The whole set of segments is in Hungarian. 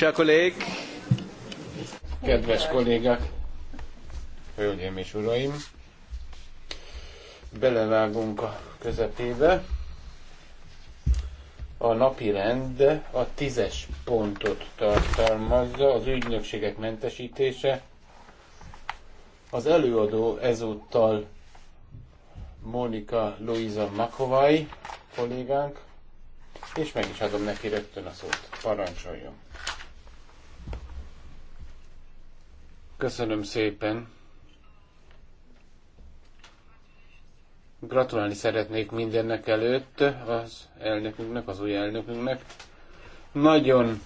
Chers collègues. Kedves kollégák, hölgyeim és uraim, belevágunk a közepébe. A napi rend a tízes pontot tartalmazza, az ügynökségek mentesítése. Az előadó ezúttal Mónika Luisa Makovai kollégánk, és meg is adom neki rögtön a szót. Parancsoljon! Köszönöm szépen. Gratulálni szeretnék mindennek előtt az elnökünknek, az új elnökünknek. Nagyon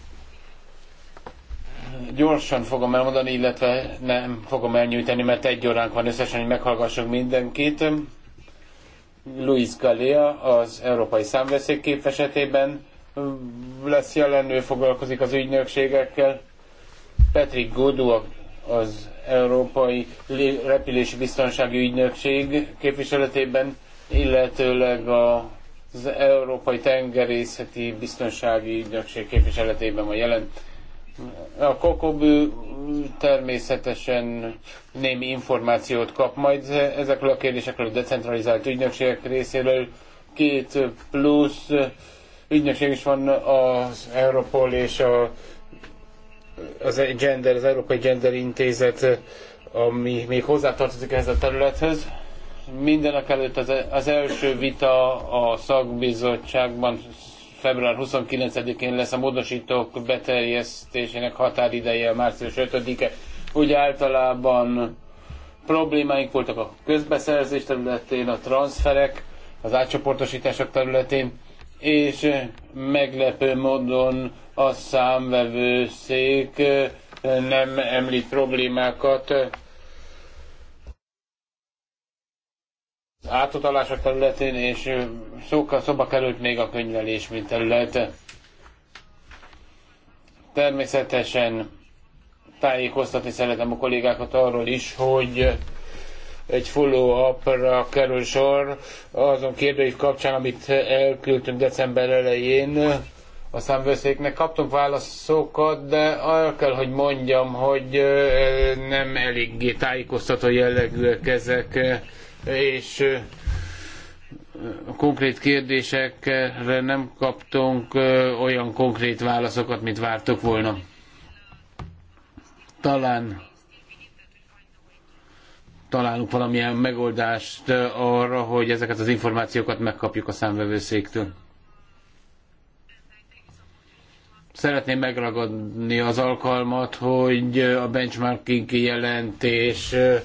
gyorsan fogom elmondani, illetve nem fogom elnyújtani, mert egy óránk van összesen, hogy meghallgassunk mindenkit. Luis Galea az Európai Számveszék képviseletében lesz jelen, ő foglalkozik az ügynökségekkel. Patrick Godú a az Európai Repülési Biztonsági Ügynökség képviseletében, illetőleg az Európai Tengerészeti Biztonsági Ügynökség képviseletében van jelen. A kokobű természetesen némi információt kap majd ezekről a kérdésekről a decentralizált ügynökségek részéről. Két plusz ügynökség is van az Európol és a az, gender, az Európai Gender Intézet, ami még hozzátartozik ehhez a területhez. Mindenek előtt az, e, az első vita a szakbizottságban február 29-én lesz a módosítók beterjesztésének határideje, március 5-e. Úgy általában problémáink voltak a közbeszerzés területén, a transferek, az átcsoportosítások területén és eh, meglepő módon a számvevőszék eh, nem említ problémákat átutalások területén, és eh, szóka, szoba került még a könyvelés, mint terület. Természetesen tájékoztatni szeretem a kollégákat arról is, hogy egy follow-upra kerül sor azon kérdői kapcsán, amit elküldtünk december elején a számvőszéknek. Kaptunk válaszokat, de el kell, hogy mondjam, hogy nem eléggé tájékoztató jellegűek ezek, és konkrét kérdésekre nem kaptunk olyan konkrét válaszokat, mint vártok volna. Talán találunk valamilyen megoldást eh, arra, hogy ezeket az információkat megkapjuk a számvevőszéktől. Szeretném megragadni az alkalmat, hogy eh, a benchmarking jelentés eh,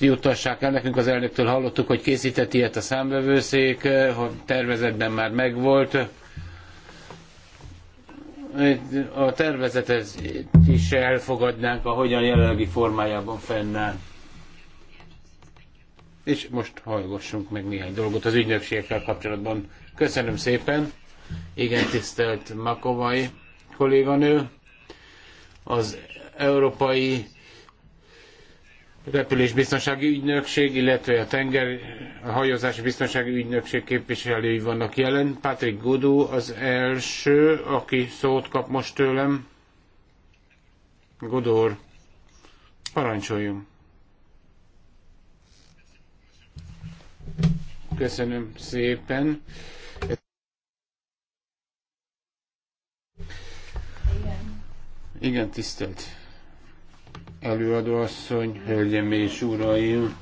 juttassák el. Nekünk az elnöktől hallottuk, hogy készített ilyet a számvevőszék, a tervezetben már megvolt. A tervezetet is elfogadnánk, ahogyan jelenlegi formájában fennáll. És most hallgassunk meg néhány dolgot az ügynökségekkel kapcsolatban. Köszönöm szépen. Igen, tisztelt Makovai kolléganő. Az Európai repülésbiztonsági ügynökség, illetve a tenger a hajózási biztonsági ügynökség képviselői vannak jelen. Patrick Godú az első, aki szót kap most tőlem. Godor, parancsoljunk! Köszönöm szépen. Igen, Igen tisztelt előadóasszony, hölgyem és uraim.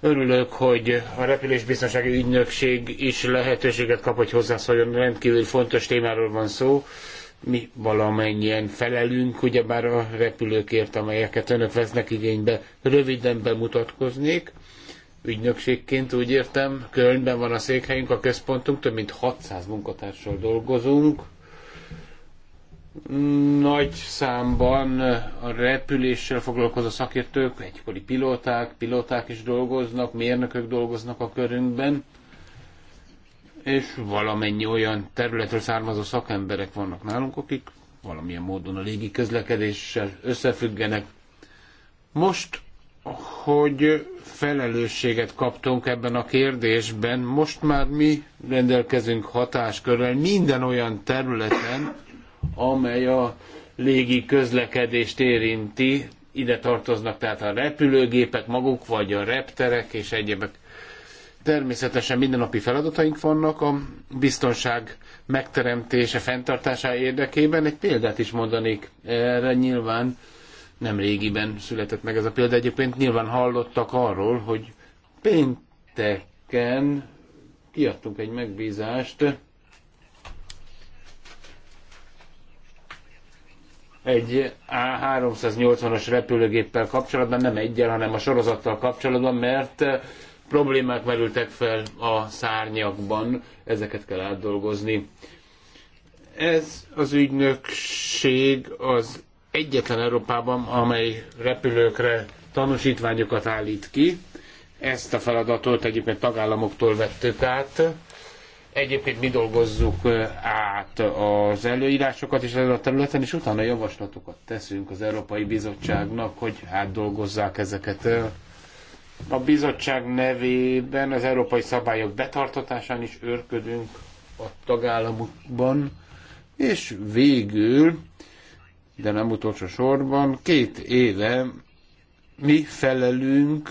Örülök, hogy a repülésbiztonsági ügynökség is lehetőséget kap, hogy hozzászóljon. Rendkívül fontos témáról van szó. Mi valamennyien felelünk, ugyebár a repülőkért, amelyeket önök vesznek igénybe. Röviden bemutatkoznék ügynökségként, úgy értem. Kölnben van a székhelyünk, a központunk, több mint 600 munkatársal dolgozunk. Nagy számban a repüléssel foglalkozó szakértők, egykori pilóták, pilóták is dolgoznak, mérnökök dolgoznak a körünkben, és valamennyi olyan területről származó szakemberek vannak nálunk, akik valamilyen módon a légi közlekedéssel összefüggenek. Most, hogy felelősséget kaptunk ebben a kérdésben. Most már mi rendelkezünk hatáskörrel minden olyan területen, amely a légi közlekedést érinti. Ide tartoznak tehát a repülőgépek maguk, vagy a repterek és egyebek. Természetesen mindennapi feladataink vannak a biztonság megteremtése, fenntartása érdekében. Egy példát is mondanék erre nyilván nem régiben született meg ez a példa. Egyébként nyilván hallottak arról, hogy pénteken kiadtunk egy megbízást egy A380-as repülőgéppel kapcsolatban, nem egyel, hanem a sorozattal kapcsolatban, mert problémák merültek fel a szárnyakban, ezeket kell átdolgozni. Ez az ügynökség az egyetlen Európában, amely repülőkre tanúsítványokat állít ki. Ezt a feladatot egyébként tagállamoktól vettük át. Egyébként mi dolgozzuk át az előírásokat is ezen a területen, és utána javaslatokat teszünk az Európai Bizottságnak, hogy átdolgozzák ezeket. A bizottság nevében az európai szabályok betartatásán is őrködünk a tagállamokban, és végül de nem utolsó sorban, két éve mi felelünk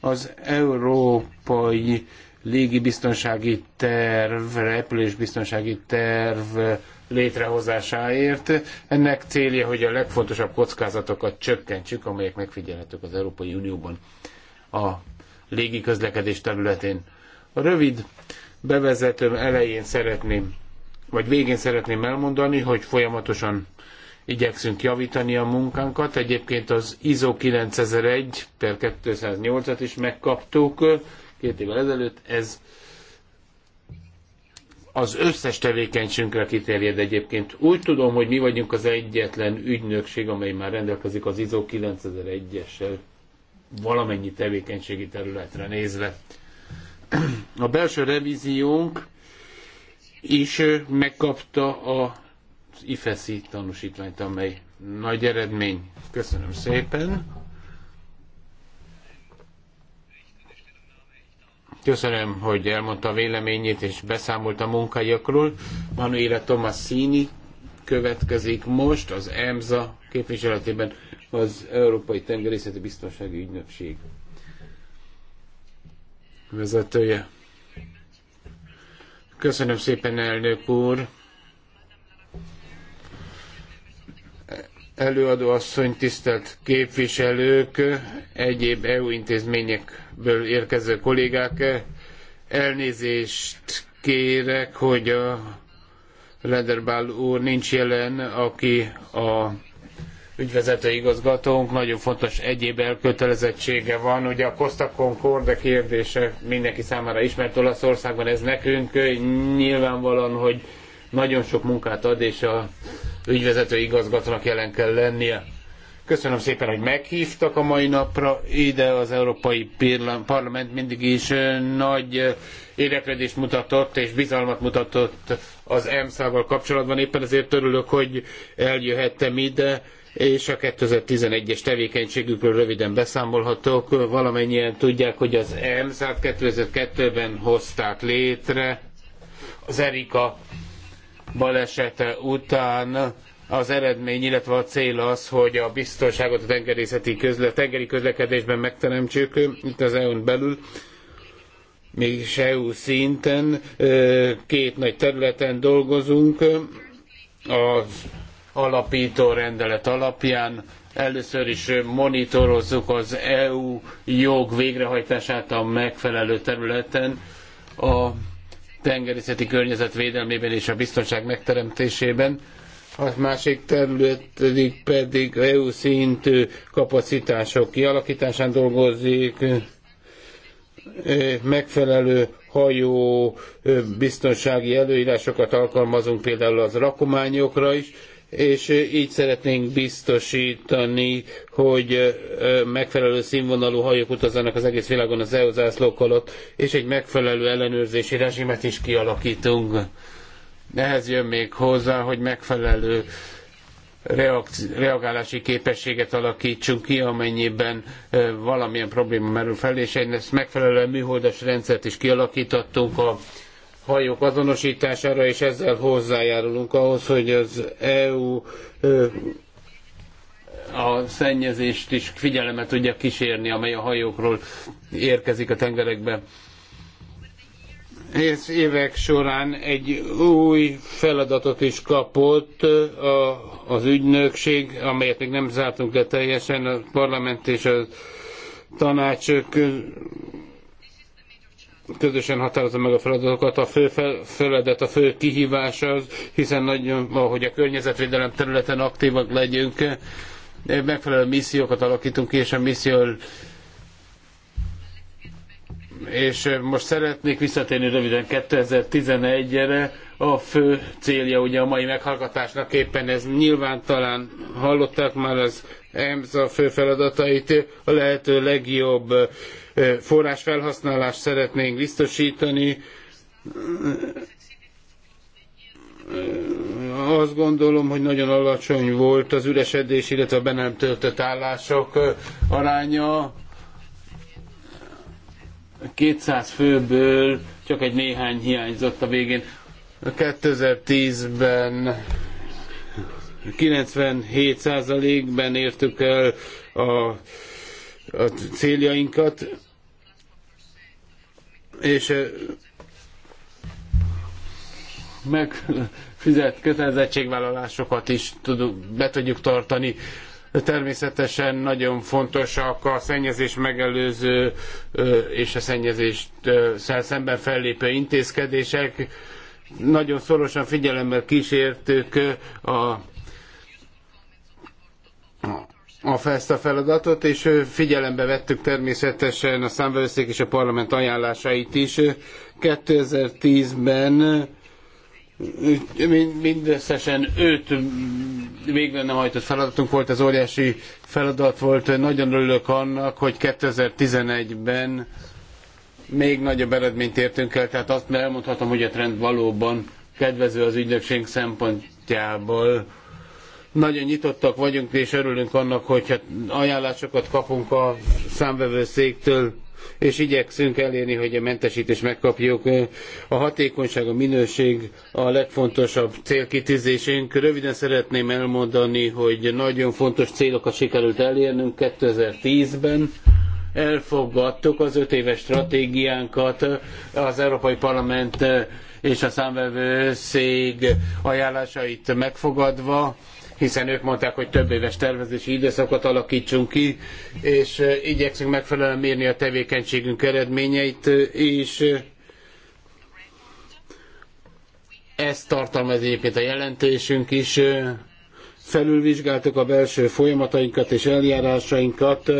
az európai légibiztonsági terv, repülésbiztonsági terv létrehozásáért. Ennek célja, hogy a legfontosabb kockázatokat csökkentsük, amelyek megfigyelhetők az Európai Unióban a légiközlekedés területén. A rövid bevezetőm elején szeretném vagy végén szeretném elmondani, hogy folyamatosan igyekszünk javítani a munkánkat. Egyébként az ISO 9001 per 208-at is megkaptuk két évvel ezelőtt. Ez az összes tevékenységünkre kiterjed egyébként. Úgy tudom, hogy mi vagyunk az egyetlen ügynökség, amely már rendelkezik az ISO 9001-essel valamennyi tevékenységi területre nézve. A belső revíziónk és megkapta az IFESZI tanúsítványt, amely nagy eredmény. Köszönöm szépen. Köszönöm, hogy elmondta a véleményét és beszámolt a munkájakról. Manuela Tomassini következik most az EMSA képviseletében az Európai Tengerészeti Biztonsági Ügynökség vezetője. Köszönöm szépen, elnök úr. Előadó asszony, tisztelt képviselők, egyéb EU intézményekből érkező kollégák, elnézést kérek, hogy a Lederbál úr nincs jelen, aki a ügyvezető igazgatónk, nagyon fontos egyéb elkötelezettsége van. Ugye a Costa Concorde kérdése mindenki számára ismert Olaszországban, ez nekünk nyilvánvalóan, hogy nagyon sok munkát ad, és a ügyvezető igazgatónak jelen kell lennie. Köszönöm szépen, hogy meghívtak a mai napra ide az Európai Parlament mindig is nagy érdeklődést mutatott és bizalmat mutatott az EMSZ-val kapcsolatban. Éppen ezért örülök, hogy eljöhettem ide és a 2011-es tevékenységükről röviden beszámolhatok. Valamennyien tudják, hogy az emsz 2002-ben hozták létre, az Erika balesete után az eredmény, illetve a cél az, hogy a biztonságot a tengerészeti közle, tengeri közlekedésben megteremtsük itt az EU-n belül, mégis EU szinten, két nagy területen dolgozunk, az alapító rendelet alapján. Először is monitorozzuk az EU jog végrehajtását a megfelelő területen, a tengerészeti környezet védelmében és a biztonság megteremtésében. A másik terület pedig EU e szintű kapacitások kialakításán dolgozik, e, megfelelő hajó e, biztonsági előírásokat alkalmazunk például az rakományokra is, és így szeretnénk biztosítani, hogy megfelelő színvonalú hajók utazzanak az egész világon az EU zászlók alatt, és egy megfelelő ellenőrzési rezsimet is kialakítunk. Ehhez jön még hozzá, hogy megfelelő reagálási képességet alakítsunk ki, amennyiben valamilyen probléma merül fel, és ezt megfelelően műholdas rendszert is kialakítottunk a hajók azonosítására, és ezzel hozzájárulunk ahhoz, hogy az EU a szennyezést is figyelemet tudja kísérni, amely a hajókról érkezik a tengerekbe. És évek során egy új feladatot is kapott a, az ügynökség, amelyet még nem zártunk le teljesen, a parlament és a tanács közösen határozza meg a feladatokat, a fő feladat, a fő kihívás az, hiszen nagyon, ahogy a környezetvédelem területen aktívak legyünk, megfelelő missziókat alakítunk ki, és a misszió és most szeretnék visszatérni röviden 2011-re. A fő célja ugye a mai meghallgatásnak éppen ez nyilván talán hallották már az EMSZ a fő feladatait, a lehető legjobb forrásfelhasználást szeretnénk biztosítani. Azt gondolom, hogy nagyon alacsony volt az üresedés, illetve a be nem töltött állások aránya. 200 főből csak egy néhány hiányzott a végén. 2010-ben 97%-ben értük el a a céljainkat, és eh, megfizet kötelezettségvállalásokat is tudunk, be tudjuk tartani. Természetesen nagyon fontosak a szennyezés megelőző és a szennyezést szemben fellépő intézkedések. Nagyon szorosan figyelemmel kísértük a a, ezt a feladatot, és figyelembe vettük természetesen a számvevőszék és a parlament ajánlásait is. 2010-ben mindösszesen öt végre nem hajtott feladatunk volt, ez óriási feladat volt. Nagyon örülök annak, hogy 2011-ben még nagyobb eredményt értünk el, tehát azt elmondhatom, hogy a trend valóban kedvező az ügynökség szempontjából nagyon nyitottak vagyunk, és örülünk annak, hogyha ajánlásokat kapunk a számvevőszéktől, és igyekszünk elérni, hogy a mentesítést megkapjuk. A hatékonyság, a minőség a legfontosabb célkitűzésünk. Röviden szeretném elmondani, hogy nagyon fontos célokat sikerült elérnünk 2010-ben. Elfogadtuk az öt éves stratégiánkat, az Európai Parlament és a számvevőszég ajánlásait megfogadva hiszen ők mondták, hogy több éves tervezési időszakot alakítsunk ki, és igyekszünk megfelelően mérni a tevékenységünk eredményeit, és ezt tartalmaz egyébként a jelentésünk is. Felülvizsgáltuk a belső folyamatainkat és eljárásainkat,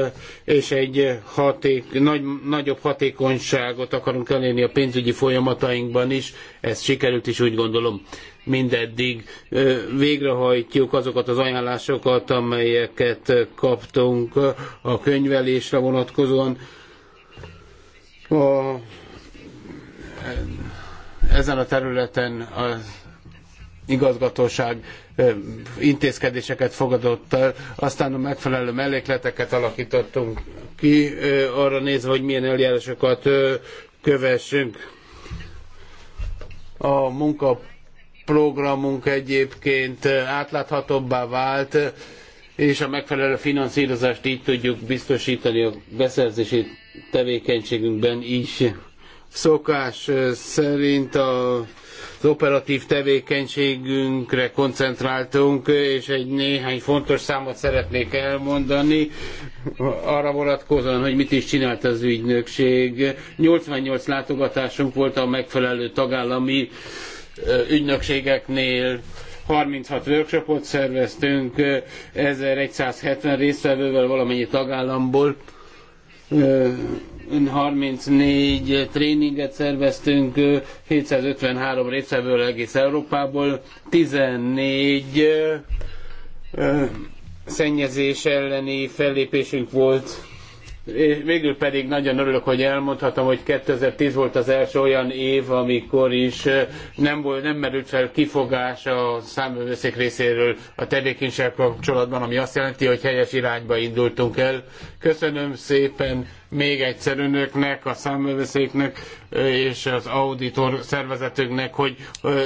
és egy haték, nagy, nagyobb hatékonyságot akarunk elérni a pénzügyi folyamatainkban is. Ez sikerült is, úgy gondolom mindeddig végrehajtjuk azokat az ajánlásokat, amelyeket kaptunk a könyvelésre vonatkozóan. A, ezen a területen az igazgatóság intézkedéseket fogadott el, aztán a megfelelő mellékleteket alakítottunk ki, arra nézve, hogy milyen eljárásokat kövessünk. A munka programunk egyébként átláthatóbbá vált, és a megfelelő finanszírozást így tudjuk biztosítani a beszerzési tevékenységünkben is. Szokás szerint a az operatív tevékenységünkre koncentráltunk, és egy néhány fontos számot szeretnék elmondani, arra vonatkozóan, hogy mit is csinált az ügynökség. 88 látogatásunk volt a megfelelő tagállami ügynökségeknél 36 workshopot szerveztünk 1170 résztvevővel valamennyi tagállamból. 34 tréninget szerveztünk, 753 résztvevővel egész Európából, 14 szennyezés elleni fellépésünk volt Végül pedig nagyon örülök, hogy elmondhatom, hogy 2010 volt az első olyan év, amikor is nem, volt, nem merült fel kifogás a számövőszék részéről a tevékenység kapcsolatban, ami azt jelenti, hogy helyes irányba indultunk el. Köszönöm szépen még egyszer önöknek, a számvevőszéknek és az auditor szervezetünknek, hogy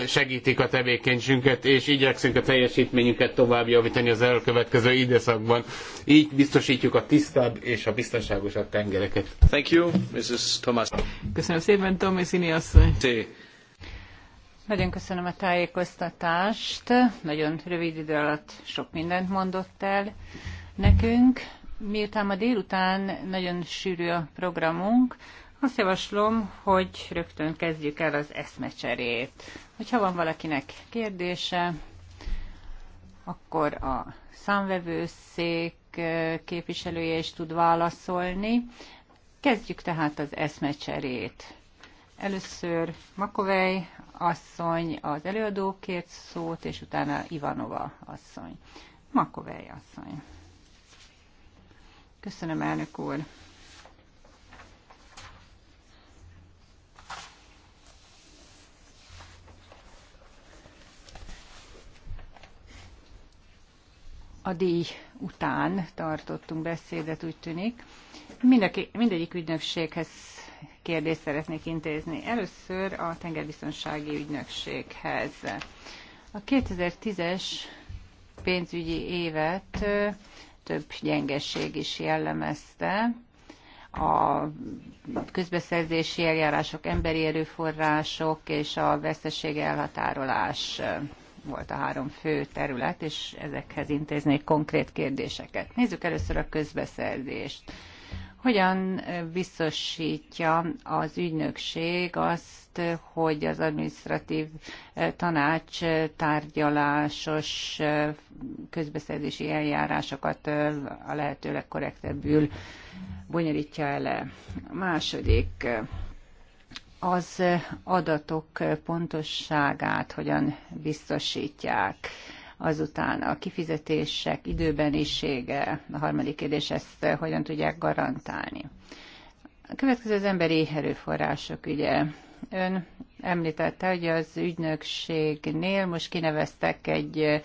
segítik a tevékenységünket, és igyekszünk a teljesítményünket tovább javítani az elkövetkező időszakban. Így biztosítjuk a tisztább és a biztonságosabb tengereket. Thank you, Mrs. Thomas. Köszönöm szépen, Thomas Ini Nagyon köszönöm a tájékoztatást. Nagyon rövid idő alatt sok mindent mondott el nekünk. Miután ma délután nagyon sűrű a programunk, azt javaslom, hogy rögtön kezdjük el az eszmecserét. Hogyha van valakinek kérdése, akkor a számvevőszék képviselője is tud válaszolni. Kezdjük tehát az eszmecserét. Először Makovej asszony az előadókért szót, és utána Ivanova asszony. Makovej asszony. Köszönöm, elnök úr. a díj után tartottunk beszédet, úgy tűnik. Mindaki, mindegyik ügynökséghez kérdést szeretnék intézni. Először a tengerbiztonsági ügynökséghez. A 2010-es pénzügyi évet több gyengeség is jellemezte. A közbeszerzési eljárások, emberi erőforrások és a veszteség elhatárolás volt a három fő terület, és ezekhez intéznék konkrét kérdéseket. Nézzük először a közbeszerzést. Hogyan biztosítja az ügynökség azt, hogy az adminisztratív tanács tárgyalásos közbeszerzési eljárásokat a lehető legkorrektebbül bonyolítja ele? Második, az adatok pontosságát hogyan biztosítják? azután a kifizetések időbenisége, a harmadik kérdés, ezt hogyan tudják garantálni. A következő az emberi erőforrások ügye. Ön említette, hogy az ügynökségnél most kineveztek egy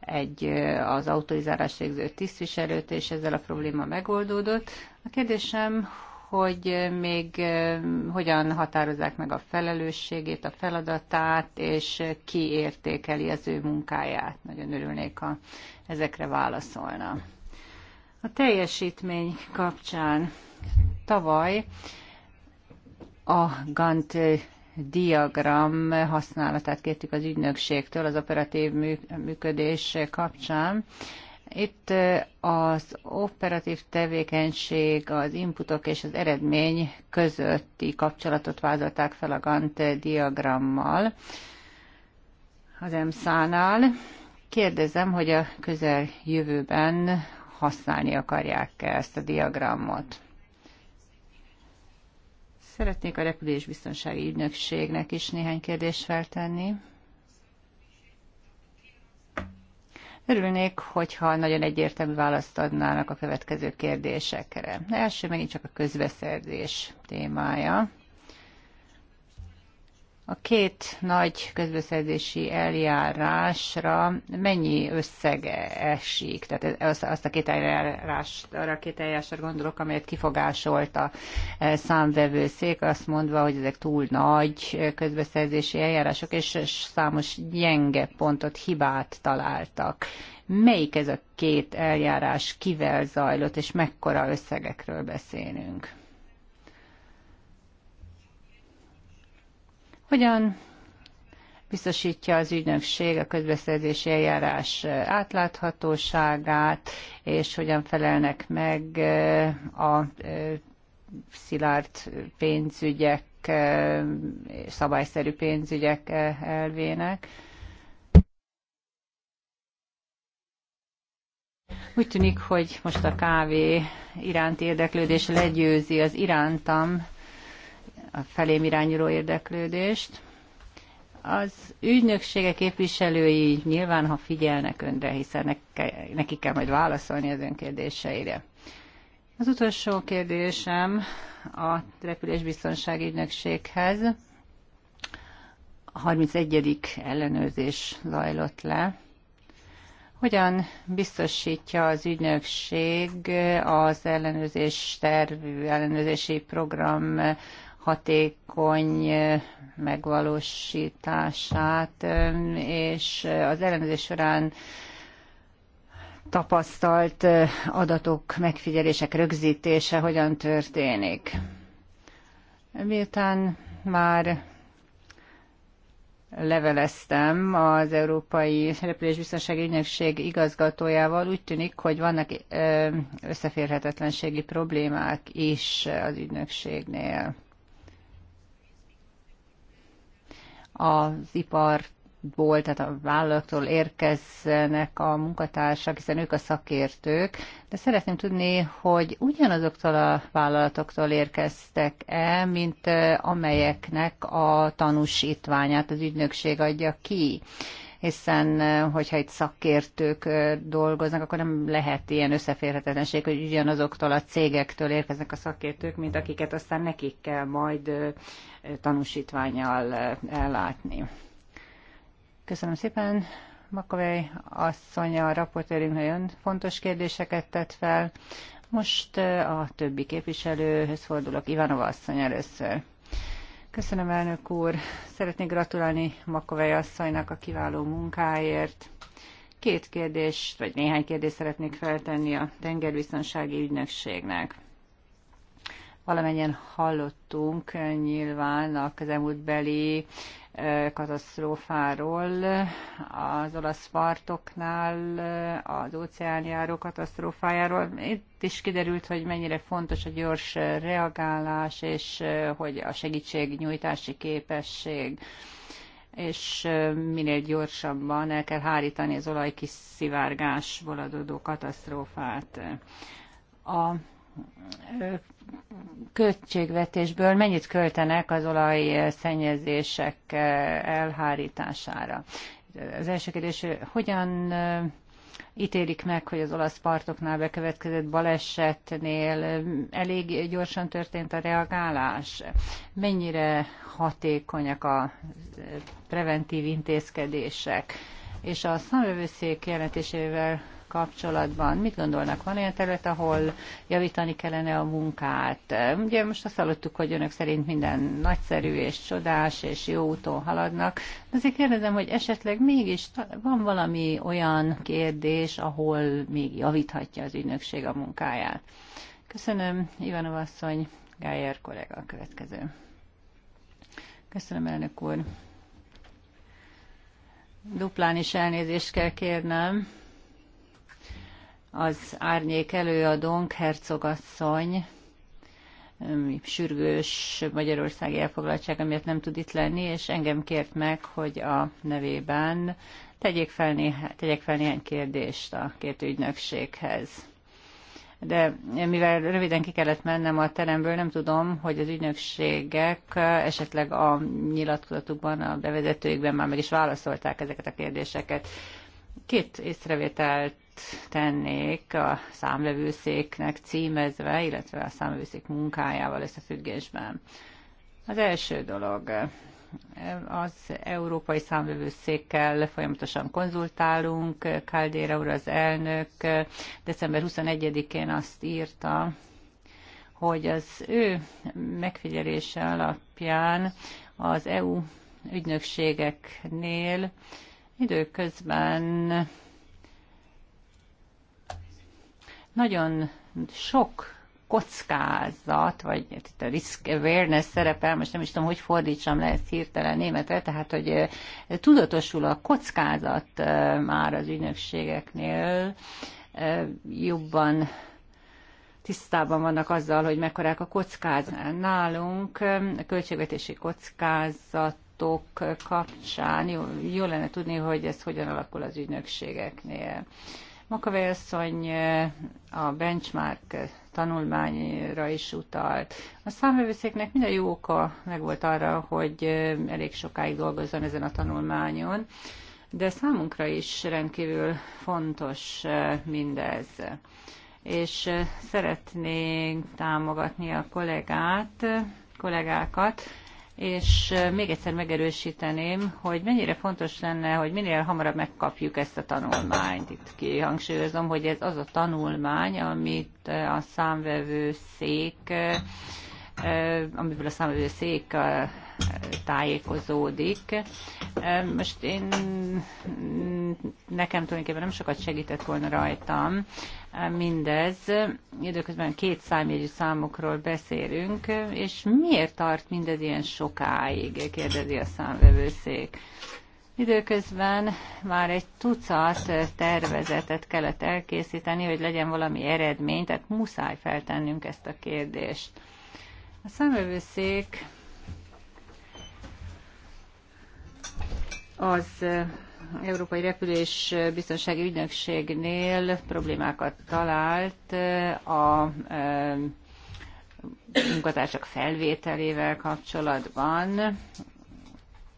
egy az autorizálás végző tisztviselőt, és ezzel a probléma megoldódott. A kérdésem, hogy még hogyan határozzák meg a felelősségét, a feladatát, és ki értékeli az ő munkáját. Nagyon örülnék, ha ezekre válaszolna. A teljesítmény kapcsán tavaly a Gantt diagram használatát kértük az ügynökségtől az operatív működés kapcsán, itt az operatív tevékenység, az inputok és az eredmény közötti kapcsolatot vázolták fel a Gantt diagrammal az EMSZ-nál. Kérdezem, hogy a közel jövőben használni akarják -e ezt a diagramot. Szeretnék a repülésbiztonsági ügynökségnek is néhány kérdést feltenni. Örülnék, hogyha nagyon egyértelmű választ adnának a következő kérdésekre. Első megint csak a közbeszerzés témája. A két nagy közbeszerzési eljárásra mennyi összeg esik? Tehát azt a két eljárást, arra a két eljárásra gondolok, amelyet kifogásolt a e, számvevőszék, azt mondva, hogy ezek túl nagy közbeszerzési eljárások, és számos gyenge pontot, hibát találtak. Melyik ez a két eljárás, kivel zajlott, és mekkora összegekről beszélünk? Hogyan biztosítja az ügynökség a közbeszerzési eljárás átláthatóságát, és hogyan felelnek meg eh, a eh, szilárd pénzügyek, eh, szabályszerű pénzügyek elvének. Úgy tűnik, hogy most a kávé iránti érdeklődés legyőzi az irántam a felém irányuló érdeklődést. Az ügynöksége képviselői nyilván, ha figyelnek önre, hiszen nekik kell majd válaszolni az ön kérdéseire. Az utolsó kérdésem a repülésbiztonsági ügynökséghez. A 31. ellenőrzés zajlott le. Hogyan biztosítja az ügynökség az ellenőrzés terv, ellenőrzési program hatékony megvalósítását, és az ellenőrzés során tapasztalt adatok, megfigyelések rögzítése hogyan történik. Miután már leveleztem az Európai Repülésbiztonsági Ügynökség igazgatójával, úgy tűnik, hogy vannak összeférhetetlenségi problémák is az ügynökségnél. az ipar volt, tehát a vállalatról érkeznek a munkatársak, hiszen ők a szakértők, de szeretném tudni, hogy ugyanazoktól a vállalatoktól érkeztek-e, mint eh, amelyeknek a tanúsítványát az ügynökség adja ki hiszen eh, hogyha itt szakértők eh, dolgoznak, akkor nem lehet ilyen összeférhetetlenség, hogy ugyanazoktól a cégektől érkeznek a szakértők, mint akiket aztán nekik kell majd eh, tanúsítványjal ellátni. Köszönöm szépen. Makovej asszony a raportérünk nagyon fontos kérdéseket tett fel. Most a többi képviselőhöz fordulok. Ivanova asszony először. Köszönöm, elnök úr. Szeretnék gratulálni Makovej asszonynak a kiváló munkáért. Két kérdés, vagy néhány kérdést szeretnék feltenni a tengerbiztonsági ügynökségnek. Valamennyien hallottunk nyilván a közelmúltbeli katasztrófáról, az olasz partoknál, az óceánjáró katasztrófájáról. Itt is kiderült, hogy mennyire fontos a gyors reagálás, és hogy a segítségnyújtási képesség és minél gyorsabban el kell hárítani az olajkiszivárgásból adódó katasztrófát. A költségvetésből mennyit költenek az szennyezések eh, elhárítására. Az első kérdés, hogyan eh, ítélik meg, hogy az olasz partoknál bekövetkezett balesetnél eh, elég gyorsan történt a reagálás? Mennyire hatékonyak a preventív intézkedések? És a számövőszék jelentésével kapcsolatban. Mit gondolnak, van olyan terület, ahol javítani kellene a munkát? Ugye most azt hallottuk, hogy önök szerint minden nagyszerű és csodás és jó úton haladnak. De azért kérdezem, hogy esetleg mégis van valami olyan kérdés, ahol még javíthatja az ügynökség a munkáját. Köszönöm, Ivanov asszony, Gájer kollega a következő. Köszönöm, elnök úr. Duplán is elnézést kell kérnem az árnyék előadónk, hercogasszony, sürgős magyarországi elfoglaltság, amiért nem tud itt lenni, és engem kért meg, hogy a nevében tegyék fel, néha, tegyek fel néhány kérdést a két ügynökséghez. De mivel röviden ki kellett mennem a teremből, nem tudom, hogy az ügynökségek esetleg a nyilatkozatukban, a bevezetőikben már meg is válaszolták ezeket a kérdéseket. Két észrevételt tennék a számlevőszéknek címezve, illetve a számlevőszék munkájával összefüggésben. Az első dolog, az Európai Számvevőszékkel folyamatosan konzultálunk, Kaldéra úr az elnök december 21-én azt írta, hogy az ő megfigyelése alapján az EU ügynökségeknél időközben nagyon sok kockázat, vagy itt a risk awareness szerepel, most nem is tudom, hogy fordítsam le ezt hirtelen németre, tehát hogy tudatosul a kockázat már az ügynökségeknél, jobban tisztában vannak azzal, hogy mekkorák a kockázat nálunk, a költségvetési kockázatok kapcsán. Jó, jó lenne tudni, hogy ez hogyan alakul az ügynökségeknél. Makavé asszony a benchmark tanulmányra is utalt. A számövőszéknek minden jó oka megvolt arra, hogy elég sokáig dolgozzon ezen a tanulmányon, de számunkra is rendkívül fontos mindez és szeretnénk támogatni a kollégát, kollégákat, és még egyszer megerősíteném, hogy mennyire fontos lenne, hogy minél hamarabb megkapjuk ezt a tanulmányt. Itt kihangsúlyozom, hogy ez az a tanulmány, amit a szék, amiből a szék tájékozódik. Most én nekem tulajdonképpen nem sokat segített volna rajtam mindez. Időközben két számjegyű számokról beszélünk, és miért tart mindez ilyen sokáig, kérdezi a számvevőszék. Időközben már egy tucat tervezetet kellett elkészíteni, hogy legyen valami eredmény, tehát muszáj feltennünk ezt a kérdést. A számövőszék Az eh, Európai Repülés Biztonsági Ügynökségnél problémákat talált eh, a eh, munkatársak felvételével kapcsolatban.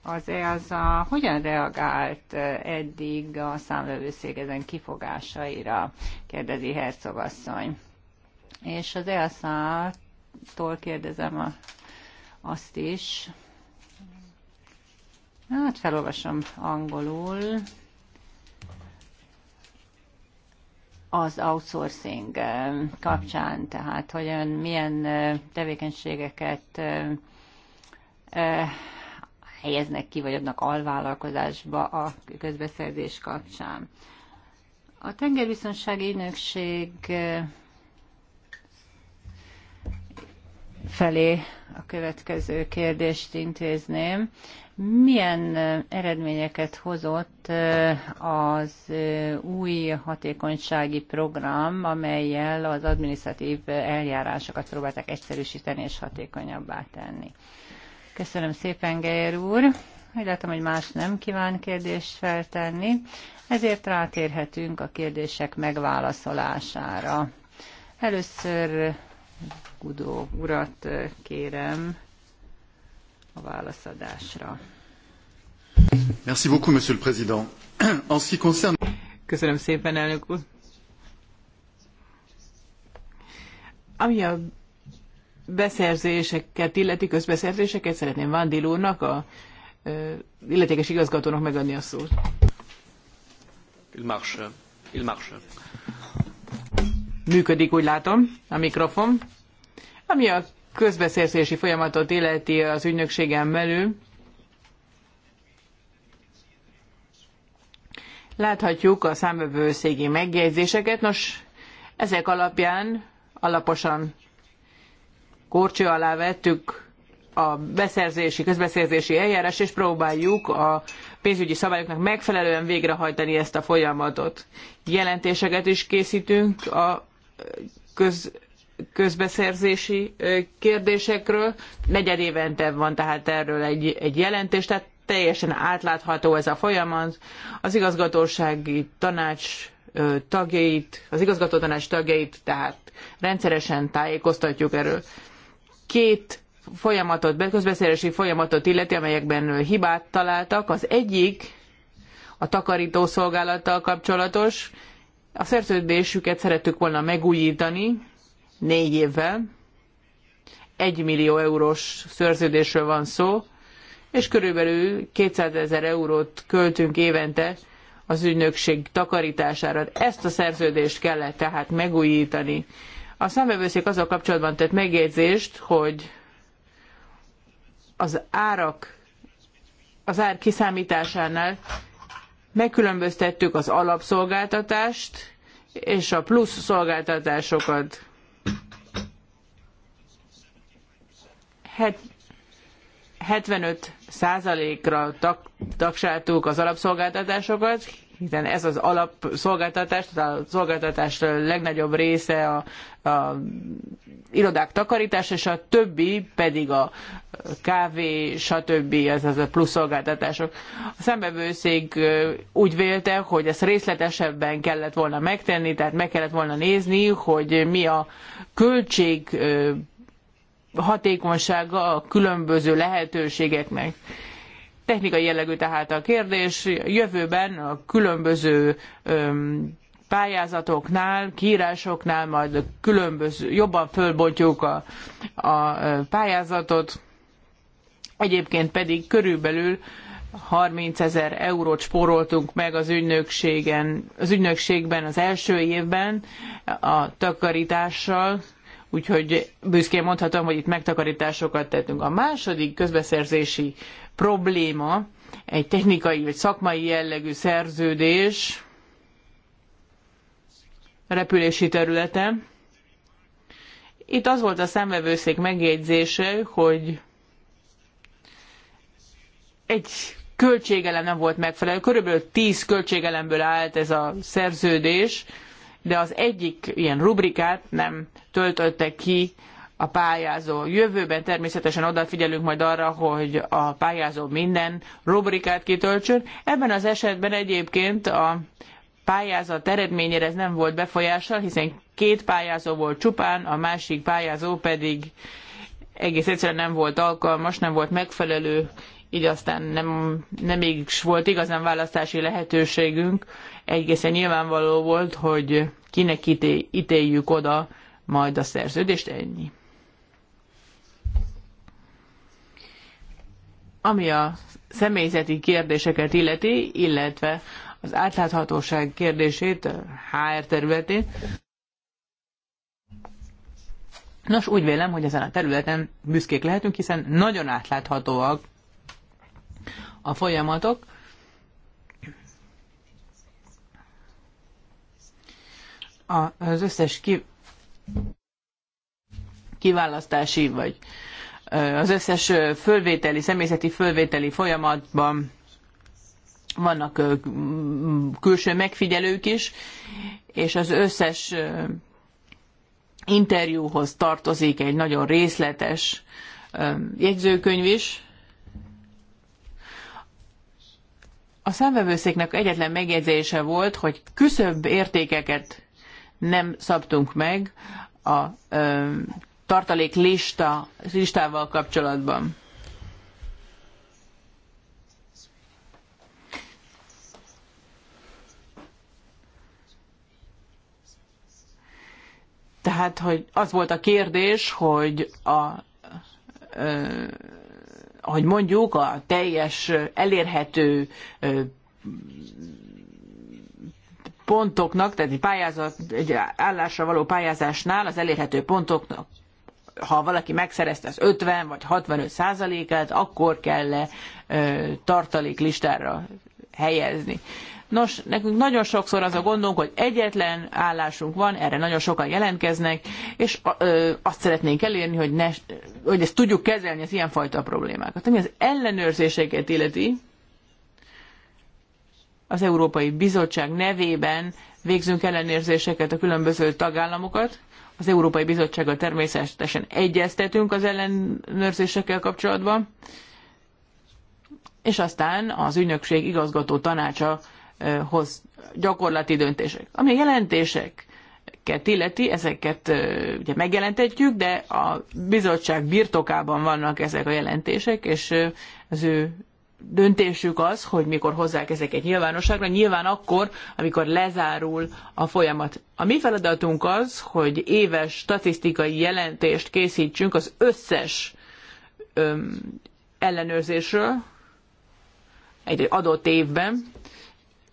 Az EASA hogyan reagált eddig a számlevőszék ezen kifogásaira, kérdezi Hercogasszony. És az EASA-tól kérdezem a, azt is, Hát felolvasom angolul. az outsourcing eh, kapcsán, tehát hogy ön milyen eh, tevékenységeket eh, helyeznek ki, vagy adnak alvállalkozásba a közbeszerzés kapcsán. A tengerbiztonsági ügynökség felé a következő kérdést intézném milyen eredményeket hozott az új hatékonysági program, amelyel az adminisztratív eljárásokat próbálták egyszerűsíteni és hatékonyabbá tenni. Köszönöm szépen, Geyer úr! Hogy látom, hogy más nem kíván kérdést feltenni, ezért rátérhetünk a kérdések megválaszolására. Először Gudó urat kérem a válaszadásra. Merci beaucoup, monsieur le président. En ce qui concerne... Köszönöm szépen, elnök úr. Ami a beszerzéseket illeti, közbeszerzéseket szeretném Vándil úrnak, a illetékes igazgatónak megadni a szót. Il marche. Il marche. Működik, úgy látom, a mikrofon. Ami a közbeszerzési folyamatot illeti az ügynökségen belül, láthatjuk a számövőszégi megjegyzéseket. Nos, ezek alapján alaposan korcső alá vettük a beszerzési, közbeszerzési eljárás, és próbáljuk a pénzügyi szabályoknak megfelelően végrehajtani ezt a folyamatot. Jelentéseket is készítünk a köz, közbeszerzési kérdésekről. Negyed évente van tehát erről egy, egy jelentés, tehát teljesen átlátható ez a folyamat. Az igazgatósági tanács tagjait, az igazgató tanács tagjait, tehát rendszeresen tájékoztatjuk erről. Két folyamatot, közbeszerzési folyamatot illeti, amelyekben hibát találtak. Az egyik a takarítószolgálattal kapcsolatos. A szerződésüket szerettük volna megújítani, négy évvel. Egy millió eurós szerződésről van szó, és körülbelül 200 ezer eurót költünk évente az ügynökség takarítására. Ezt a szerződést kellett tehát megújítani. A számbevőszék azzal kapcsolatban tett megjegyzést, hogy az árak, az ár kiszámításánál megkülönböztettük az alapszolgáltatást és a plusz szolgáltatásokat. 75%-ra tag, az alapszolgáltatásokat, hiszen ez az alapszolgáltatás, tehát a szolgáltatás legnagyobb része a, a irodák takarítása, és a többi pedig a kávé, stb. ez az a plusz szolgáltatások. A szembevőszék úgy vélte, hogy ezt részletesebben kellett volna megtenni, tehát meg kellett volna nézni, hogy mi a költség hatékonysága a különböző lehetőségeknek. Technikai jellegű tehát a kérdés. Jövőben a különböző pályázatoknál, kiírásoknál majd különböző, jobban fölbontjuk a, a pályázatot. Egyébként pedig körülbelül 30 ezer eurót spóroltunk meg az, ügynökségen, az ügynökségben az első évben a takarítással úgyhogy büszkén mondhatom, hogy itt megtakarításokat tettünk. A második közbeszerzési probléma egy technikai vagy szakmai jellegű szerződés repülési területen. Itt az volt a szemvevőszék megjegyzése, hogy egy költségelem nem volt megfelelő. Körülbelül 10 költségelemből állt ez a szerződés, de az egyik ilyen rubrikát nem töltötte ki a pályázó. Jövőben természetesen odafigyelünk majd arra, hogy a pályázó minden rubrikát kitöltsön. Ebben az esetben egyébként a pályázat eredményére ez nem volt befolyással, hiszen két pályázó volt csupán, a másik pályázó pedig egész egyszerűen nem volt alkalmas, nem volt megfelelő így aztán nem, nem még volt igazán választási lehetőségünk. Egészen nyilvánvaló volt, hogy kinek ité, ítéljük oda majd a szerződést, ennyi. Ami a személyzeti kérdéseket illeti, illetve az átláthatóság kérdését, HR területén. Nos, úgy vélem, hogy ezen a területen büszkék lehetünk, hiszen nagyon átláthatóak a folyamatok. Az összes ki, kiválasztási vagy az összes fölvételi, személyzeti fölvételi folyamatban vannak külső megfigyelők is, és az összes interjúhoz tartozik egy nagyon részletes jegyzőkönyv is. A számvevőszéknek egyetlen megjegyzése volt, hogy küszöbb értékeket nem szabtunk meg a ö, tartalék lista, listával kapcsolatban. Tehát, hogy az volt a kérdés, hogy a ö, hogy mondjuk, a teljes elérhető pontoknak, tehát egy, pályázat, egy állásra való pályázásnál az elérhető pontoknak, ha valaki megszerezte az 50 vagy 65 százalékát, akkor kell -e tartalék listára helyezni. Nos, nekünk nagyon sokszor az a gondunk, hogy egyetlen állásunk van, erre nagyon sokan jelentkeznek, és azt szeretnénk elérni, hogy, ne, hogy ezt tudjuk kezelni az ilyenfajta problémákat. Ami az ellenőrzéseket illeti, az Európai Bizottság nevében végzünk ellenőrzéseket a különböző tagállamokat. Az Európai Bizottsággal természetesen egyeztetünk az ellenőrzésekkel kapcsolatban. És aztán az ügynökség igazgató tanácsa hoz gyakorlati döntések. Ami jelentések illeti, ezeket ugye megjelentetjük, de a bizottság birtokában vannak ezek a jelentések, és az ő döntésük az, hogy mikor hozzák ezeket nyilvánosságra, nyilván akkor, amikor lezárul a folyamat. A mi feladatunk az, hogy éves statisztikai jelentést készítsünk az összes öm, ellenőrzésről egy adott évben,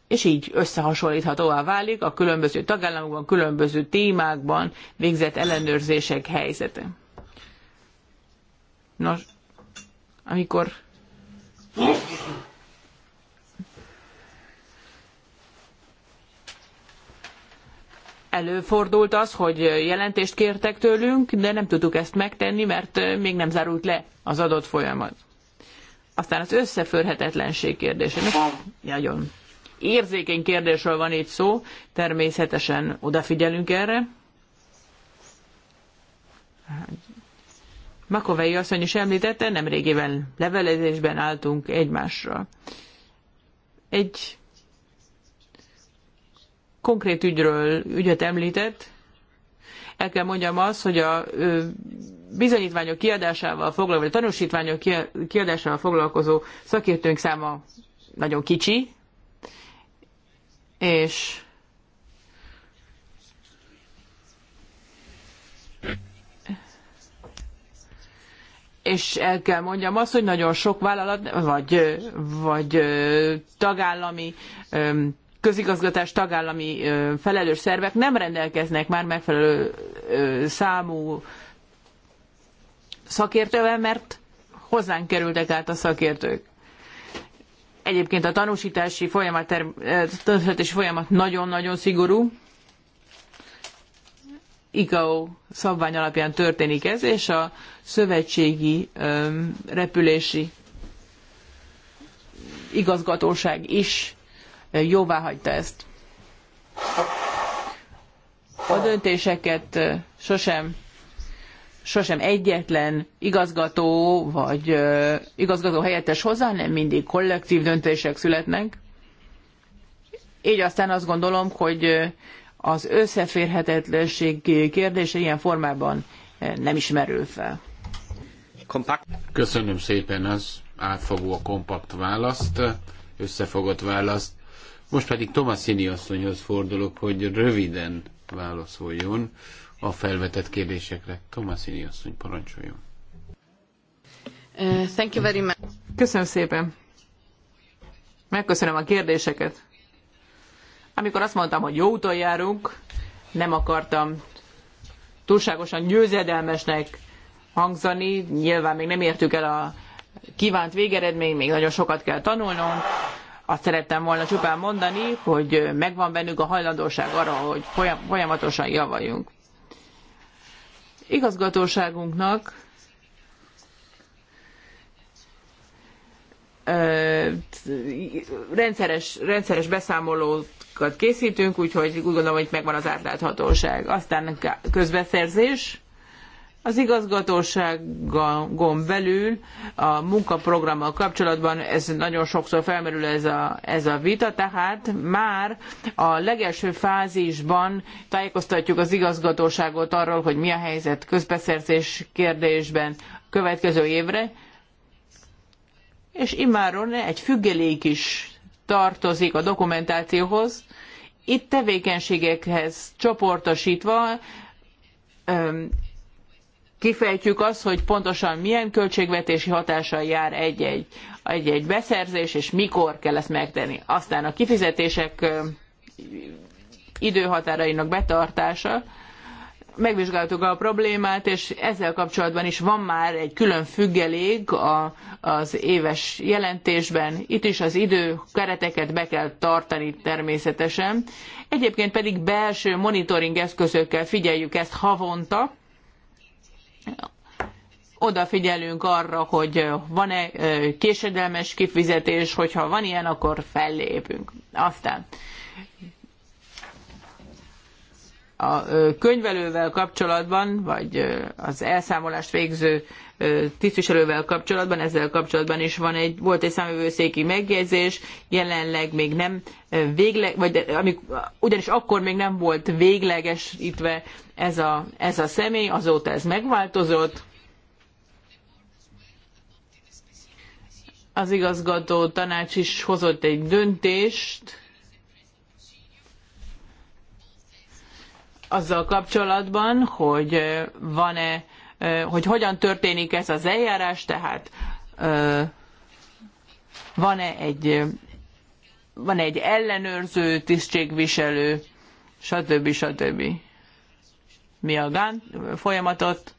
és így összehasonlíthatóvá válik a különböző tagállamokban, különböző témákban végzett ellenőrzések helyzete. Nos, amikor előfordult az, hogy jelentést kértek tőlünk, de nem tudtuk ezt megtenni, mert még nem zárult le az adott folyamat. Aztán az összeférhetetlenség kérdése. Nagyon érzékeny kérdésről van itt szó, természetesen odafigyelünk erre. Makovei asszony is említette, nem régében levelezésben álltunk egymásra. Egy konkrét ügyről ügyet említett, el kell mondjam azt, hogy a bizonyítványok kiadásával foglalkozó, vagy a tanúsítványok kiadásával foglalkozó szakértőnk száma nagyon kicsi, és és el kell mondjam azt, hogy nagyon sok vállalat, vagy, vagy tagállami közigazgatás tagállami felelős szervek nem rendelkeznek már megfelelő számú szakértővel, mert hozzánk kerültek át a szakértők. Egyébként a tanúsítási folyamat, tanúsítási eh, folyamat nagyon-nagyon szigorú. ICAO szabvány alapján történik ez, és a szövetségi öm, repülési igazgatóság is eh, jóvá hagyta ezt. A döntéseket eh, sosem sosem egyetlen igazgató vagy igazgató helyettes hozzá, hanem mindig kollektív döntések születnek. Így aztán azt gondolom, hogy az összeférhetetlenség kérdése ilyen formában nem ismerül fel. Kompakt. Köszönöm szépen az átfogó a kompakt választ, összefogott választ. Most pedig Tomaszini asszonyhoz fordulok, hogy röviden válaszoljon a felvetett kérdésekre. Tomaszini asszony, parancsoljon. Uh, thank you very much. Köszönöm szépen. Megköszönöm a kérdéseket. Amikor azt mondtam, hogy jó úton járunk, nem akartam túlságosan győzedelmesnek hangzani. Nyilván még nem értük el a kívánt végeredmény, még nagyon sokat kell tanulnom. Azt szerettem volna csupán mondani, hogy megvan bennünk a hajlandóság arra, hogy folyamatosan javaljunk igazgatóságunknak rendszeres, rendszeres beszámolókat készítünk, úgyhogy úgy gondolom, hogy megvan az átláthatóság. Aztán közbeszerzés. Az igazgatóságon belül a munkaprogrammal kapcsolatban ez nagyon sokszor felmerül ez a, ez a vita, tehát már a legelső fázisban tájékoztatjuk az igazgatóságot arról, hogy mi a helyzet közbeszerzés kérdésben következő évre, és immáron egy függelék is tartozik a dokumentációhoz, itt tevékenységekhez csoportosítva kifejtjük azt, hogy pontosan milyen költségvetési hatással jár egy-egy, egy-egy beszerzés, és mikor kell ezt megtenni. Aztán a kifizetések időhatárainak betartása, megvizsgáltuk a problémát, és ezzel kapcsolatban is van már egy külön függelék a, az éves jelentésben. Itt is az idő kereteket be kell tartani természetesen. Egyébként pedig belső monitoring eszközökkel figyeljük ezt havonta, odafigyelünk arra, hogy van-e késedelmes kifizetés, hogyha van ilyen, akkor fellépünk. Aztán a könyvelővel kapcsolatban, vagy az elszámolást végző tisztviselővel kapcsolatban, ezzel kapcsolatban is van egy, volt egy számövőszéki megjegyzés, jelenleg még nem végleg, vagy amik, ugyanis akkor még nem volt véglegesítve ez a, ez a személy, azóta ez megváltozott. Az igazgató tanács is hozott egy döntést, azzal kapcsolatban, hogy van-e, hogy hogyan történik ez az eljárás, tehát van-e egy, van -e egy ellenőrző, tisztségviselő, stb. stb. Mi a GAN folyamatot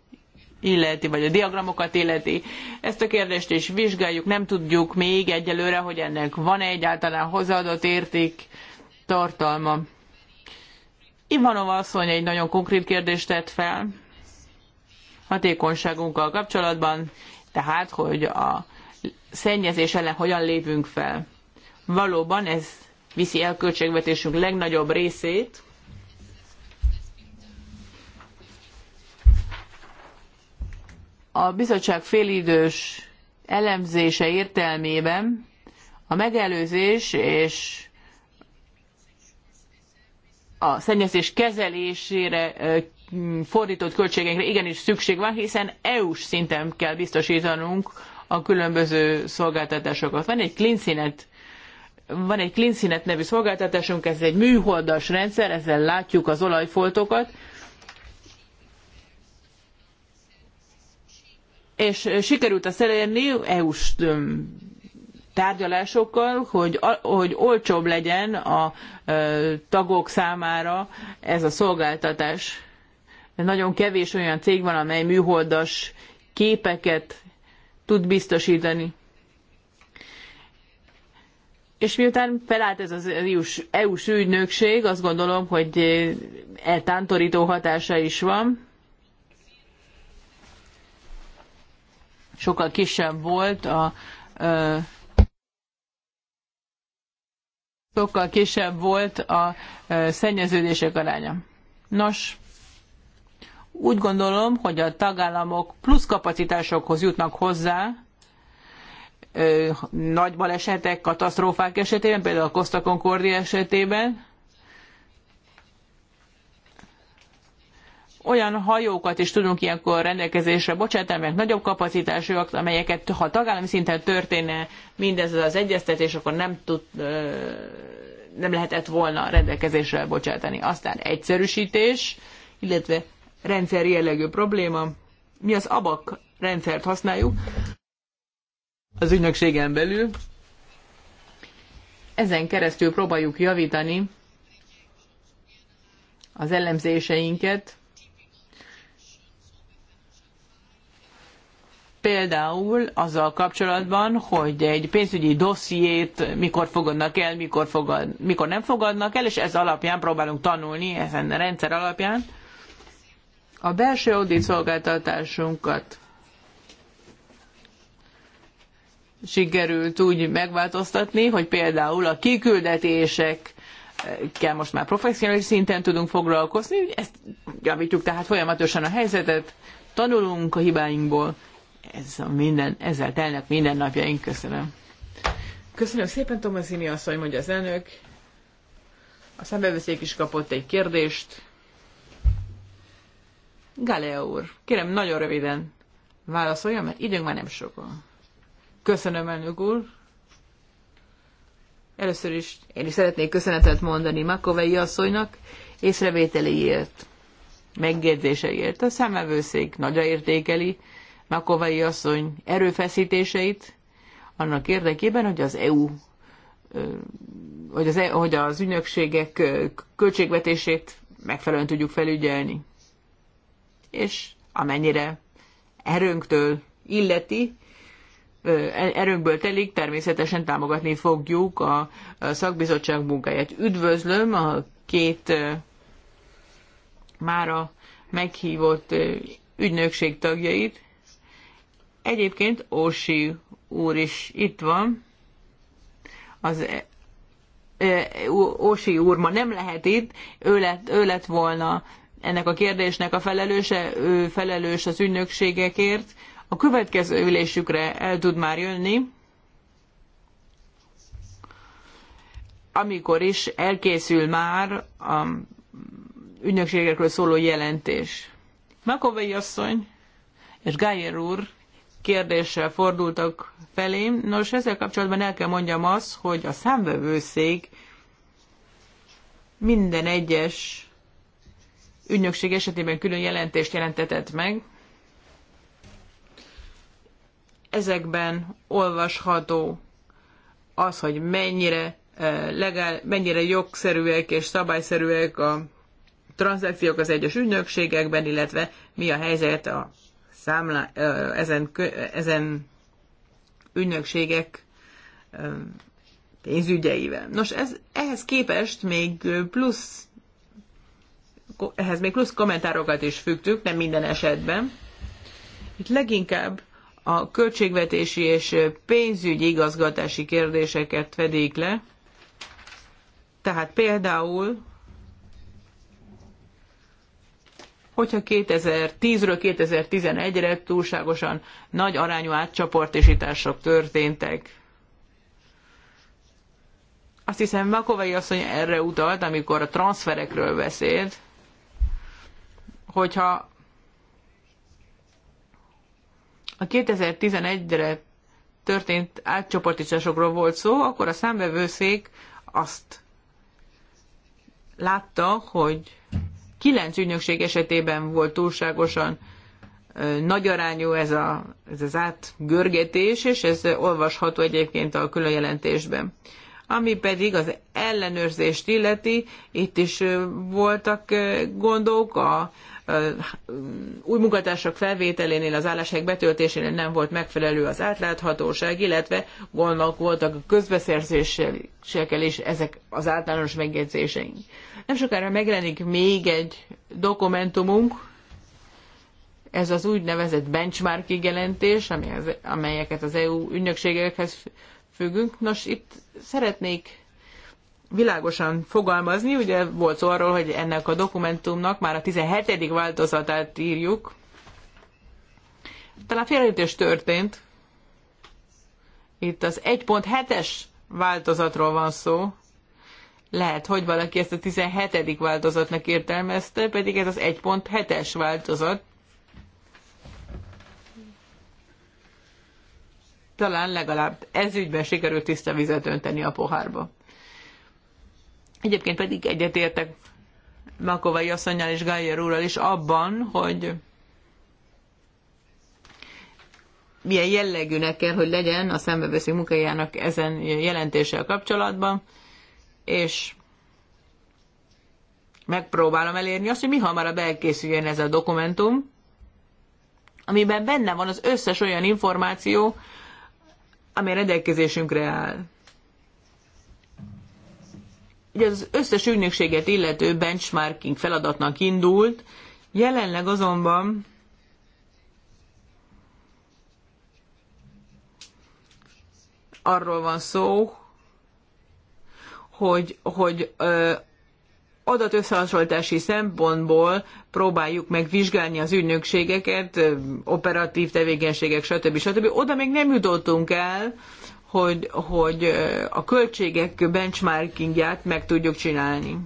illeti, vagy a diagramokat illeti. Ezt a kérdést is vizsgáljuk, nem tudjuk még egyelőre, hogy ennek van-e egyáltalán hozzáadott érték, tartalma. Ivanova asszony egy nagyon konkrét kérdést tett fel hatékonyságunkkal kapcsolatban, tehát, hogy a szennyezés ellen hogyan lépünk fel. Valóban ez viszi el költségvetésünk legnagyobb részét, a bizottság félidős elemzése értelmében a megelőzés és a szennyezés kezelésére fordított költségekre igenis szükség van, hiszen EU-s szinten kell biztosítanunk a különböző szolgáltatásokat. Van egy klinszínet van egy klinszínet nevű szolgáltatásunk, ez egy műholdas rendszer, ezzel látjuk az olajfoltokat, és sikerült azt elérni EU-s tárgyalásokkal, hogy, hogy olcsóbb legyen a tagok számára ez a szolgáltatás. Nagyon kevés olyan cég van, amely műholdas képeket tud biztosítani. És miután felállt ez az EU-s, EU-s ügynökség, azt gondolom, hogy eltántorító hatása is van. Sokkal kisebb volt a, a sokkal kisebb volt a szennyeződések aránya. Nos, úgy gondolom, hogy a tagállamok plusz kapacitásokhoz jutnak hozzá, nagy balesetek, katasztrófák esetében, például a Costa Concordia esetében, olyan hajókat is tudunk ilyenkor rendelkezésre bocsátani, mert nagyobb kapacitásúak, amelyeket ha tagállami szinten történne mindez az egyeztetés, akkor nem, tud, nem lehetett volna rendelkezésre bocsátani. Aztán egyszerűsítés, illetve rendszer jellegű probléma. Mi az ABAK rendszert használjuk az ügynökségen belül. Ezen keresztül próbáljuk javítani az elemzéseinket, például azzal kapcsolatban, hogy egy pénzügyi dossziét mikor fogadnak el, mikor, fogad, mikor nem fogadnak el, és ez alapján próbálunk tanulni, ezen a rendszer alapján. A belső audit szolgáltatásunkat sikerült úgy megváltoztatni, hogy például a kiküldetések kell most már professzionális szinten tudunk foglalkozni, ezt javítjuk tehát folyamatosan a helyzetet, tanulunk a hibáinkból, ez a minden, ezzel telnek minden napjaink. Köszönöm. Köszönöm szépen, Tomazini asszony, mondja az elnök. A szembeveszék is kapott egy kérdést. Galea úr, kérem nagyon röviden válaszoljon, mert időnk már nem sokan. Köszönöm, elnök úr. Először is én is szeretnék köszönetet mondani Makovei asszonynak észrevételéért, megjegyzéseiért. A számvevőszék nagyra értékeli Makovai asszony erőfeszítéseit annak érdekében, hogy az EU hogy az, e, hogy az ügynökségek költségvetését megfelelően tudjuk felügyelni. És amennyire erőnktől illeti, erőnkből telik, természetesen támogatni fogjuk a szakbizottság munkáját. Üdvözlöm a két mára meghívott ügynökség tagjait, Egyébként Ósi úr is itt van. Az Ósi e, e, úr ma nem lehet itt, ő lett, ő lett volna ennek a kérdésnek a felelőse, ő felelős az ügynökségekért. A következő ülésükre el tud már jönni, amikor is elkészül már a ügynökségekről szóló jelentés. Makovei asszony és Gájer úr kérdéssel fordultak felém. Nos, ezzel kapcsolatban el kell mondjam azt, hogy a számvevőszék minden egyes ügynökség esetében külön jelentést jelentetett meg. Ezekben olvasható az, hogy mennyire, eh, legál, mennyire jogszerűek és szabályszerűek a tranzakciók az egyes ügynökségekben, illetve mi a helyzet a számla, ezen, ezen ügynökségek pénzügyeivel. Nos, ez, ehhez képest még plusz ehhez még plusz kommentárokat is fügtük, nem minden esetben. Itt leginkább a költségvetési és pénzügyi igazgatási kérdéseket fedik le. Tehát például hogyha 2010-ről 2011-re túlságosan nagy arányú átcsoportosítások történtek. Azt hiszem, Makovai asszony erre utalt, amikor a transferekről beszélt, hogyha a 2011-re történt átcsoportosításokról volt szó, akkor a számbevőszék azt látta, hogy kilenc ügynökség esetében volt túlságosan nagy arányú ez, a, ez az átgörgetés, és ez olvasható egyébként a külön jelentésben, Ami pedig az ellenőrzést illeti, itt is voltak gondok, a, új munkatársak felvételénél, az álláshelyek betöltésénél nem volt megfelelő az átláthatóság, illetve gondok voltak a közbeszerzésekkel és ezek az általános megjegyzéseink. Nem sokára megjelenik még egy dokumentumunk, ez az úgynevezett benchmarki jelentés, amelyeket az EU ügynökségekhez függünk. Nos, itt szeretnék világosan fogalmazni, ugye volt szó arról, hogy ennek a dokumentumnak már a 17. változatát írjuk. Talán félreértés történt. Itt az 1.7-es változatról van szó. Lehet, hogy valaki ezt a 17. változatnak értelmezte, pedig ez az 1.7-es változat. Talán legalább ez ügyben sikerült tiszta vizet önteni a pohárba. Egyébként pedig egyetértek Makovai asszonynal és Gájer úrral is abban, hogy milyen jellegűnek kell, hogy legyen a szembevőszék munkájának ezen jelentéssel kapcsolatban, és megpróbálom elérni azt, hogy mi hamarabb elkészüljön ez a dokumentum, amiben benne van az összes olyan információ, ami rendelkezésünkre áll ugye az összes ügynökséget illető benchmarking feladatnak indult, jelenleg azonban arról van szó, hogy, hogy ö, adatösszehasonlítási szempontból próbáljuk meg vizsgálni az ügynökségeket, operatív tevékenységek, stb. stb. Oda még nem jutottunk el, hogy, hogy a költségek benchmarkingját meg tudjuk csinálni.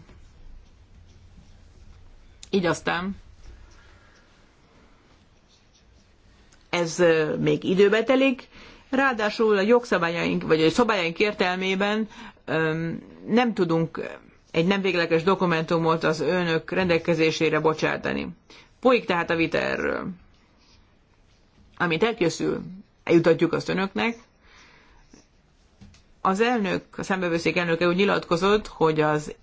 Így aztán ez még időbe telik, ráadásul a jogszabályaink, vagy a szabályaink értelmében nem tudunk egy nem végleges dokumentumot az önök rendelkezésére bocsátani. Folyik tehát a vita erről. Amit elkészül, eljutatjuk azt önöknek, az elnök, a szembevőszék elnöke úgy nyilatkozott, hogy az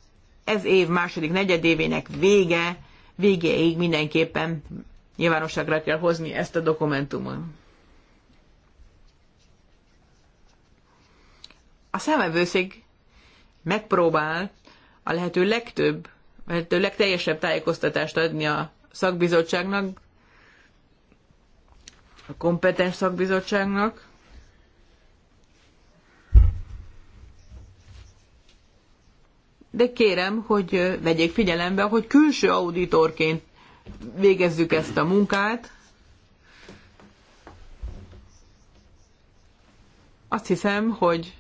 ez év második negyedévének vége, végéig mindenképpen nyilvánosságra kell hozni ezt a dokumentumot. A szembevőszék megpróbál a lehető legtöbb, a lehető legteljesebb tájékoztatást adni a szakbizottságnak, a kompetens szakbizottságnak, de kérem, hogy vegyék figyelembe, hogy külső auditorként végezzük ezt a munkát. Azt hiszem, hogy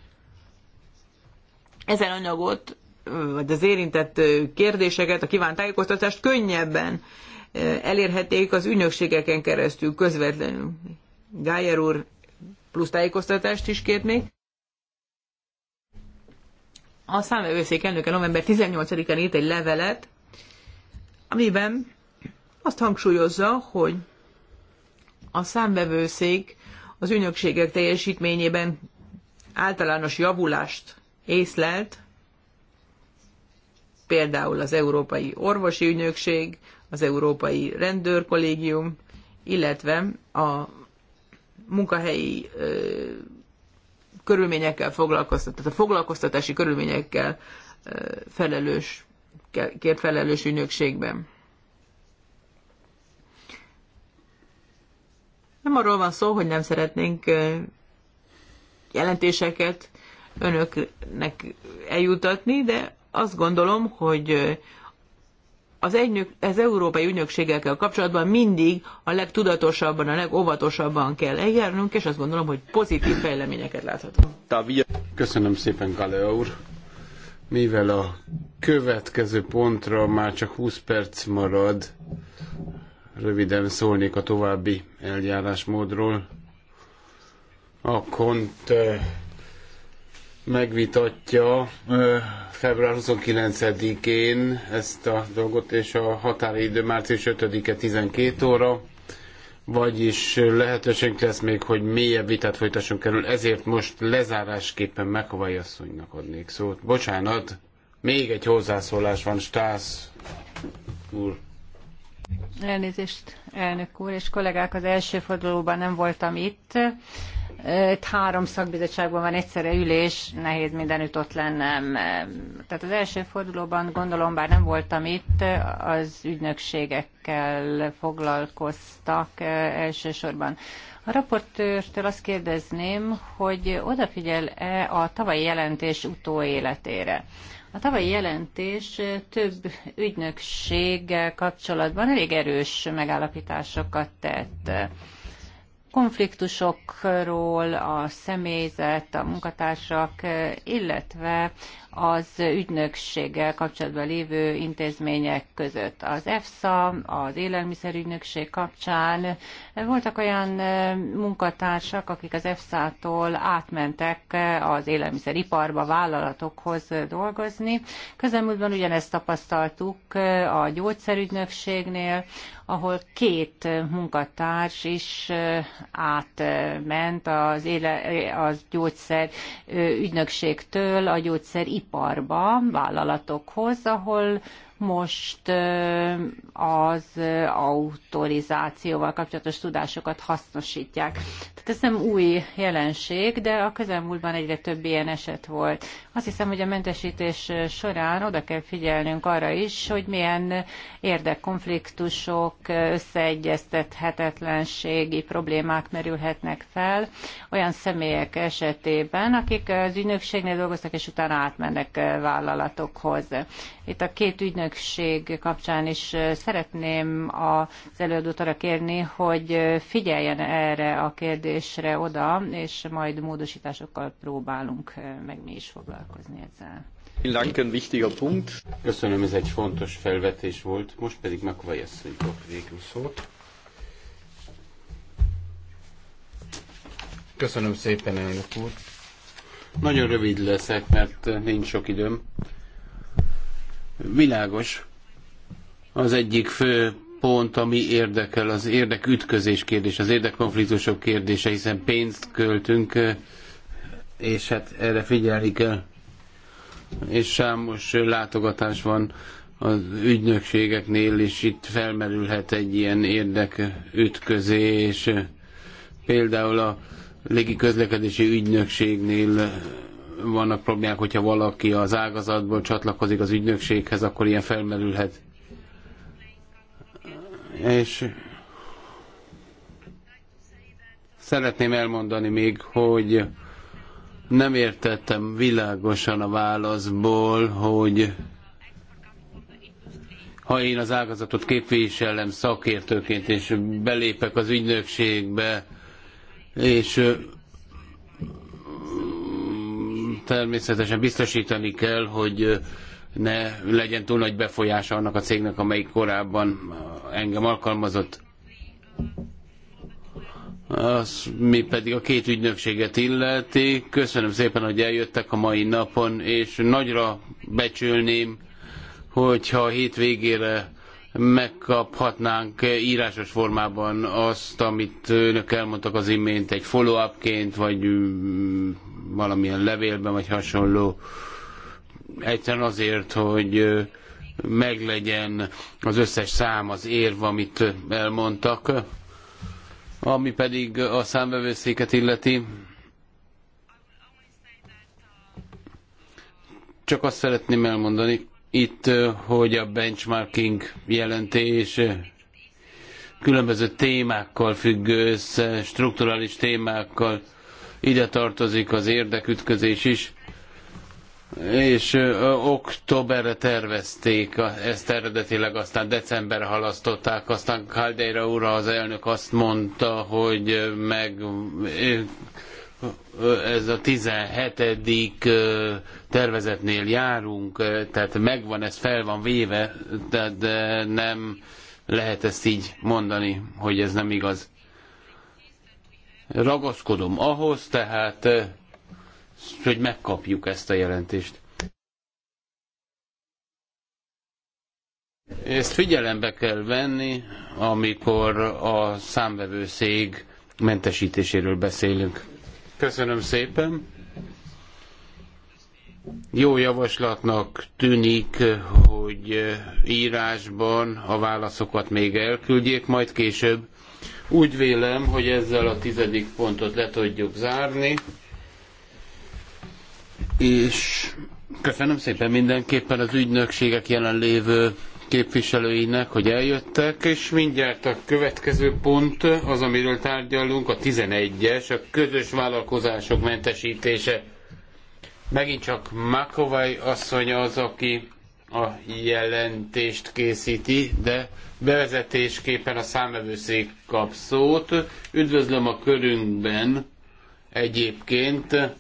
ezen anyagot, vagy az érintett kérdéseket, a kívánt tájékoztatást könnyebben elérhették az ügynökségeken keresztül közvetlenül. Gájer úr plusz tájékoztatást is kért még a számvevőszék elnöke november 18-án írt egy levelet, amiben azt hangsúlyozza, hogy a számvevőszék az ügynökségek teljesítményében általános javulást észlelt, például az Európai Orvosi Ügynökség, az Európai Rendőrkollégium, illetve a munkahelyi körülményekkel foglalkoztat, tehát a foglalkoztatási körülményekkel felelős, kér felelős ügynökségben. Nem arról van szó, hogy nem szeretnénk jelentéseket önöknek eljutatni, de azt gondolom, hogy az, egynök, az európai ügynökségekkel kapcsolatban mindig a legtudatosabban, a legóvatosabban kell eljárnunk, és azt gondolom, hogy pozitív fejleményeket láthatunk. Köszönöm szépen, Galea úr! Mivel a következő pontra már csak 20 perc marad, röviden szólnék a további eljárásmódról. A kont eh, megvitatja február 29-én ezt a dolgot, és a határidő március 5-e 12 óra, vagyis lehetőség lesz még, hogy mélyebb vitát folytassunk kerül, ezért most lezárásképpen Mekovai asszonynak adnék szót. Bocsánat, még egy hozzászólás van, Stász úr. Elnézést, elnök úr, és kollégák, az első fordulóban nem voltam itt itt három szakbizottságban van egyszerre ülés, nehéz mindenütt ott lennem. Tehát az első fordulóban gondolom, bár nem voltam itt, az ügynökségekkel foglalkoztak eh, elsősorban. A raportőrtől azt kérdezném, hogy odafigyel-e a tavalyi jelentés utóéletére. A tavalyi jelentés több ügynökséggel kapcsolatban elég erős megállapításokat tett konfliktusokról, a személyzet, a munkatársak, illetve az ügynökséggel kapcsolatban lévő intézmények között. Az EFSA, az élelmiszerügynökség kapcsán voltak olyan munkatársak, akik az EFSA-tól átmentek az élelmiszeriparba vállalatokhoz dolgozni. Közelmúltban ugyanezt tapasztaltuk a gyógyszerügynökségnél, ahol két munkatárs is átment az, éle, az gyógyszer ügynökségtől a gyógyszer iparba, vállalatokhoz, ahol most az autorizációval kapcsolatos tudásokat hasznosítják. Tehát ez nem új jelenség, de a közelmúltban egyre több ilyen eset volt. Azt hiszem, hogy a mentesítés során oda kell figyelnünk arra is, hogy milyen érdekkonfliktusok, összeegyeztethetetlenségi problémák merülhetnek fel, olyan személyek esetében, akik az ügynökségnél dolgoztak, és utána átmennek vállalatokhoz. Itt a két ügynökség kapcsán is szeretném az előadót arra kérni, hogy figyeljen erre a kérdésre oda, és majd módosításokkal próbálunk meg mi is foglalkozni ezzel. Köszönöm, ez egy fontos felvetés volt. Most pedig megvajasszony kap végül szót. Köszönöm szépen, elnök úr. Nagyon rövid leszek, mert nincs sok időm. Világos. Az egyik fő pont, ami érdekel, az érdekütközés kérdés, az érdekkonfliktusok kérdése, hiszen pénzt költünk, és hát erre figyelni kell. És számos látogatás van az ügynökségeknél, és itt felmerülhet egy ilyen érdekütközés. Például a légi közlekedési ügynökségnél vannak problémák, hogyha valaki az ágazatból csatlakozik az ügynökséghez, akkor ilyen felmerülhet. És szeretném elmondani még, hogy nem értettem világosan a válaszból, hogy ha én az ágazatot képviselem szakértőként, és belépek az ügynökségbe, és természetesen biztosítani kell, hogy ne legyen túl nagy befolyása annak a cégnek, amelyik korábban engem alkalmazott. Az, mi pedig a két ügynökséget illeti. Köszönöm szépen, hogy eljöttek a mai napon, és nagyra becsülném, hogyha a hét végére megkaphatnánk írásos formában azt, amit önök elmondtak az imént egy follow-upként, vagy mm, valamilyen levélben, vagy hasonló. Egyszerűen azért, hogy meglegyen az összes szám, az érv, amit elmondtak. Ami pedig a számvevőszéket illeti, csak azt szeretném elmondani, itt, hogy a benchmarking jelentés különböző témákkal függ össze, strukturális témákkal, ide tartozik az érdekütközés is, és októberre tervezték ezt eredetileg, aztán decemberre halasztották, aztán Caldeira úr az elnök azt mondta, hogy meg ez a 17. tervezetnél járunk, tehát megvan, ez fel van véve, de nem lehet ezt így mondani, hogy ez nem igaz. Ragaszkodom ahhoz, tehát, hogy megkapjuk ezt a jelentést. Ezt figyelembe kell venni, amikor a számvevőszég mentesítéséről beszélünk. Köszönöm szépen. Jó javaslatnak tűnik, hogy írásban a válaszokat még elküldjék, majd később. Úgy vélem, hogy ezzel a tizedik pontot le tudjuk zárni, és köszönöm szépen mindenképpen az ügynökségek jelenlévő képviselőinek, hogy eljöttek, és mindjárt a következő pont az, amiről tárgyalunk, a 11-es, a közös vállalkozások mentesítése. Megint csak Makovai asszony az, aki a jelentést készíti, de bevezetésképpen a számevőszék kap szót. Üdvözlöm a körünkben egyébként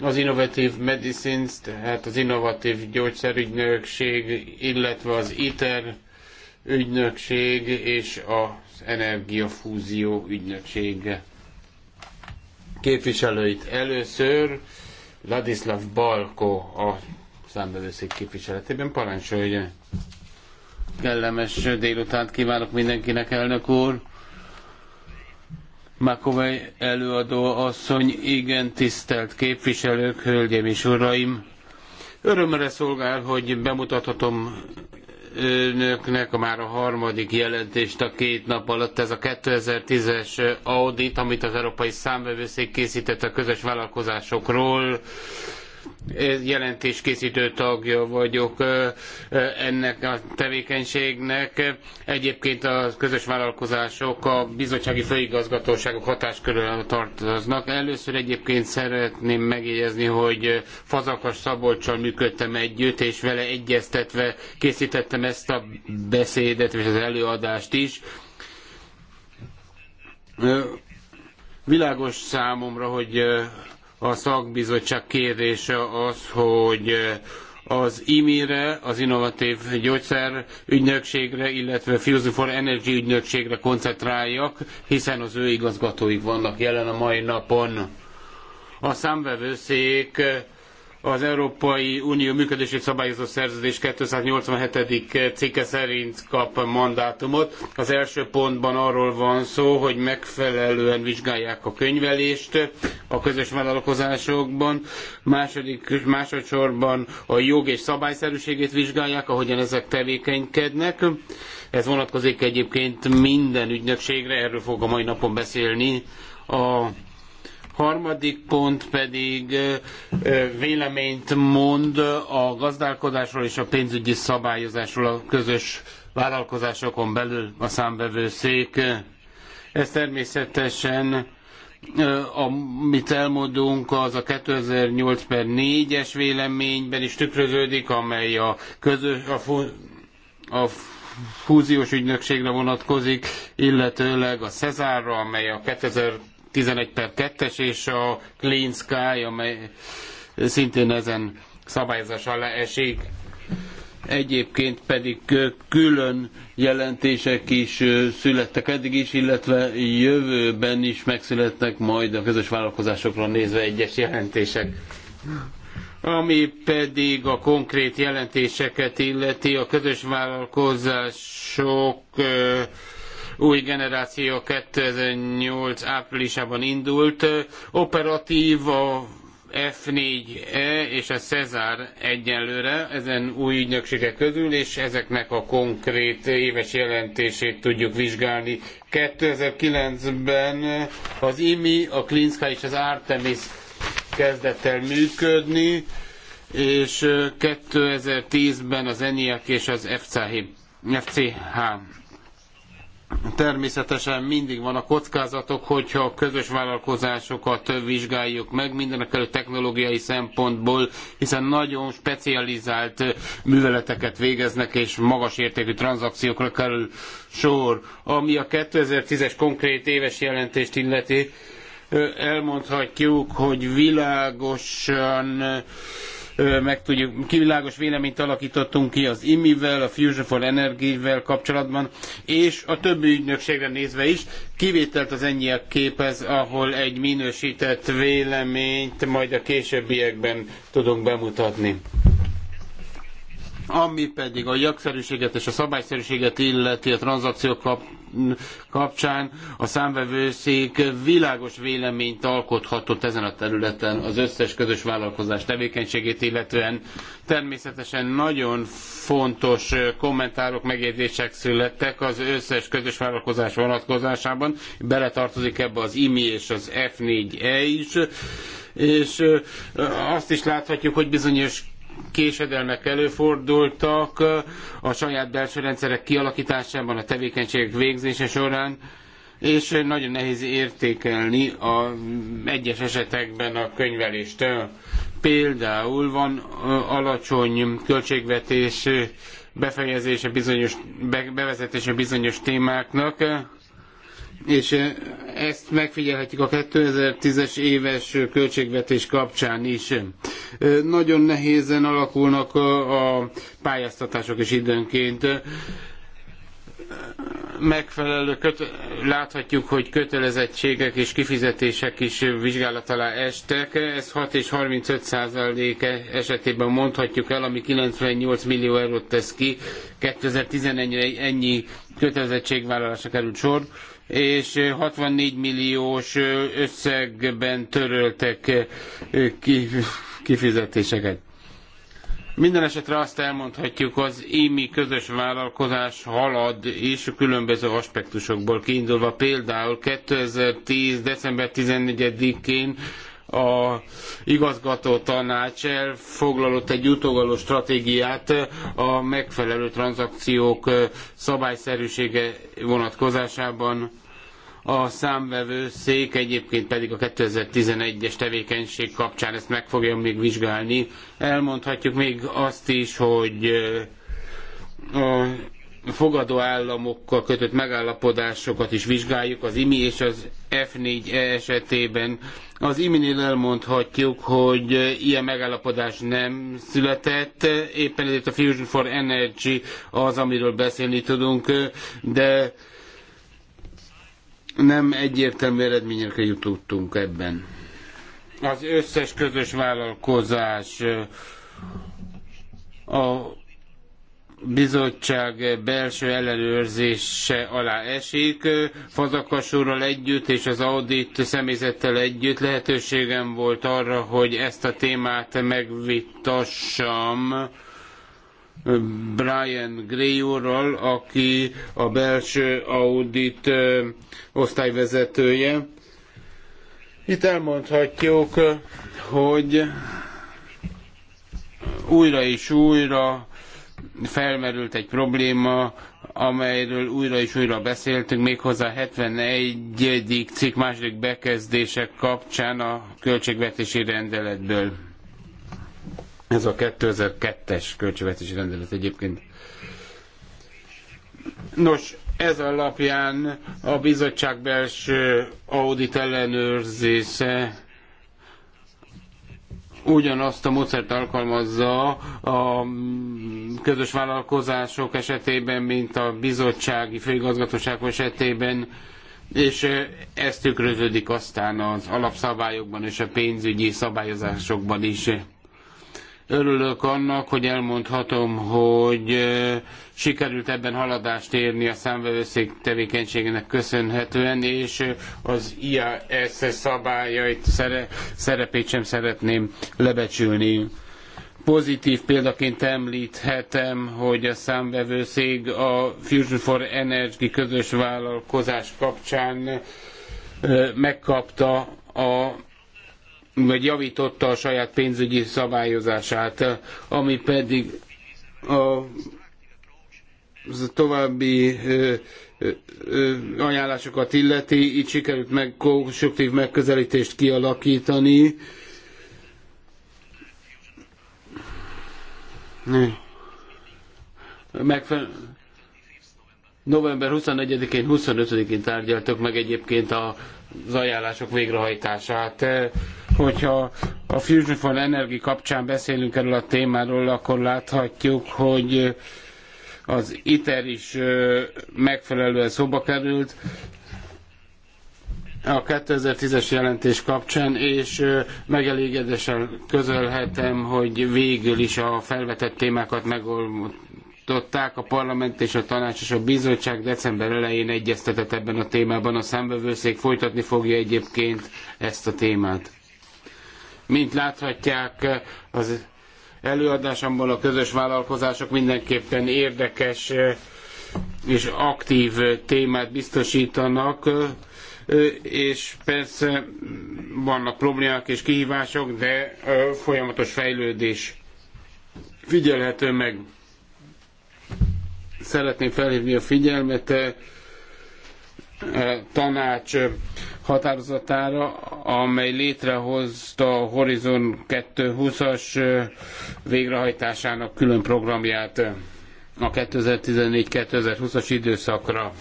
az innovatív Medicines, tehát az Innovatív Gyógyszerügynökség, illetve az ITER ügynökség és az Energiafúzió ügynökség képviselőit. Először Ladislav Balko a számbevőszék képviseletében parancsolja. Kellemes délutánt kívánok mindenkinek, elnök úr! Makovej előadó asszony, igen tisztelt képviselők, hölgyeim és uraim! Örömre szolgál, hogy bemutathatom önöknek már a harmadik jelentést a két nap alatt. Ez a 2010-es audit, amit az Európai Számvevőszék készített a közös vállalkozásokról jelentéskészítő tagja vagyok ennek a tevékenységnek. Egyébként a közös vállalkozások a bizottsági főigazgatóságok hatáskörül tartoznak. Először egyébként szeretném megjegyezni, hogy Fazakas Szabolcsal működtem együtt, és vele egyeztetve készítettem ezt a beszédet és az előadást is. Világos számomra, hogy a szakbizottság kérése az, hogy az IMI-re, az Innovatív Gyógyszer ügynökségre, illetve Fusion for Energy ügynökségre koncentráljak, hiszen az ő igazgatóik vannak jelen a mai napon. A számvevőszék az Európai Unió működését szabályozó szerződés 287. cikke szerint kap mandátumot. Az első pontban arról van szó, hogy megfelelően vizsgálják a könyvelést a közös vállalkozásokban. Második, másodszorban a jog és szabályszerűségét vizsgálják, ahogyan ezek tevékenykednek. Ez vonatkozik egyébként minden ügynökségre, erről fog a mai napon beszélni a Harmadik pont pedig véleményt mond a gazdálkodásról és a pénzügyi szabályozásról a közös vállalkozásokon belül a számbevőszék. Ez természetesen amit elmondunk, az a 2008 per 4-es véleményben is tükröződik, amely a, közös, a, fu, a fúziós ügynökségre vonatkozik, illetőleg a Cezárra, amely a 2000 11 per 2-es és a Clean Sky, amely szintén ezen szabályozás alá esik. Egyébként pedig külön jelentések is születtek eddig is, illetve jövőben is megszületnek majd a közös vállalkozásokra nézve egyes jelentések. Ami pedig a konkrét jelentéseket illeti, a közös vállalkozások új generáció 2008 áprilisában indult. Operatív a F4E és a Cezár egyenlőre ezen új ügynökségek közül, és ezeknek a konkrét éves jelentését tudjuk vizsgálni. 2009-ben az IMI, a Klinska és az Artemis kezdett el működni, és 2010-ben az ENIAC és az FCH, FCH Természetesen mindig van a kockázatok, hogyha a közös vállalkozásokat vizsgáljuk meg, mindenekelőtt technológiai szempontból, hiszen nagyon specializált műveleteket végeznek, és magas értékű tranzakciókra kerül sor. Ami a 2010-es konkrét éves jelentést illeti, elmondhatjuk, hogy világosan meg tudjuk, kivilágos véleményt alakítottunk ki az IMI-vel, a Fusion for Energy-vel kapcsolatban, és a többi ügynökségre nézve is, kivételt az ennyiek képez, ahol egy minősített véleményt majd a későbbiekben tudunk bemutatni. Ami pedig a jogszerűséget és a szabályszerűséget illeti a tranzakciók kap, kapcsán, a számvevőszék világos véleményt alkothatott ezen a területen az összes közös vállalkozás tevékenységét illetően. Természetesen nagyon fontos kommentárok, megjegyzések születtek az összes közös vállalkozás vonatkozásában. Beletartozik ebbe az IMI és az F4E is és azt is láthatjuk, hogy bizonyos késedelmek előfordultak a saját belső rendszerek kialakításában, a tevékenységek végzése során, és nagyon nehéz értékelni a egyes esetekben a könyvelést. Például van alacsony költségvetés befejezése bizonyos, bevezetése bizonyos témáknak, és ezt megfigyelhetjük a 2010-es éves költségvetés kapcsán is. Nagyon nehézen alakulnak a pályáztatások is időnként megfelelő, köt, láthatjuk, hogy kötelezettségek és kifizetések is vizsgálat alá estek. Ez 6 és 35 százalék esetében mondhatjuk el, ami 98 millió eurót tesz ki. 2011-re ennyi kötelezettségvállalásra került sor és 64 milliós összegben töröltek kifizetéseket. Minden esetre azt elmondhatjuk, az IMI közös vállalkozás halad és különböző aspektusokból kiindulva. Például 2010. december 14-én a igazgató tanács elfoglalott egy utogaló stratégiát a megfelelő tranzakciók szabályszerűsége vonatkozásában a számvevőszék egyébként pedig a 2011-es tevékenység kapcsán ezt meg fogja még vizsgálni. Elmondhatjuk még azt is, hogy a fogadó államokkal kötött megállapodásokat is vizsgáljuk, az IMI és az F4 e esetében. Az IMI-nél elmondhatjuk, hogy ilyen megállapodás nem született, éppen ezért a Fusion for Energy az, amiről beszélni tudunk, de nem egyértelmű eredményekre jutottunk ebben. Az összes közös vállalkozás a bizottság belső ellenőrzése alá esik. Fazakasúrral együtt és az audit személyzettel együtt lehetőségem volt arra, hogy ezt a témát megvitassam Brian Gray úrral, aki a belső audit osztályvezetője. Itt elmondhatjuk, hogy újra és újra felmerült egy probléma, amelyről újra és újra beszéltünk, méghozzá 71. cikk második bekezdések kapcsán a költségvetési rendeletből ez a 2002-es költségvetési rendelet egyébként. Nos, ez alapján a bizottság belső audit ellenőrzése ugyanazt a módszert alkalmazza a közös vállalkozások esetében, mint a bizottsági főigazgatóság esetében, és ez tükröződik aztán az alapszabályokban és a pénzügyi szabályozásokban is. Örülök annak, hogy elmondhatom, hogy sikerült ebben haladást érni a számvevőszék tevékenységének köszönhetően, és az IAS szabályait, szerepét sem szeretném lebecsülni. Pozitív példaként említhetem, hogy a számvevőszék a Fusion for Energy közös vállalkozás kapcsán megkapta a vagy javította a saját pénzügyi szabályozását, ami pedig a további ö, ö, ö, ajánlásokat illeti, így sikerült meg konstruktív megközelítést kialakítani. Megfe- november 24-én, 25-én tárgyaltak meg egyébként az ajánlások végrehajtását hogyha a Fusion for Energy kapcsán beszélünk erről a témáról, akkor láthatjuk, hogy az ITER is megfelelően szóba került a 2010-es jelentés kapcsán, és megelégedéssel közölhetem, hogy végül is a felvetett témákat megoldották. A parlament és a tanács és a bizottság december elején egyeztetett ebben a témában. A számbevőszék folytatni fogja egyébként ezt a témát. Mint láthatják, az előadásomból a közös vállalkozások mindenképpen érdekes eh, és aktív eh, témát biztosítanak, eh, és persze vannak problémák és kihívások, de folyamatos fejlődés figyelhető meg. Szeretném felhívni a figyelmet tanács határozatára, amely létrehozta a Horizon 2020-as végrehajtásának külön programját a 2014-2020-as időszakra.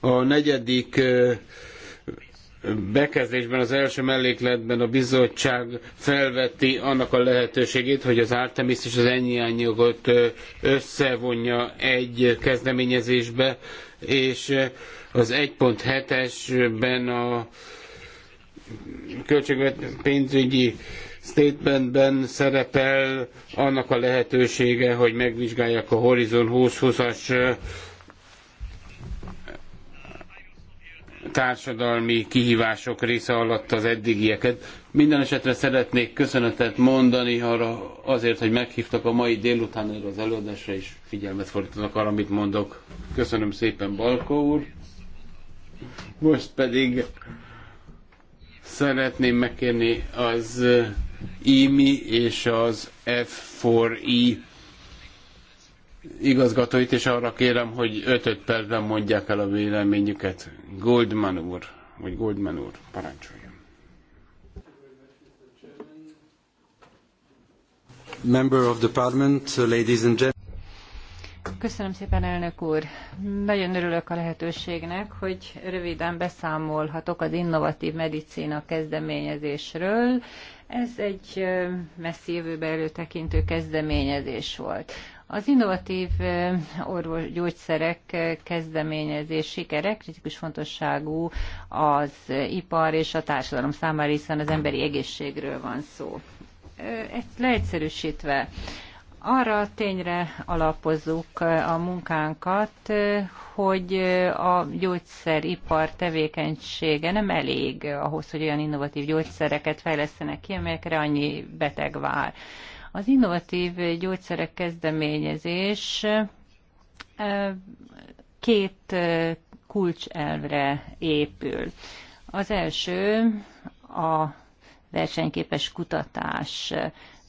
A negyedik bekezdésben, az első mellékletben a bizottság felveti annak a lehetőségét, hogy az Artemis és az ennyi jogot összevonja egy kezdeményezésbe, és az 1.7-esben a költségvet pénzügyi statementben szerepel annak a lehetősége, hogy megvizsgálják a Horizon 2020-as társadalmi kihívások része alatt az eddigieket. Minden esetre szeretnék köszönetet mondani arra azért, hogy meghívtak a mai délután erre az előadásra, és figyelmet fordítanak arra, amit mondok. Köszönöm szépen, Balkó úr. Most pedig szeretném megkérni az IMI és az F4I igazgatóit, és arra kérem, hogy 5-5 percben mondják el a véleményüket. Goldman úr, vagy Goldman úr, parancsoljon. Member of the Parliament, ladies and gentlemen. Köszönöm szépen, elnök úr. Nagyon örülök a lehetőségnek, hogy röviden beszámolhatok az innovatív medicína kezdeményezésről. Ez egy messzi jövőbe előtekintő kezdeményezés volt. Az innovatív gyógyszerek kezdeményezés sikere kritikus fontosságú az ipar és a társadalom számára, hiszen az emberi egészségről van szó. Ezt Leegyszerűsítve, arra tényre alapozzuk a munkánkat, hogy a gyógyszeripar tevékenysége nem elég ahhoz, hogy olyan innovatív gyógyszereket fejlesztenek ki, amelyekre annyi beteg vár. Az innovatív gyógyszerek kezdeményezés két kulcselvre épül. Az első a versenyképes kutatás.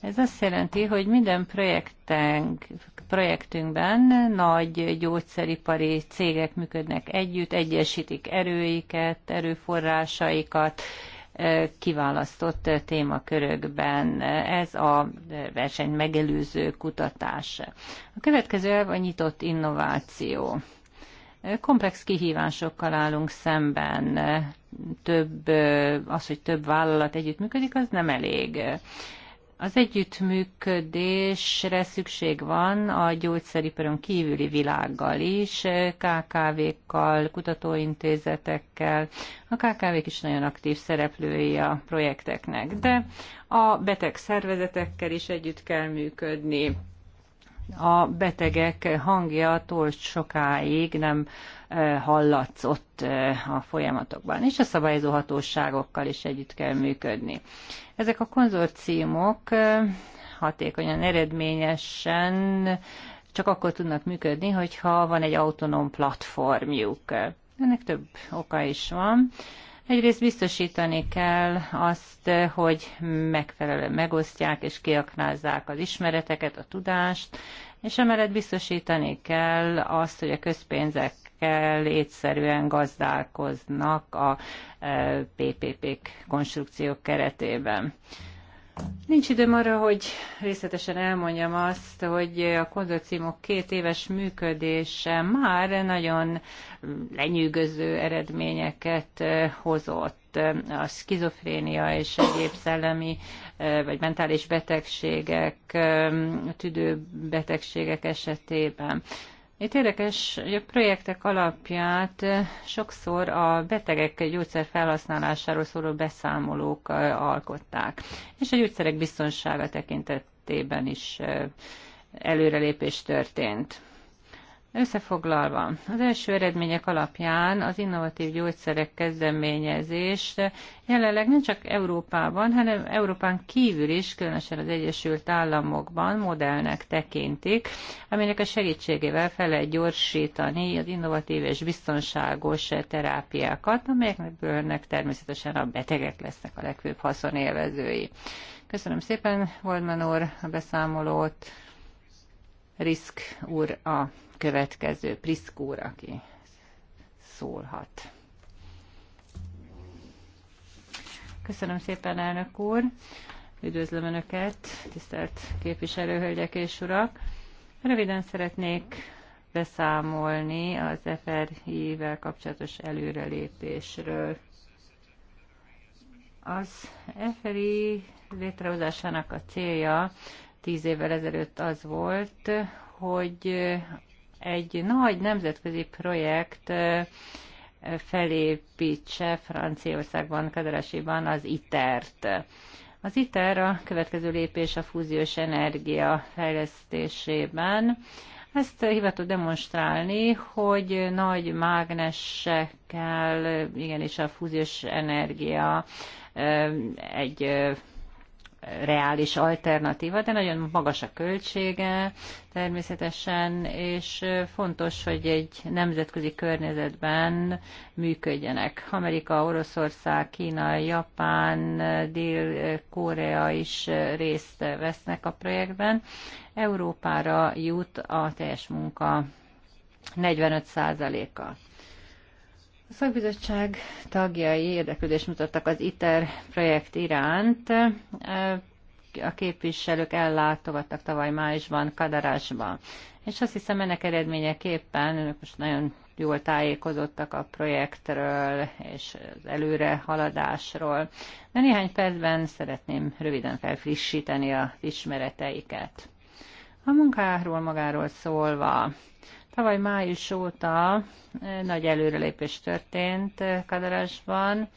Ez azt jelenti, hogy minden projektünk, projektünkben nagy gyógyszeripari cégek működnek együtt, egyesítik erőiket, erőforrásaikat, kiválasztott témakörökben. Ez a verseny megelőző kutatás. A következő elv a nyitott innováció. Komplex kihívásokkal állunk szemben. Több, az, hogy több vállalat együttműködik, az nem elég az együttműködésre szükség van a gyógyszeriparon kívüli világgal is, KKV-kkal, kutatóintézetekkel. A KKV-k is nagyon aktív szereplői a projekteknek, de a beteg szervezetekkel is együtt kell működni. A betegek hangja tolt sokáig nem hallatszott a folyamatokban, és a szabályozó hatóságokkal is együtt kell működni. Ezek a konzorciumok hatékonyan, eredményesen csak akkor tudnak működni, hogyha van egy autonóm platformjuk. Ennek több oka is van. Egyrészt biztosítani kell azt, hogy megfelelően megosztják és kiaknázzák az ismereteket, a tudást, és emellett biztosítani kell azt, hogy a közpénzek ezekkel észszerűen gazdálkoznak a e, PPP-k konstrukciók keretében. Nincs időm arra, hogy részletesen elmondjam azt, hogy a konzorciumok két éves működése már nagyon lenyűgöző eredményeket e, hozott. A skizofrénia és egyéb szellemi e, vagy mentális betegségek, tüdőbetegségek esetében. Itt érdekes, hogy a projektek alapját sokszor a betegek gyógyszer felhasználásáról szóló beszámolók alkották, és a gyógyszerek biztonsága tekintetében is előrelépés történt. Összefoglalva, az első eredmények alapján az innovatív gyógyszerek kezdeményezés jelenleg nem csak Európában, hanem Európán kívül is, különösen az Egyesült Államokban modellnek tekintik, aminek a segítségével fel lehet gyorsítani az innovatív és biztonságos terápiákat, amelyeknek természetesen a betegek lesznek a legfőbb haszonélvezői. Köszönöm szépen, Goldman úr, a beszámolót. Risk úr a következő Priszkór, aki szólhat. Köszönöm szépen, elnök úr! Üdvözlöm Önöket, tisztelt képviselőhölgyek és urak! Röviden szeretnék beszámolni az FRI-vel kapcsolatos előrelépésről. Az FRI létrehozásának a célja tíz évvel ezelőtt az volt, hogy egy nagy nemzetközi projekt felépítse Franciaországban, Kadarasiban az ITER-t. Az ITER a következő lépés a fúziós energia fejlesztésében. Ezt hivatott demonstrálni, hogy nagy mágnesekkel, igenis a fúziós energia egy reális alternatíva, de nagyon magas a költsége természetesen, és fontos, hogy egy nemzetközi környezetben működjenek. Amerika, Oroszország, Kína, Japán, Dél-Korea is részt vesznek a projektben. Európára jut a teljes munka 45%-a. A szakbizottság tagjai érdeklődést mutattak az ITER projekt iránt. A képviselők ellátogattak tavaly májusban Kadarásban. És azt hiszem ennek eredményeképpen önök most nagyon jól tájékozottak a projektről és az előre haladásról. De néhány percben szeretném röviden felfrissíteni az ismereteiket. A munkáról magáról szólva, Tavaly május óta eh, nagy előrelépés történt eh, Kadarásban,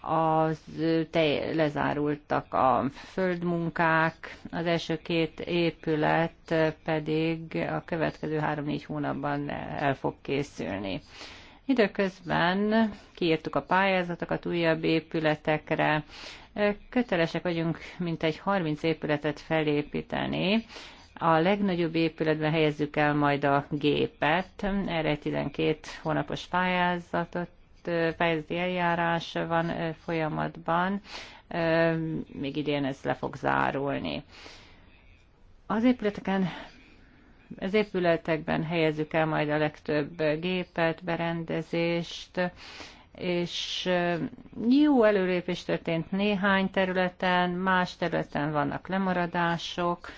az eh, te, lezárultak a földmunkák, az első két épület pedig a következő három-négy hónapban el fog készülni. Időközben kiírtuk a pályázatokat újabb épületekre, kötelesek vagyunk mintegy 30 épületet felépíteni, a legnagyobb épületben helyezzük el majd a gépet. Erre 12 hónapos pályázatot pályázati eljárás van folyamatban, még idén ez le fog zárulni. Az épületeken az épületekben helyezzük el majd a legtöbb gépet, berendezést, és jó előrépés történt néhány területen, más területen vannak lemaradások,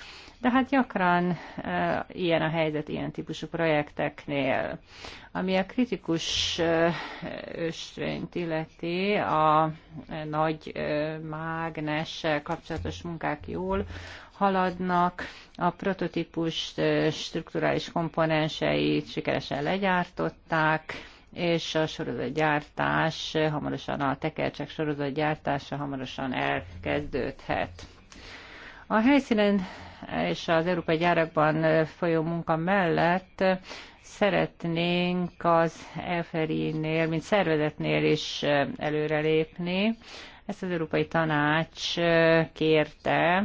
de hát gyakran ilyen a helyzet ilyen típusú projekteknél. Ami a kritikus ösvényt illeti, a nagy mágnessel kapcsolatos munkák jól haladnak, a prototípus strukturális komponenseit sikeresen legyártották, és a sorozatgyártás hamarosan, a tekercsek sorozatgyártása hamarosan elkezdődhet. A helyszínen és az európai gyárakban folyó munka mellett szeretnénk az eferi nél mint szervezetnél is előrelépni. Ezt az Európai Tanács kérte,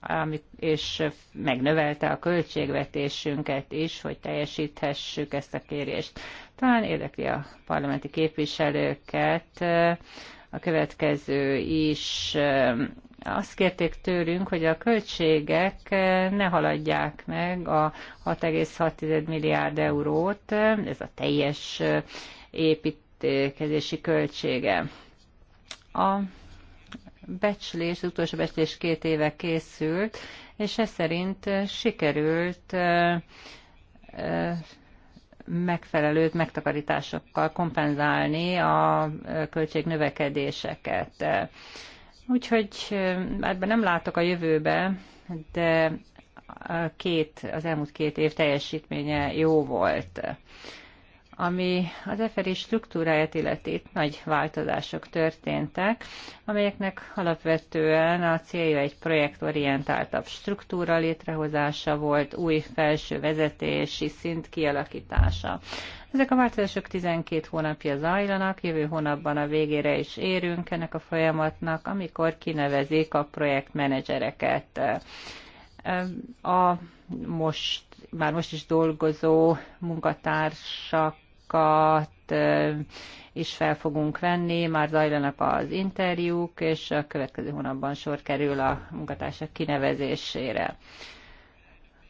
amit, és megnövelte a költségvetésünket is, hogy teljesíthessük ezt a kérést. Talán érdekli a parlamenti képviselőket a következő is azt kérték tőlünk, hogy a költségek eh, ne haladják meg a 6,6 milliárd eurót, ez a teljes eh, építkezési költsége. A becslés, az utolsó becslés két éve készült, és ez szerint eh, sikerült megfelelőt megtakarításokkal kompenzálni a költségnövekedéseket. Úgyhogy ebben nem látok a jövőbe, de a két, az elmúlt két év teljesítménye jó volt. Ami az EFERI struktúráját illeti, nagy változások történtek, amelyeknek alapvetően a célja egy projektorientáltabb struktúra létrehozása volt, új felső vezetési szint kialakítása. Ezek a változások 12 hónapja zajlanak, jövő hónapban a végére is érünk ennek a folyamatnak, amikor kinevezik a projektmenedzsereket. A most, már most is dolgozó munkatársakat is fel fogunk venni, már zajlanak az interjúk, és a következő hónapban sor kerül a munkatársak kinevezésére.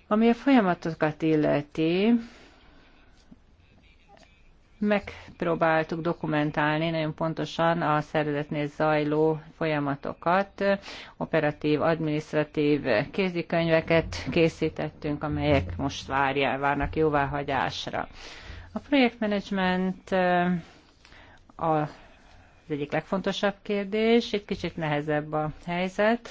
Ami a folyamatokat illeti, megpróbáltuk dokumentálni nagyon pontosan a szervezetnél zajló folyamatokat. Operatív, adminisztratív kézikönyveket készítettünk, amelyek most várják, várnak jóváhagyásra. A projektmenedzsment az egyik legfontosabb kérdés, itt kicsit nehezebb a helyzet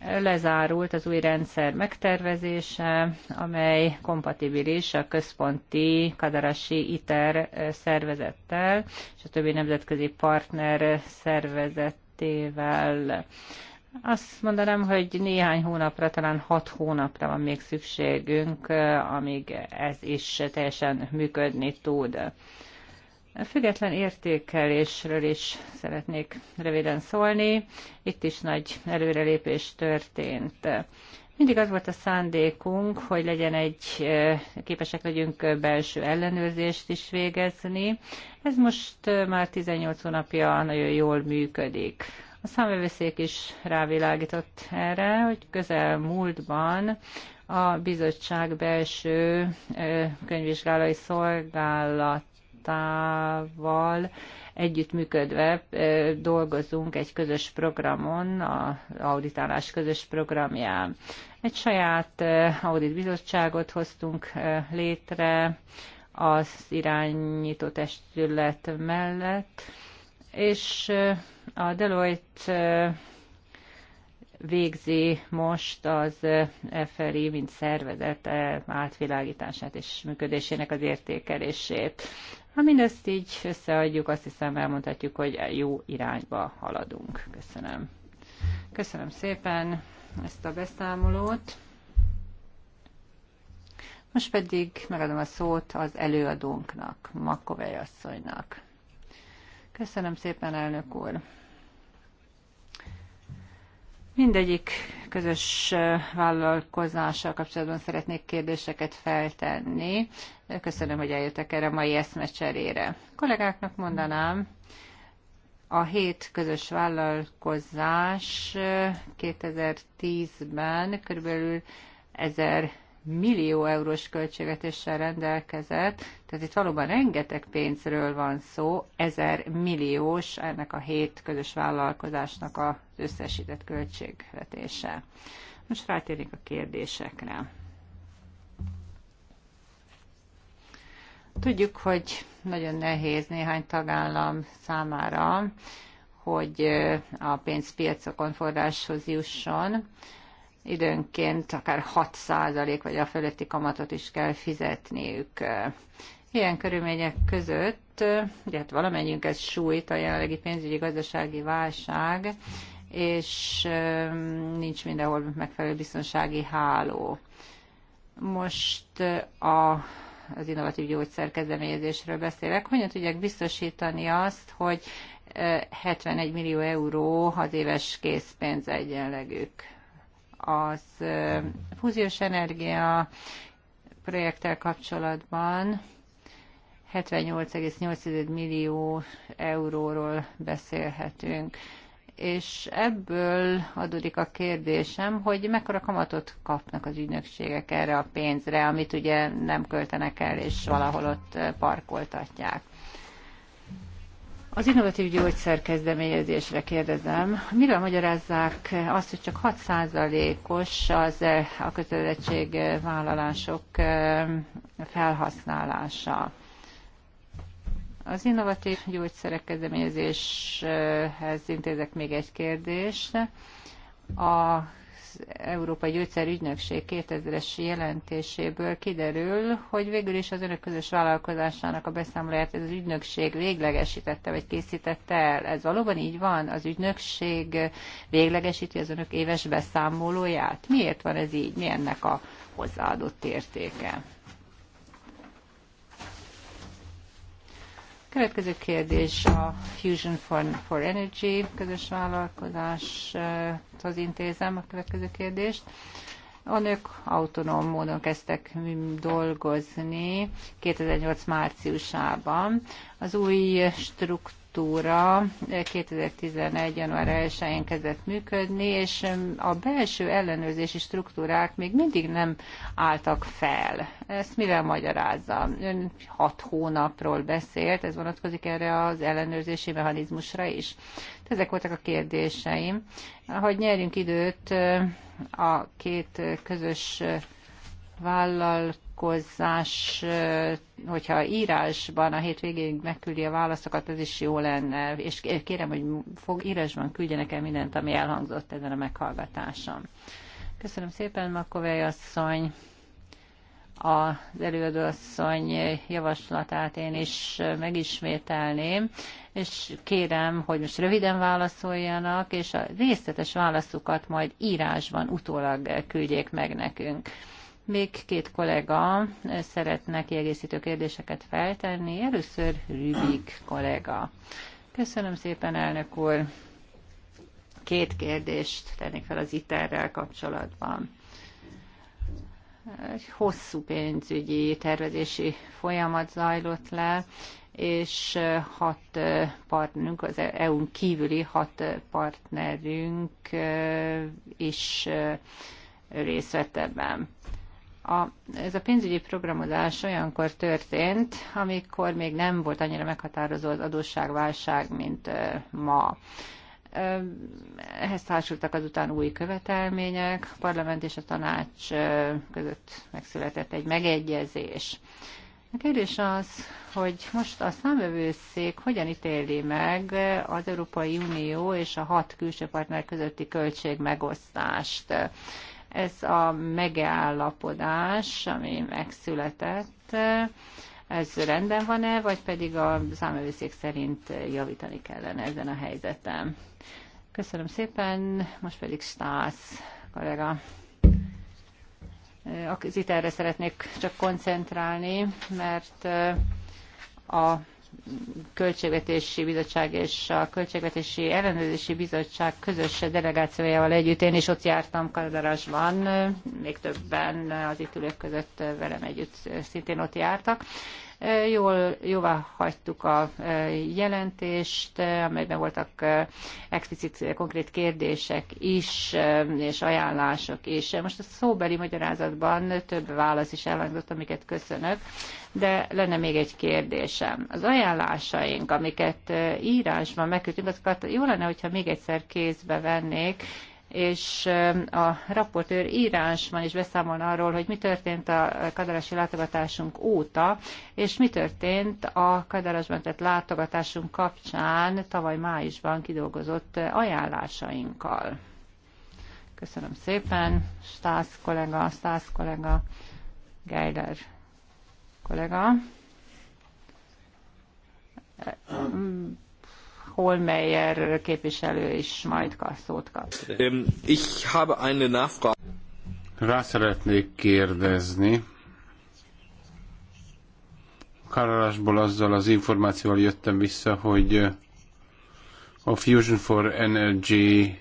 lezárult az új rendszer megtervezése, amely kompatibilis a központi Kadarasi ITER szervezettel és a többi nemzetközi partner szervezettével. Azt mondanám, hogy néhány hónapra, talán hat hónapra van még szükségünk, amíg ez is teljesen működni tud. Független értékelésről is szeretnék röviden szólni. Itt is nagy előrelépés történt. Mindig az volt a szándékunk, hogy legyen egy, képesek legyünk belső ellenőrzést is végezni. Ez most már 18 hónapja nagyon jól működik. A számövőszék is rávilágított erre, hogy közel múltban a bizottság belső könyvvizsgálói szolgálat Máltával együttműködve dolgozunk egy közös programon, a auditálás közös programján. Egy saját audit bizottságot hoztunk létre az irányító testület mellett, és a Deloitte végzi most az FRI, mint szervezet eh, átvilágítását és működésének az értékelését. Ha mindezt így összeadjuk, azt hiszem elmondhatjuk, hogy jó irányba haladunk. Köszönöm. Köszönöm szépen ezt a beszámolót. Most pedig megadom a szót az előadónknak, Makovej asszonynak. Köszönöm szépen, elnök úr! Mindegyik közös vállalkozással kapcsolatban szeretnék kérdéseket feltenni. Köszönöm, hogy eljöttek erre a mai eszmecserére. A kollégáknak mondanám, a hét közös vállalkozás 2010-ben körülbelül 1000 millió eurós költségvetéssel rendelkezett, tehát itt valóban rengeteg pénzről van szó, ezer milliós ennek a hét közös vállalkozásnak az összesített költségvetése. Most rátérnék a kérdésekre. Tudjuk, hogy nagyon nehéz néhány tagállam számára, hogy a pénzpiacokon forráshoz jusson időnként akár 6% vagy a fölötti kamatot is kell fizetniük. Ilyen körülmények között, ugye hát valamennyiünk ez sújt a jelenlegi pénzügyi gazdasági válság, és nincs mindenhol megfelelő biztonsági háló. Most a, az innovatív gyógyszer kezdeményezésről beszélek. Hogyan tudják biztosítani azt, hogy 71 millió euró az éves készpénz egyenlegük? az fúziós energia projekttel kapcsolatban 78,8 millió euróról beszélhetünk. És ebből adódik a kérdésem, hogy mekkora kamatot kapnak az ügynökségek erre a pénzre, amit ugye nem költenek el, és valahol ott parkoltatják. Az innovatív gyógyszer kezdeményezésre kérdezem, mivel magyarázzák azt, hogy csak 6%-os az eh, a eh, vállalások eh, felhasználása? Az innovatív gyógyszerek kezdeményezéshez intézek még egy kérdést. A Európai Gyógyszerügynökség 2000-es jelentéséből kiderül, hogy végül is az önök közös vállalkozásának a beszámolóját ez az ügynökség véglegesítette, vagy készítette el. Ez valóban így van? Az ügynökség véglegesíti az önök éves beszámolóját? Miért van ez így? Mi ennek a hozzáadott értéke? Következő kérdés a Fusion for, for Energy közös vállalkozáshoz intézem a következő kérdést. A nők autonóm módon kezdtek dolgozni 2008 márciusában. Az új struktúra struktúra 2011. január 1-én kezdett működni, és a belső ellenőrzési struktúrák még mindig nem álltak fel. Ezt mivel magyarázza? Ön hat hónapról beszélt, ez vonatkozik erre az ellenőrzési mechanizmusra is. Ezek voltak a kérdéseim. Hogy nyerjünk időt a két közös vállalt vonatkozás, hogyha írásban a hétvégén megküldi a válaszokat, az is jó lenne. És kérem, hogy fog, írásban küldjenek el mindent, ami elhangzott ezen a meghallgatáson. Köszönöm szépen, Makovely asszony. Az Asszony javaslatát én is megismételném, és kérem, hogy most röviden válaszoljanak, és a részletes válaszukat majd írásban utólag küldjék meg nekünk. Még két kollega szeretne kiegészítő kérdéseket feltenni. Először Rübik kollega. Köszönöm szépen, elnök úr. Két kérdést tennék fel az iter kapcsolatban. Egy hosszú pénzügyi tervezési folyamat zajlott le, és hat partnerünk, az EU-n kívüli hat partnerünk is részt vett ebben. A, ez a pénzügyi programozás olyankor történt, amikor még nem volt annyira meghatározó az adósságválság, mint ma. Ehhez társultak azután új követelmények, a parlament és a tanács között megszületett egy megegyezés. A kérdés az, hogy most a számövőszék hogyan ítéli meg az Európai Unió és a hat külső partner közötti költségmegosztást. Ez a megállapodás, ami megszületett, ez rendben van-e, vagy pedig a számövőszék szerint javítani kellene ezen a helyzeten? Köszönöm szépen, most pedig Stász kollega. Az itt erre szeretnék csak koncentrálni, mert a Költségvetési Bizottság és a Költségvetési Ellenőrzési Bizottság közös delegációjával együtt. Én is ott jártam Kadarasban, még többen az itt ülők között velem együtt szintén ott jártak. Jól jóvá hagytuk a jelentést, amelyben voltak explicit konkrét kérdések is, és ajánlások is. Most a szóbeli magyarázatban több válasz is elhangzott, amiket köszönök, de lenne még egy kérdésem. Az ajánlásaink, amiket írásban megkötünk, azokat jó lenne, hogyha még egyszer kézbe vennék, és a raportőr írásban is beszámol arról, hogy mi történt a kadarasi látogatásunk óta, és mi történt a kadarasban tett látogatásunk kapcsán tavaly májusban kidolgozott ajánlásainkkal. Köszönöm szépen, Stász kollega, Stász kollega, Geiler kollega Holmeyer képviselő is majd szót kap. Ich habe eine Nachfrage. Rá szeretnék kérdezni. Kararásból azzal az információval jöttem vissza, hogy a Fusion for Energy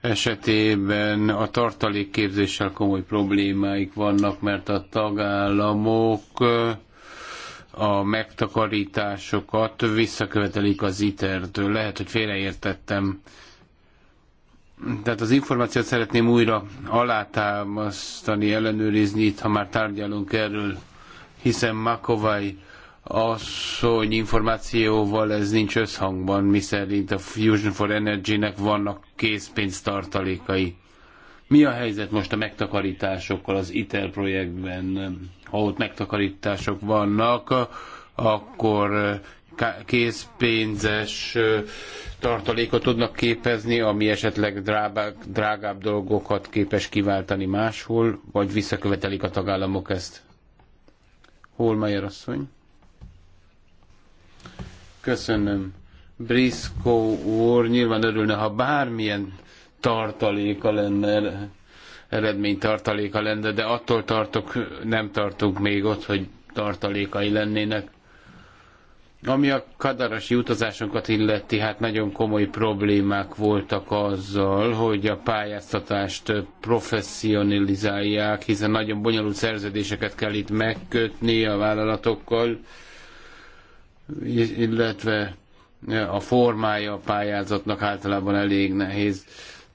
esetében a tartalékképzéssel komoly problémáik vannak, mert a tagállamok a megtakarításokat visszakövetelik az ITER-től. Lehet, hogy félreértettem. Tehát az információt szeretném újra alátámasztani, ellenőrizni itt, ha már tárgyalunk erről, hiszen Makovaj asszony információval ez nincs összhangban, miszerint a Fusion for Energy-nek vannak készpénztartalékai. Mi a helyzet most a megtakarításokkal az ITER projektben? ha ott megtakarítások vannak, akkor készpénzes tartalékot tudnak képezni, ami esetleg drábák, drágább dolgokat képes kiváltani máshol, vagy visszakövetelik a tagállamok ezt. Holmeyer asszony. Köszönöm. Briscoe úr nyilván örülne, ha bármilyen tartaléka lenne eredménytartaléka lenne, de attól tartok, nem tartunk még ott, hogy tartalékai lennének. Ami a kadarasi utazásunkat illeti, hát nagyon komoly problémák voltak azzal, hogy a pályáztatást professzionalizálják, hiszen nagyon bonyolult szerződéseket kell itt megkötni a vállalatokkal, illetve a formája a pályázatnak általában elég nehéz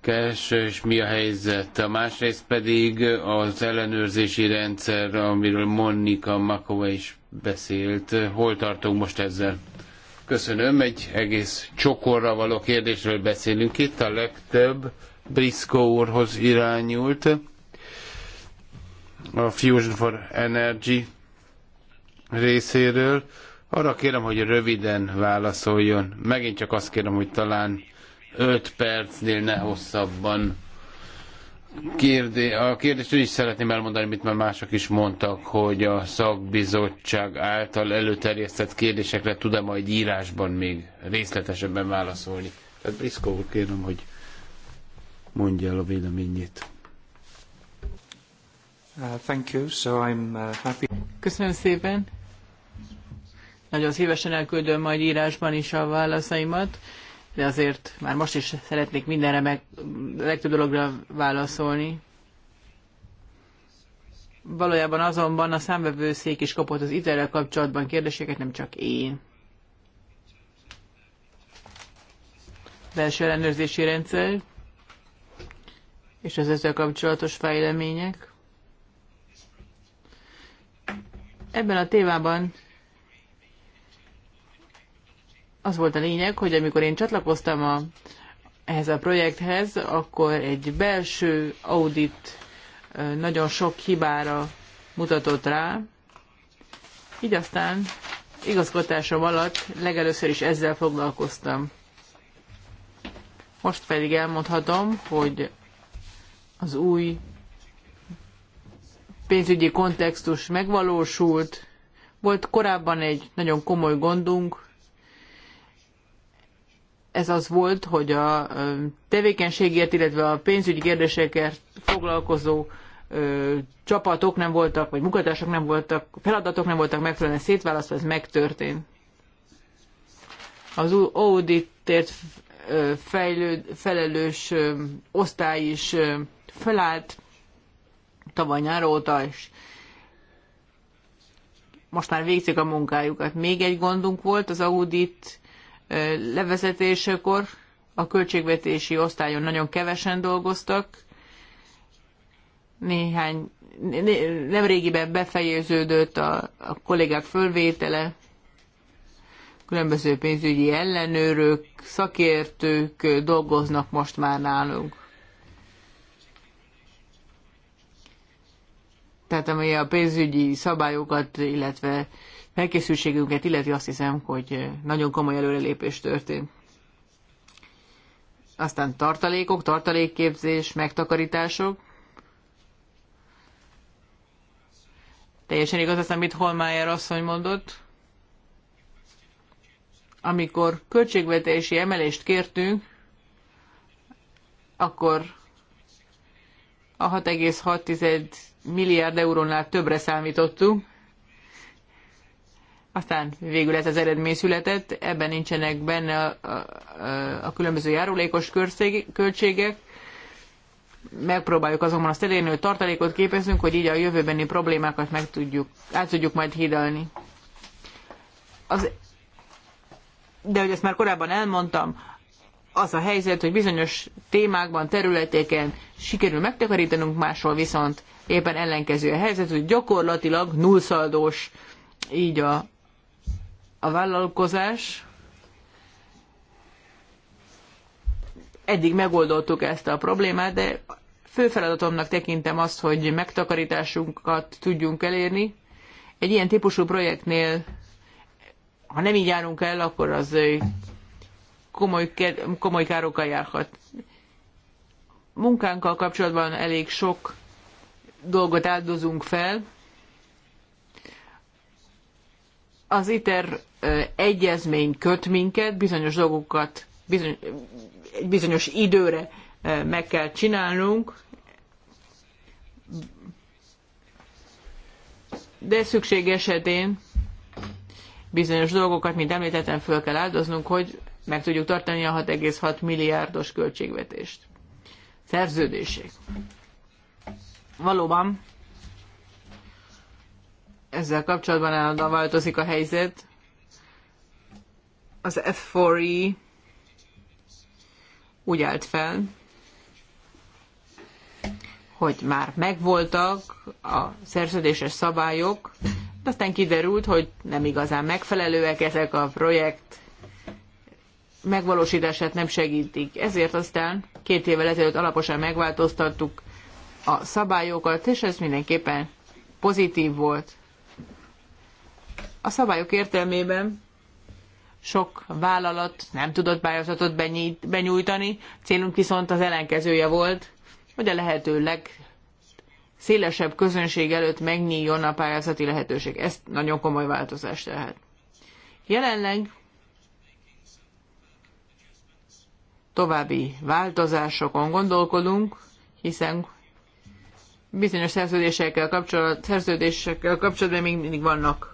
érdekes, és mi a helyzet. A másrészt pedig az ellenőrzési rendszer, amiről Monika Makova is beszélt. Hol tartunk most ezzel? Köszönöm, egy egész csokorra való kérdésről beszélünk itt. A legtöbb Briscoe úrhoz irányult. A Fusion for Energy részéről. Arra kérem, hogy röviden válaszoljon. Megint csak azt kérem, hogy talán 5 percnél ne hosszabban. Kérdé, a kérdést is szeretném elmondani, amit már mások is mondtak, hogy a szakbizottság által előterjesztett kérdésekre tud-e majd írásban még részletesebben válaszolni. Tehát Briszkó úr, kérem, hogy mondja el a véleményét. Uh, thank you, so I'm uh, happy. Köszönöm szépen. Nagyon szívesen elküldöm majd írásban is a válaszaimat de azért már most is szeretnék mindenre meg, legtöbb dologra válaszolni. Valójában azonban a számvevőszék is kapott az iterrel kapcsolatban kérdéseket, nem csak én. Belső ellenőrzési rendszer és az ezzel kapcsolatos fejlemények. Ebben a témában az volt a lényeg, hogy amikor én csatlakoztam a, ehhez a projekthez, akkor egy belső audit nagyon sok hibára mutatott rá, így aztán igazgatásom alatt legelőször is ezzel foglalkoztam. Most pedig elmondhatom, hogy az új pénzügyi kontextus megvalósult, volt korábban egy nagyon komoly gondunk, ez az volt, hogy a tevékenységért, illetve a pénzügyi kérdésekért foglalkozó csapatok nem voltak, vagy munkatársak nem voltak, feladatok nem voltak megfelelően szétválasztva, ez megtörtént. Az auditért fejlő, felelős osztály is felállt tavaly nyáróta, és most már végzik a munkájukat. Még egy gondunk volt, az audit levezetésekor a költségvetési osztályon nagyon kevesen dolgoztak. Néhány nem régiben befejeződött a, a kollégák fölvétele, különböző pénzügyi ellenőrök, szakértők dolgoznak most már nálunk. Tehát ami a pénzügyi szabályokat, illetve felkészültségünket, illetve azt hiszem, hogy nagyon komoly előrelépés történt. Aztán tartalékok, tartalékképzés, megtakarítások. Teljesen igaz az, amit Holmájer asszony mondott. Amikor költségvetési emelést kértünk, akkor a 6,6 milliárd eurónál többre számítottunk. Aztán végül ez az eredmény született, ebben nincsenek benne a, a, a különböző járulékos költségek. Megpróbáljuk azonban azt elérni, hogy tartalékot képezünk, hogy így a jövőbeni problémákat meg tudjuk, át tudjuk majd hidalni. Az, de hogy ezt már korábban elmondtam, az a helyzet, hogy bizonyos témákban, területeken sikerül megtakarítanunk, máshol viszont éppen ellenkező a helyzet, hogy gyakorlatilag nullszaldós így a a vállalkozás. Eddig megoldottuk ezt a problémát, de fő feladatomnak tekintem azt, hogy megtakarításunkat tudjunk elérni. Egy ilyen típusú projektnél, ha nem így járunk el, akkor az komoly, komoly károkkal járhat. Munkánkkal kapcsolatban elég sok dolgot áldozunk fel. Az ITER egyezmény köt minket, bizonyos dolgokat bizony, egy bizonyos időre meg kell csinálnunk, de szükség esetén bizonyos dolgokat, mint említettem, föl kell áldoznunk, hogy meg tudjuk tartani a 6,6 milliárdos költségvetést. Szerződések. Valóban ezzel kapcsolatban állandóan változik a helyzet az F4E úgy állt fel, hogy már megvoltak a szerződéses szabályok, de aztán kiderült, hogy nem igazán megfelelőek ezek a projekt megvalósítását nem segítik. Ezért aztán két évvel ezelőtt alaposan megváltoztattuk a szabályokat, és ez mindenképpen pozitív volt. A szabályok értelmében sok vállalat nem tudott pályázatot benyújtani, célunk viszont az ellenkezője volt, hogy a lehető legszélesebb közönség előtt megnyíljon a pályázati lehetőség. Ez nagyon komoly változás tehát. Jelenleg további változásokon gondolkodunk, hiszen bizonyos szerződésekkel kapcsolat, szerződésekkel kapcsolatban még mindig vannak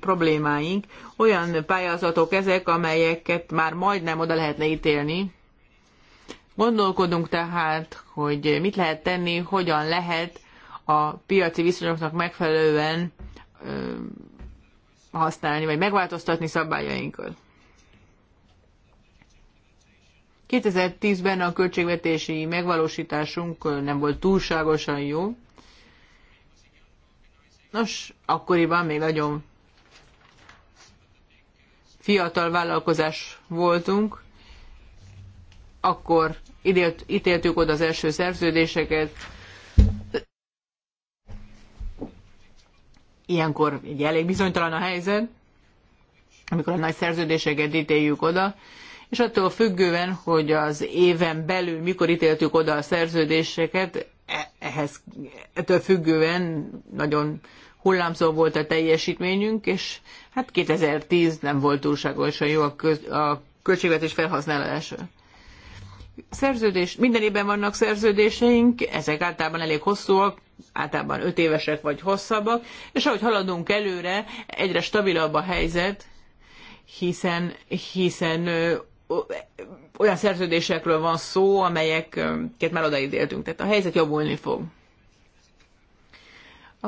problémáink. Olyan pályázatok ezek, amelyeket már majdnem oda lehetne ítélni. Gondolkodunk tehát, hogy mit lehet tenni, hogyan lehet a piaci viszonyoknak megfelelően használni, vagy megváltoztatni szabályainkat. 2010-ben a költségvetési megvalósításunk nem volt túlságosan jó. Nos, akkoriban még nagyon fiatal vállalkozás voltunk, akkor idélt, ítéltük oda az első szerződéseket. Ilyenkor egy elég bizonytalan a helyzet, amikor a nagy szerződéseket ítéljük oda, és attól függően, hogy az éven belül mikor ítéltük oda a szerződéseket, e- ehhez, ettől függően nagyon hullámzó volt a teljesítményünk, és hát 2010 nem volt túlságosan jó a, köz, a költségvetés felhasználása. Szerződés, minden évben vannak szerződéseink, ezek általában elég hosszúak, általában 5 évesek vagy hosszabbak, és ahogy haladunk előre, egyre stabilabb a helyzet, hiszen, hiszen olyan szerződésekről van szó, amelyeket már odaidéltünk. Tehát a helyzet javulni fog. A,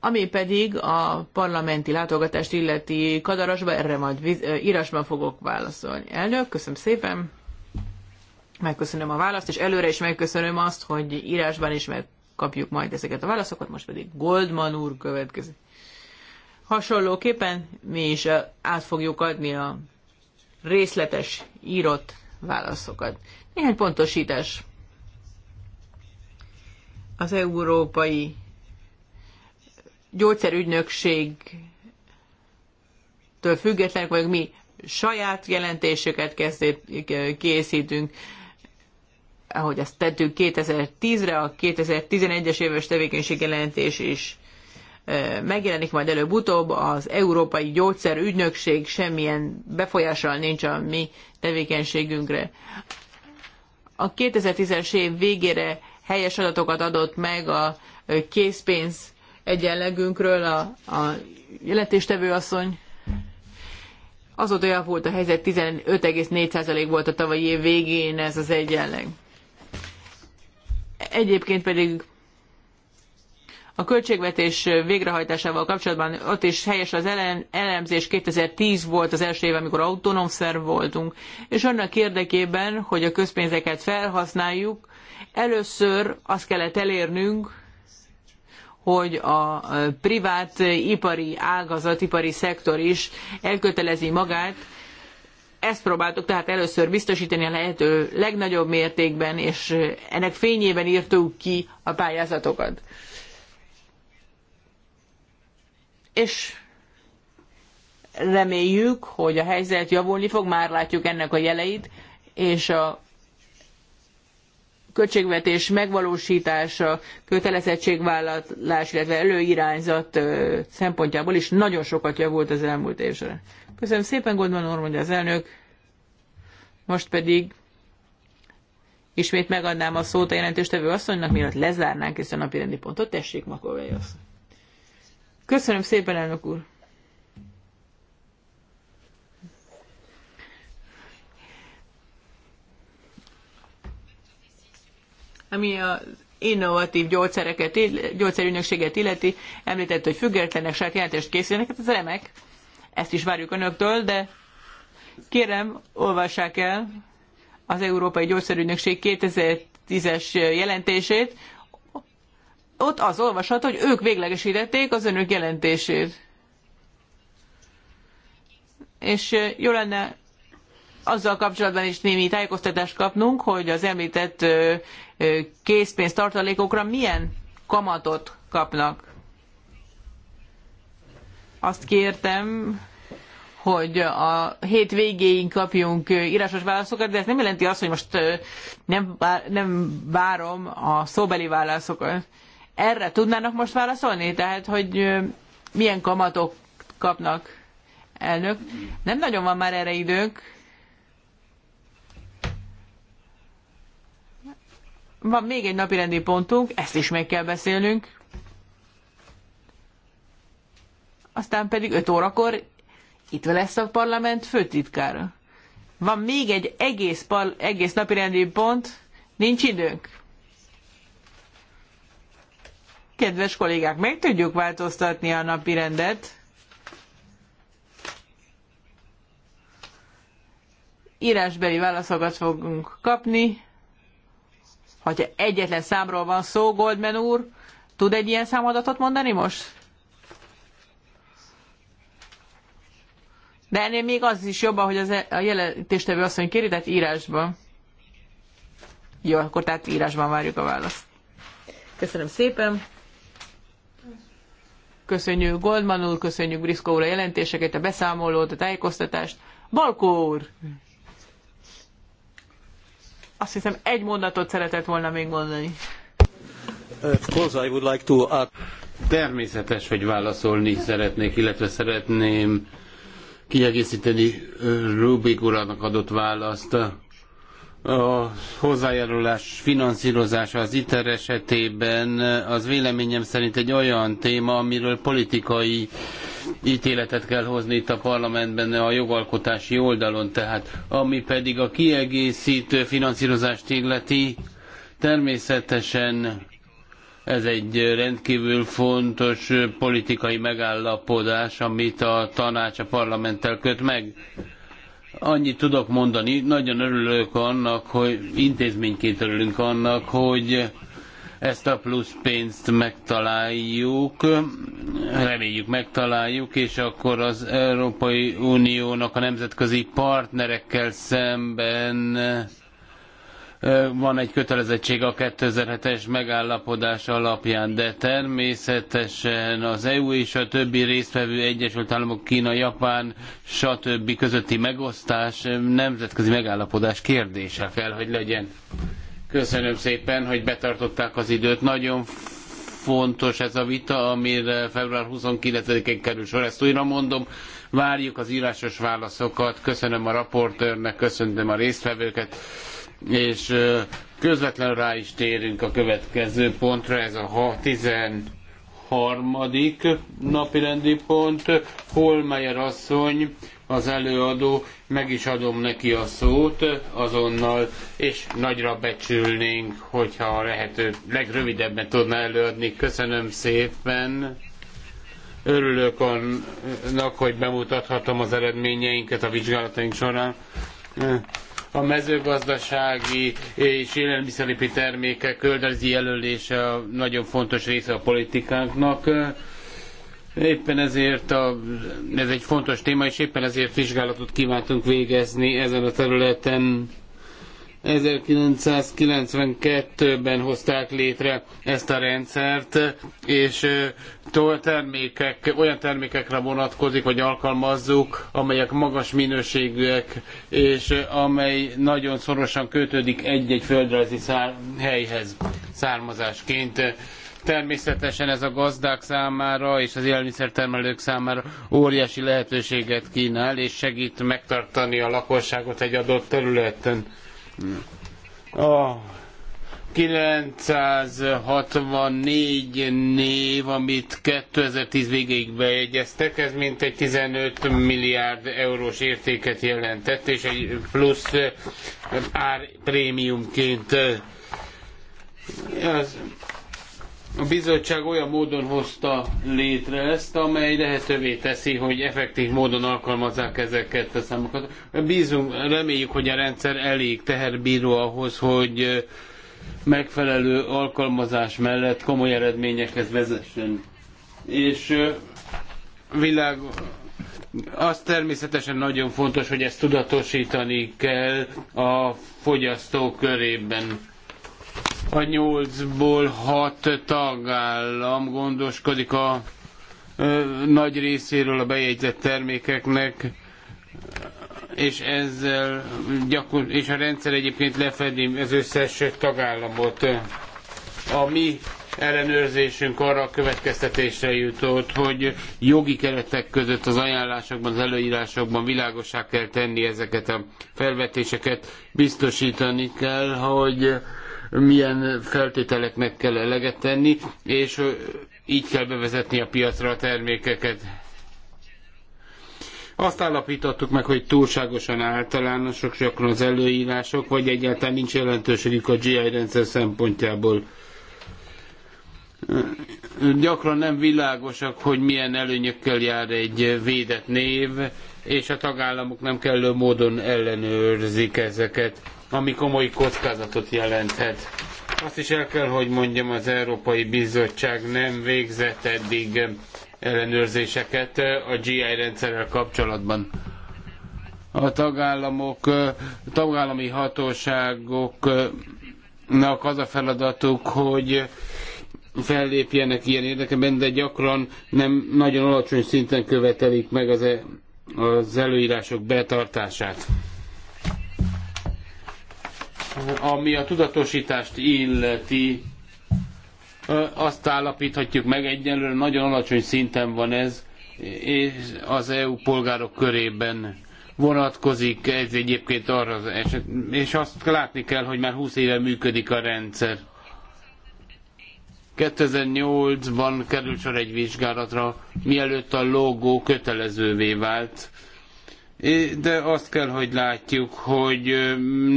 ami pedig a parlamenti látogatást illeti kadarasba, erre majd víz, írásban fogok válaszolni. Elnök, köszönöm szépen. Megköszönöm a választ, és előre is megköszönöm azt, hogy írásban is megkapjuk majd ezeket a válaszokat. Most pedig Goldman úr következik. Hasonlóképpen mi is át fogjuk adni a részletes írott válaszokat. Néhány pontosítás. Az Európai Gyógyszerügynökségtől függetlenek vagyunk, mi saját jelentéseket készítünk, ahogy azt tettük 2010-re, a 2011-es éves tevékenység jelentés is megjelenik majd előbb-utóbb, az Európai Gyógyszerügynökség semmilyen befolyással nincs a mi tevékenységünkre. A 2010-es év végére helyes adatokat adott meg a készpénz egyenlegünkről a, a jelentéstevő asszony. Azóta javult a helyzet, 15,4% volt a tavalyi év végén ez az egyenleg. Egyébként pedig a költségvetés végrehajtásával kapcsolatban ott is helyes az elemzés, 2010 volt az első év, amikor autonóm szerv voltunk, és annak érdekében, hogy a közpénzeket felhasználjuk, először azt kellett elérnünk, hogy a privát ipari ágazat, ipari szektor is elkötelezi magát. Ezt próbáltuk tehát először biztosítani a lehető legnagyobb mértékben, és ennek fényében írtuk ki a pályázatokat és reméljük, hogy a helyzet javulni fog, már látjuk ennek a jeleit, és a költségvetés megvalósítása, kötelezettségvállalás, illetve előirányzat szempontjából is nagyon sokat javult az elmúlt évre. Köszönöm szépen, Gondban mondja az elnök. Most pedig ismét megadnám a szót a jelentéstevő asszonynak, mielőtt lezárnánk ezt a napi rendi pontot. Tessék, Makovely asszony. Köszönöm szépen, elnök úr! Ami az innovatív gyógyszereket, gyógyszerügynökséget illeti, említett, hogy függetlenek jelentést készítenek, hát ez remek, ezt is várjuk önöktől, de kérem, olvassák el az Európai Gyógyszerügynökség 2010-es jelentését, ott az olvasható, hogy ők véglegesítették az önök jelentését. És jó lenne azzal kapcsolatban is némi tájékoztatást kapnunk, hogy az említett készpénztartalékokra tartalékokra milyen kamatot kapnak. Azt kértem, hogy a hét végéig kapjunk írásos válaszokat, de ez nem jelenti azt, hogy most nem, nem várom a szóbeli válaszokat. Erre tudnának most válaszolni? Tehát, hogy milyen kamatok kapnak elnök? Nem nagyon van már erre időnk. Van még egy napirendi pontunk, ezt is meg kell beszélnünk. Aztán pedig 5 órakor itt lesz a parlament főtitkára. Van még egy egész, par, egész napirendi pont, nincs időnk. Kedves kollégák, meg tudjuk változtatni a napi rendet. Írásbeli válaszokat fogunk kapni. Hogyha egyetlen számról van szó, Goldman úr, tud egy ilyen számadatot mondani most? De ennél még az is jobb, hogy az e- a jelentéstevő asszony kéri, tehát írásban. Jó, akkor tehát írásban várjuk a választ. Köszönöm szépen köszönjük Goldman úr, köszönjük Briszkó úr a jelentéseket, a beszámolót, a tájékoztatást. Balkó úr! Azt hiszem egy mondatot szeretett volna még mondani. Of course I would like to add... Természetes, hogy válaszolni szeretnék, illetve szeretném kiegészíteni Rubik urának adott választ a hozzájárulás finanszírozása az ITER esetében az véleményem szerint egy olyan téma, amiről politikai ítéletet kell hozni itt a parlamentben a jogalkotási oldalon, tehát ami pedig a kiegészítő finanszírozást illeti, természetesen ez egy rendkívül fontos politikai megállapodás, amit a tanács a parlamenttel köt meg Annyit tudok mondani, nagyon örülök annak, hogy intézményként örülünk annak, hogy ezt a plusz pénzt megtaláljuk, reméljük megtaláljuk, és akkor az Európai Uniónak a nemzetközi partnerekkel szemben van egy kötelezettség a 2007-es megállapodás alapján, de természetesen az EU és a többi résztvevő Egyesült Államok, Kína, Japán, stb. közötti megosztás nemzetközi megállapodás kérdése kell, hogy legyen. Köszönöm szépen, hogy betartották az időt. Nagyon fontos ez a vita, amire február 29-én kerül sor. Ezt újra mondom, várjuk az írásos válaszokat. Köszönöm a raportőrnek, köszönöm a résztvevőket és közvetlenül rá is térünk a következő pontra, ez a 13. napirendi pont. Holmeyer asszony, az előadó, meg is adom neki a szót azonnal, és nagyra becsülnénk, hogyha a lehető legrövidebben tudna előadni. Köszönöm szépen! Örülök annak, hogy bemutathatom az eredményeinket a vizsgálataink során a mezőgazdasági és élelmiszeripi termékek földrajzi jelölése nagyon fontos része a politikánknak. Éppen ezért a, ez egy fontos téma, és éppen ezért vizsgálatot kívántunk végezni ezen a területen 1992-ben hozták létre ezt a rendszert, és termékek, olyan termékekre vonatkozik, vagy alkalmazzuk, amelyek magas minőségűek, és amely nagyon szorosan kötődik egy-egy földrajzi szár, helyhez származásként. Természetesen ez a gazdák számára és az élelmiszertermelők számára óriási lehetőséget kínál, és segít megtartani a lakosságot egy adott területen a 964 név, amit 2010 végéig bejegyeztek, ez mintegy 15 milliárd eurós értéket jelentett, és egy plusz árprémiumként az a bizottság olyan módon hozta létre ezt, amely lehetővé teszi, hogy effektív módon alkalmazzák ezeket a számokat. Bízunk, reméljük, hogy a rendszer elég teherbíró ahhoz, hogy megfelelő alkalmazás mellett komoly eredményekhez vezessen. És világ, az természetesen nagyon fontos, hogy ezt tudatosítani kell a fogyasztók körében a nyolcból hat tagállam gondoskodik a ö, nagy részéről a bejegyzett termékeknek, és ezzel gyakor- és a rendszer egyébként lefedi az összes tagállamot. A mi ellenőrzésünk arra a következtetésre jutott, hogy jogi keretek között az ajánlásokban, az előírásokban világosá kell tenni ezeket a felvetéseket, biztosítani kell, hogy milyen feltételeknek kell eleget tenni, és így kell bevezetni a piacra a termékeket. Azt állapítottuk meg, hogy túlságosan általánosok gyakran az előírások, vagy egyáltalán nincs jelentőségük a GI rendszer szempontjából gyakran nem világosak, hogy milyen előnyökkel jár egy védett név, és a tagállamok nem kellő módon ellenőrzik ezeket ami komoly kockázatot jelenthet. Azt is el kell, hogy mondjam, az Európai Bizottság nem végzett eddig ellenőrzéseket a GI rendszerrel kapcsolatban. A tagállamok, tagállami hatóságoknak az a feladatuk, hogy fellépjenek ilyen érdekeben, de gyakran nem nagyon alacsony szinten követelik meg az, e- az előírások betartását. Ami a tudatosítást illeti, azt állapíthatjuk meg, egyelőre nagyon alacsony szinten van ez, és az EU polgárok körében vonatkozik ez egyébként arra az eset, és azt látni kell, hogy már 20 éve működik a rendszer. 2008-ban került sor egy vizsgálatra, mielőtt a logó kötelezővé vált de azt kell, hogy látjuk, hogy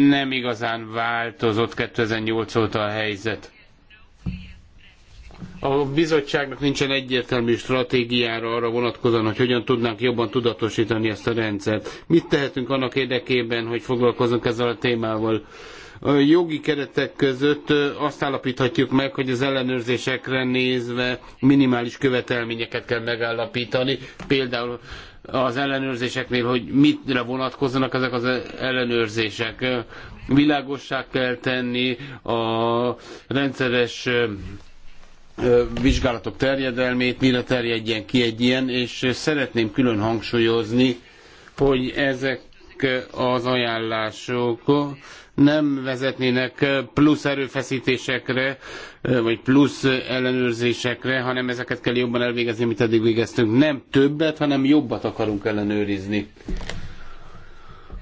nem igazán változott 2008 óta a helyzet. A bizottságnak nincsen egyértelmű stratégiára arra vonatkozóan, hogy hogyan tudnánk jobban tudatosítani ezt a rendszert. Mit tehetünk annak érdekében, hogy foglalkozunk ezzel a témával? A jogi keretek között azt állapíthatjuk meg, hogy az ellenőrzésekre nézve minimális követelményeket kell megállapítani. Például az ellenőrzéseknél, hogy mitre vonatkozzanak ezek az ellenőrzések. Világossá kell tenni a rendszeres vizsgálatok terjedelmét, mire terjedjen ki egy ilyen, és szeretném külön hangsúlyozni, hogy ezek az ajánlások nem vezetnének plusz erőfeszítésekre, vagy plusz ellenőrzésekre, hanem ezeket kell jobban elvégezni, mint eddig végeztünk. Nem többet, hanem jobbat akarunk ellenőrizni.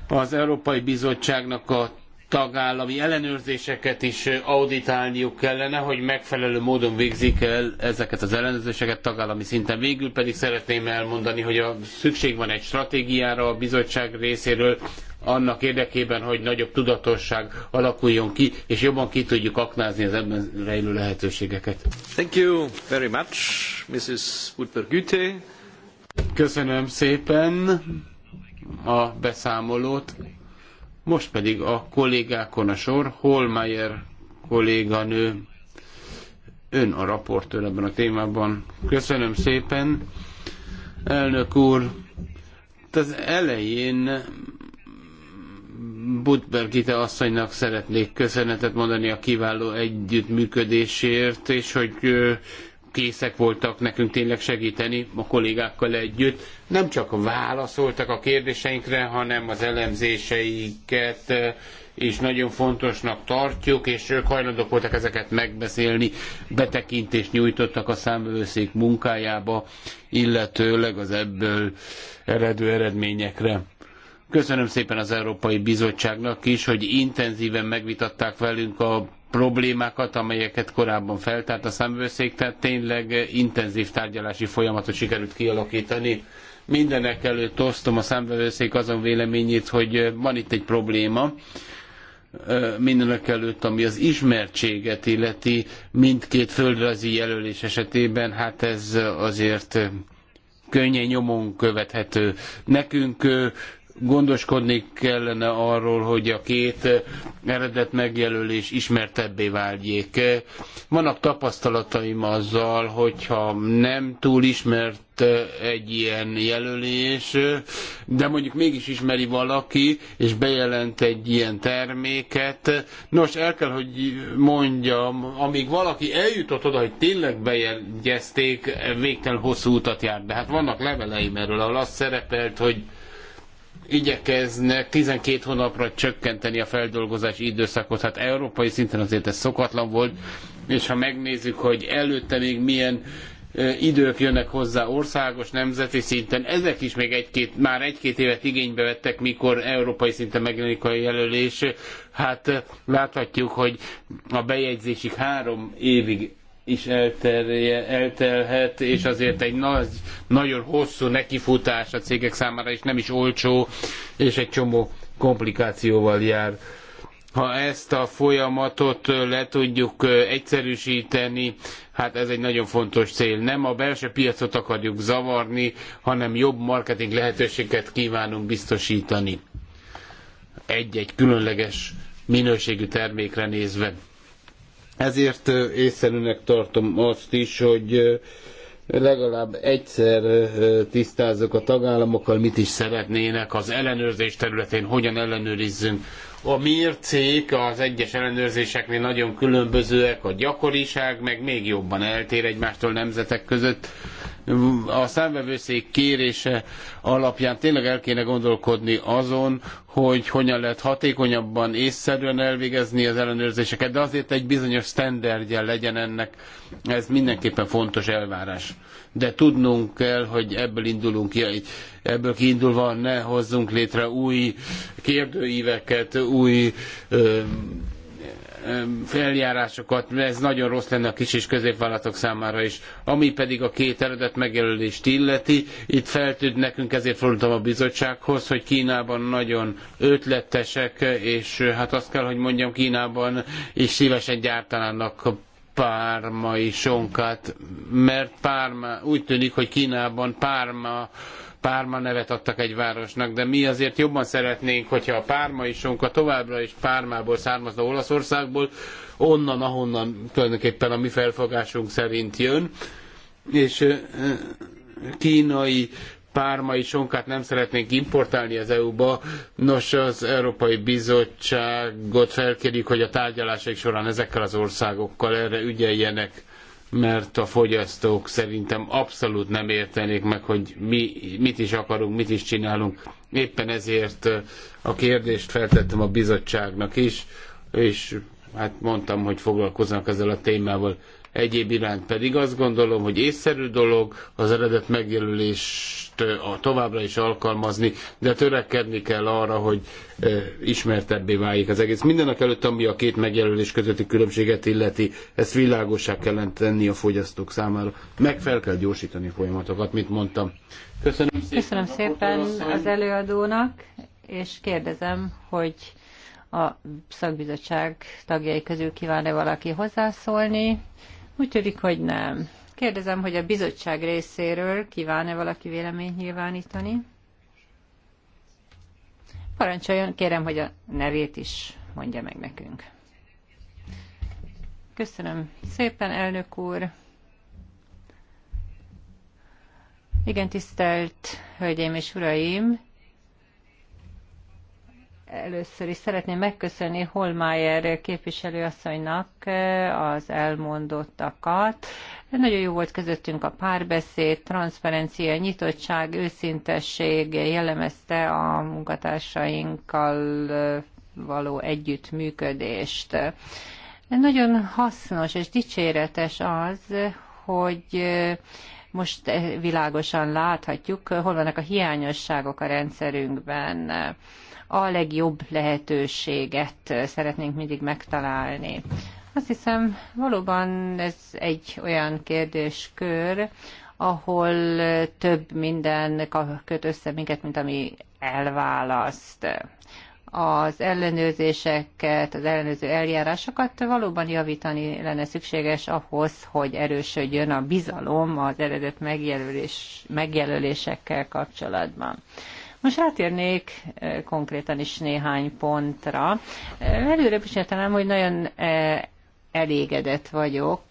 Az Európai Bizottságnak a tagállami ellenőrzéseket is auditálniuk kellene, hogy megfelelő módon végzik el ezeket az ellenőrzéseket tagállami szinten. Végül pedig szeretném elmondani, hogy a szükség van egy stratégiára a bizottság részéről, annak érdekében, hogy nagyobb tudatosság alakuljon ki, és jobban ki tudjuk aknázni az ebben rejlő lehetőségeket. Thank you very much, Mrs. Köszönöm szépen a beszámolót. Most pedig a kollégákon a sor, Holmeyer kolléganő, ön a raportőr ebben a témában. Köszönöm szépen. Elnök úr, az elején Budbergite asszonynak szeretnék köszönetet mondani a kiváló együttműködésért, és hogy készek voltak nekünk tényleg segíteni a kollégákkal együtt. Nem csak válaszoltak a kérdéseinkre, hanem az elemzéseiket és eh, nagyon fontosnak tartjuk, és ők hajlandók voltak ezeket megbeszélni, betekintést nyújtottak a számvevőszék munkájába, illetőleg az ebből eredő eredményekre. Köszönöm szépen az Európai Bizottságnak is, hogy intenzíven megvitatták velünk a problémákat, amelyeket korábban feltárt a szemvőszék, tehát tényleg intenzív tárgyalási folyamatot sikerült kialakítani. Mindenek előtt osztom a számvevőszék azon véleményét, hogy van itt egy probléma, mindenek előtt, ami az ismertséget illeti mindkét földrajzi jelölés esetében, hát ez azért könnyen nyomon követhető. Nekünk gondoskodni kellene arról, hogy a két eredet megjelölés ismertebbé váljék. Vannak tapasztalataim azzal, hogyha nem túl ismert egy ilyen jelölés, de mondjuk mégis ismeri valaki, és bejelent egy ilyen terméket. Nos, el kell, hogy mondjam, amíg valaki eljutott oda, hogy tényleg bejegyezték, végtelen hosszú utat jár. De hát vannak leveleim erről, ahol azt szerepelt, hogy igyekeznek twelve hónapra csökkenteni a feldolgozási időszakot. Hát európai szinten azért ez szokatlan volt, és ha megnézzük, hogy előtte még milyen idők jönnek hozzá országos, nemzeti szinten. Ezek is még egy-két, már egy-két évet igénybe vettek, mikor európai szinten megjelenik a jelölés. Hát láthatjuk, hogy a bejegyzésig három évig is elterje, eltelhet, és azért egy nagy, nagyon hosszú nekifutás a cégek számára, és nem is olcsó, és egy csomó komplikációval jár. Ha ezt a folyamatot le tudjuk egyszerűsíteni, hát ez egy nagyon fontos cél. Nem a belső piacot akarjuk zavarni, hanem jobb marketing lehetőséget kívánunk biztosítani. Egy-egy különleges minőségű termékre nézve ezért észszerűnek tartom azt is, hogy legalább egyszer tisztázzuk a tagállamokkal, mit is szeretnének az ellenőrzés területén, hogyan ellenőrizzünk. A mércék az egyes ellenőrzéseknél nagyon különbözőek, a gyakoriság meg még jobban eltér egymástól nemzetek között a számvevőszék kérése alapján tényleg el kéne gondolkodni azon, hogy hogyan lehet hatékonyabban, észszerűen elvégezni az ellenőrzéseket, de azért egy bizonyos sztenderdje legyen ennek. Ez mindenképpen fontos elvárás. De tudnunk kell, hogy ebből indulunk ki, ebből kiindulva ne hozzunk létre új kérdőíveket, új ö, feljárásokat, ez nagyon rossz lenne a kis és középvállalatok számára is. Ami pedig a két eredet megjelölést illeti, itt feltűnt nekünk, ezért fordultam a bizottsághoz, hogy Kínában nagyon ötletesek, és hát azt kell, hogy mondjam, Kínában is szívesen gyártanának pármai sonkát, mert párma, úgy tűnik, hogy Kínában párma Párma nevet adtak egy városnak, de mi azért jobban szeretnénk, hogyha a pármai sonka továbbra is Pármából származna Olaszországból, onnan, ahonnan tulajdonképpen a mi felfogásunk szerint jön, és kínai pármai sonkát nem szeretnénk importálni az EU-ba. Nos, az Európai Bizottságot felkérjük, hogy a tárgyalásaik során ezekkel az országokkal erre ügyeljenek mert a fogyasztók szerintem abszolút nem értenék meg, hogy mi, mit is akarunk, mit is csinálunk. Éppen ezért a kérdést feltettem a bizottságnak is, és hát mondtam, hogy foglalkoznak ezzel a témával. Egyéb iránt pedig azt gondolom, hogy észszerű dolog az eredet megjelölést a továbbra is alkalmazni, de törekedni kell arra, hogy ismertebbé váljék az egész. Mindenek előtt, ami a két megjelölés közötti különbséget illeti, ezt világosá kell tenni a fogyasztók számára. Meg fel kell gyorsítani a folyamatokat, mint mondtam. Köszönöm szépen, Köszönöm szépen az előadónak, és kérdezem, hogy a szakbizottság tagjai közül kíván-e valaki hozzászólni? Úgy tűnik, hogy nem. Kérdezem, hogy a bizottság részéről kíván-e valaki véleményt nyilvánítani? Parancsoljon, kérem, hogy a nevét is mondja meg nekünk. Köszönöm szépen, elnök úr. Igen, tisztelt Hölgyeim és Uraim! Először is szeretném megköszönni Holmájer képviselőasszonynak eh, az elmondottakat. Nagyon jó volt közöttünk a párbeszéd, transzparencia, nyitottság, őszintesség jellemezte a munkatársainkkal eh, való együttműködést. Nagyon hasznos és dicséretes az, hogy eh, most világosan láthatjuk, hol vannak a hiányosságok a rendszerünkben a legjobb lehetőséget szeretnénk mindig megtalálni. Azt hiszem, valóban ez egy olyan kérdéskör, ahol több minden köt össze minket, mint ami elválaszt. Az ellenőrzéseket, az ellenőrző eljárásokat valóban javítani lenne szükséges ahhoz, hogy erősödjön a bizalom az eredet megjelölés, megjelölésekkel kapcsolatban. Most rátérnék eh, konkrétan is néhány pontra. Eh, előre is értelem, hogy nagyon eh, elégedett vagyok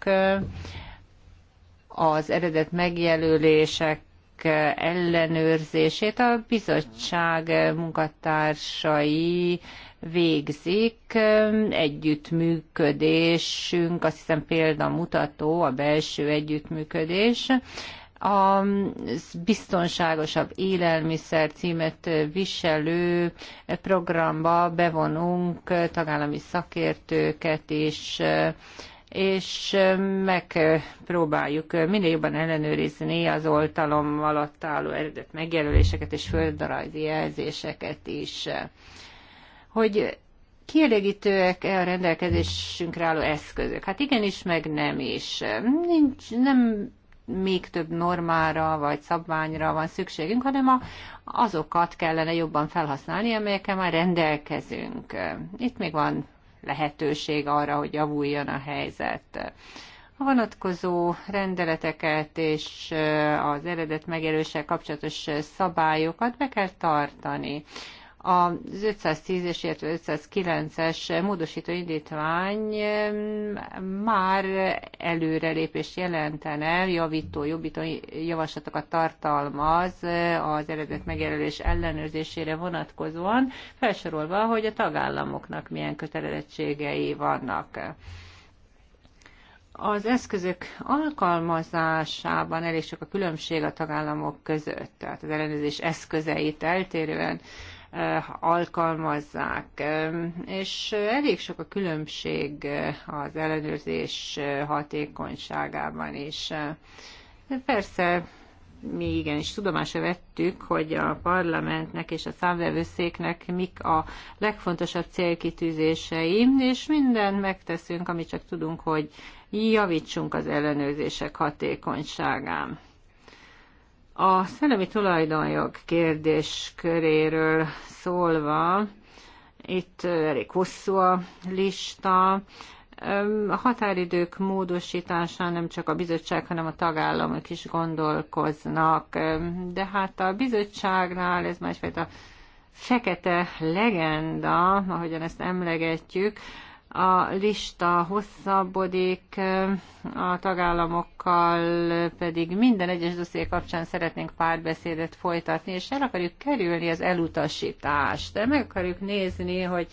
az eredet megjelölések ellenőrzését a bizottság munkatársai végzik. Együttműködésünk, azt hiszem példamutató a belső együttműködés a biztonságosabb élelmiszer címet viselő programba bevonunk tagállami szakértőket és és megpróbáljuk minél jobban ellenőrizni az oltalom alatt álló eredet megjelöléseket és földrajzi jelzéseket is. Hogy kielégítőek-e a rendelkezésünkre álló eszközök? Hát igenis, meg nem is. Nincs, nem még több normára vagy szabványra van szükségünk, hanem a, azokat kellene jobban felhasználni, amelyekkel már rendelkezünk. Itt még van lehetőség arra, hogy javuljon a helyzet. A vonatkozó rendeleteket és az eredet megjelöléssel kapcsolatos szabályokat be kell tartani az 510 és 509-es módosító indítvány már előrelépést jelentene, javító, jobbító javaslatokat tartalmaz az eredet megjelölés ellenőrzésére vonatkozóan, felsorolva, hogy a tagállamoknak milyen kötelezettségei vannak az eszközök alkalmazásában elég sok a különbség a tagállamok között, tehát az ellenőrzés eszközeit eltérően. Eh, alkalmazzák, eh, és elég sok a különbség eh, az ellenőrzés hatékonyságában is. Persze mi igenis tudomásra vettük, hogy a parlamentnek és a számvevőszéknek mik a legfontosabb célkitűzései, és mindent megteszünk, amit csak tudunk, hogy javítsunk az ellenőrzések hatékonyságán. A szellemi tulajdonjog kérdés köréről szólva, itt elég hosszú a lista, a határidők módosítása nem csak a bizottság, hanem a tagállamok is gondolkoznak. De hát a bizottságnál ez másfajta egyfajta fekete legenda, ahogyan ezt emlegetjük, a lista hosszabbodik, a tagállamokkal pedig minden egyes dosszié kapcsán szeretnénk párbeszédet folytatni, és el akarjuk kerülni az elutasítást, de meg akarjuk nézni, hogy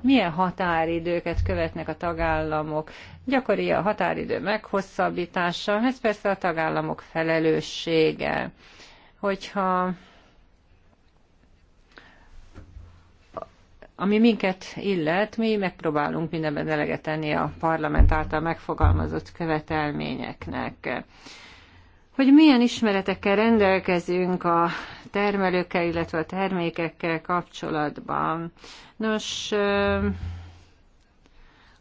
milyen határidőket követnek a tagállamok. Gyakori a határidő meghosszabbítása, ez persze a tagállamok felelőssége. Hogyha Ami minket illet, mi megpróbálunk mindenben eleget tenni a parlament által megfogalmazott követelményeknek. Hogy milyen ismeretekkel rendelkezünk a termelőkkel, illetve a termékekkel kapcsolatban. Nos,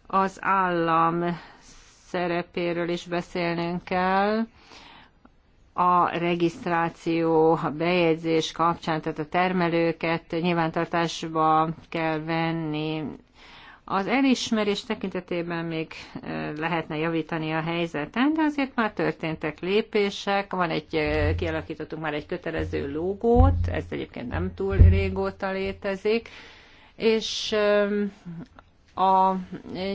az állam szerepéről is beszélnünk kell, a regisztráció, a bejegyzés kapcsán, tehát a termelőket nyilvántartásba kell venni. Az elismerés tekintetében még lehetne javítani a helyzeten, de azért már történtek lépések, van egy, kialakítottunk már egy kötelező lógót, ez egyébként nem túl régóta létezik, és a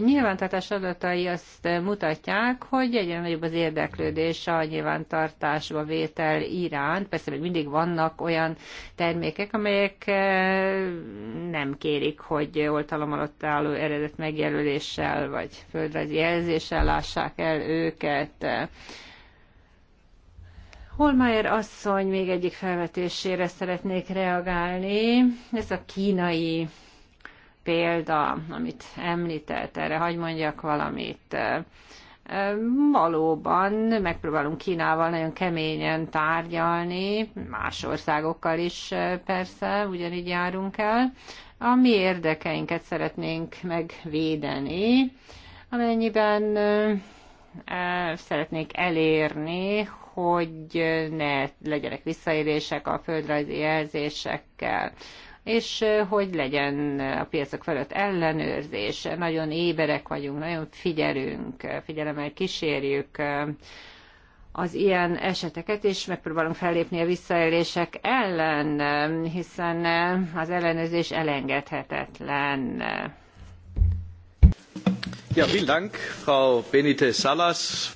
nyilvántartás adatai azt mutatják, hogy egyre nagyobb az érdeklődés a nyilvántartásba vétel iránt. Persze még mindig vannak olyan termékek, amelyek eh, nem kérik, hogy oltalom alatt álló eredet megjelöléssel vagy földrajzi jelzéssel lássák el őket. Holmeier asszony még egyik felvetésére szeretnék reagálni. Ez a kínai példa, amit említett, erre hagyd mondjak valamit. Valóban megpróbálunk Kínával nagyon keményen tárgyalni, más országokkal is persze, ugyanígy járunk el. A mi érdekeinket szeretnénk megvédeni, amennyiben szeretnék elérni, hogy ne legyenek visszaélések a földrajzi jelzésekkel és hogy legyen a piacok felett ellenőrzés. Nagyon éberek vagyunk, nagyon figyelünk, figyelemmel kísérjük az ilyen eseteket, és megpróbálunk fellépni a visszaélések ellen, hiszen az ellenőrzés elengedhetetlen. Ja, vielen Dank, Frau Benite Salas.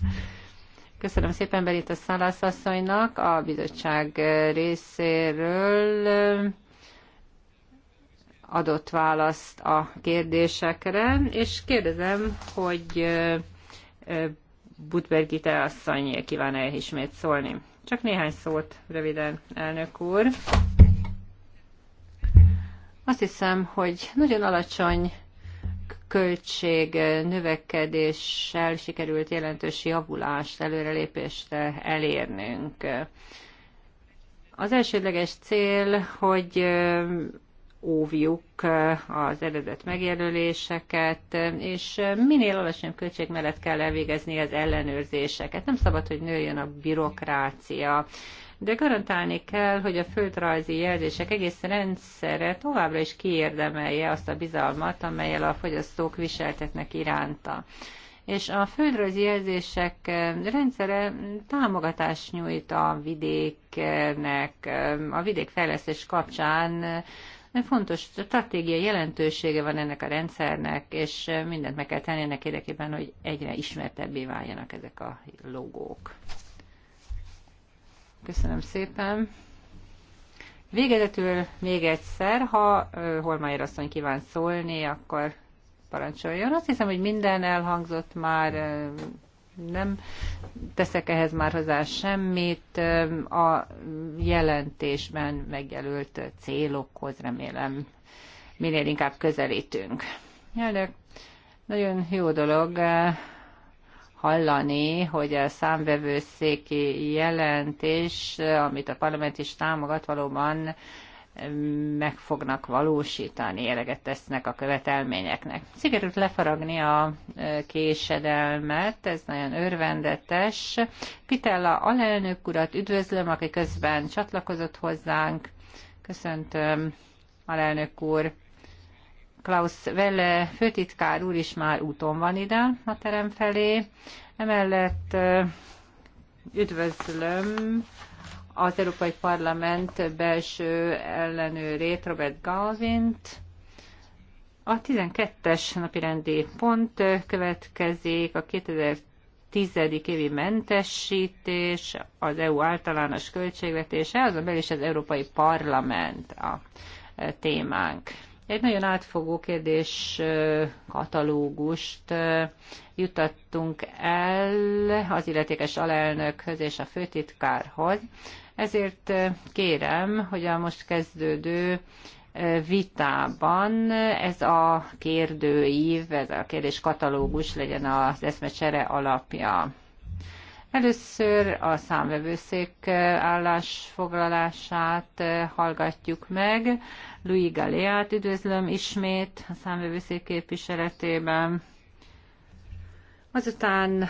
Köszönöm szépen Benite Salas asszonynak a bizottság részéről adott választ a kérdésekre, és kérdezem, hogy te asszony kíván -e ismét szólni. Csak néhány szót röviden, elnök úr. Azt hiszem, hogy nagyon alacsony költség növekedéssel sikerült jelentős javulást, előrelépést elérnünk. Az elsődleges cél, hogy óvjuk az eredet megjelöléseket, és minél alacsonyabb költség mellett kell elvégezni az ellenőrzéseket. Nem szabad, hogy nőjön a bürokrácia de garantálni kell, hogy a földrajzi jelzések egész rendszere továbbra is kiérdemelje azt a bizalmat, amelyel a fogyasztók viseltetnek iránta. És a földrajzi jelzések rendszere támogatást nyújt a vidéknek, a vidékfejlesztés kapcsán mert fontos stratégiai jelentősége van ennek a rendszernek, és mindent meg kell tenni ennek érdekében, hogy egyre ismertebbé váljanak ezek a logók. Köszönöm szépen. Végezetül még egyszer, ha Holmaier asszony kíván szólni, akkor parancsoljon. Azt hiszem, hogy minden elhangzott már, nem teszek ehhez már hozzá semmit. A jelentésben megjelölt célokhoz remélem minél inkább közelítünk. Elnök, nagyon jó dolog hallani, hogy a számvevőszéki jelentés, amit a parlament is támogat, valóban meg fognak valósítani, eleget tesznek a követelményeknek. Sikerült lefaragni a késedelmet, ez nagyon örvendetes. Pitella alelnök urat üdvözlöm, aki közben csatlakozott hozzánk. Köszöntöm, alelnök úr. Klaus Welle főtitkár úr is már úton van ide a terem felé. Emellett üdvözlöm az Európai Parlament belső ellenőrét, Robert Galvint. A 12-es napirendi pont következik, a 2010. évi mentesítés, az EU általános költségvetése, azon belül is az Európai Parlament a témánk egy nagyon átfogó kérdés katalógust juttattunk el az illetékes alelnökhöz és a főtitkárhoz, ezért kérem, hogy a most kezdődő vitában ez a kérdőív, ez a kérdéskatalógus legyen az eszmecsere alapja. Először a számvevőszék állásfoglalását hallgatjuk meg. Louis Galeát üdvözlöm ismét a számvevőszék képviseletében. Azután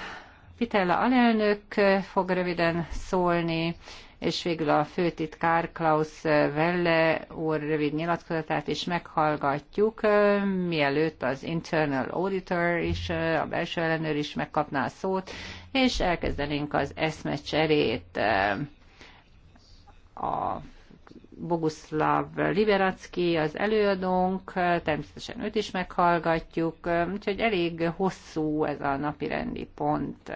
Pitella alelnök fog röviden szólni, és végül a főtitkár Klaus Welle úr rövid nyilatkozatát is meghallgatjuk, mielőtt az internal auditor is, a belső ellenőr is megkapná a szót, és elkezdenénk az eszmecserét a Boguslav Liberacki az előadónk, természetesen őt is meghallgatjuk, úgyhogy elég hosszú ez a napirendi pont.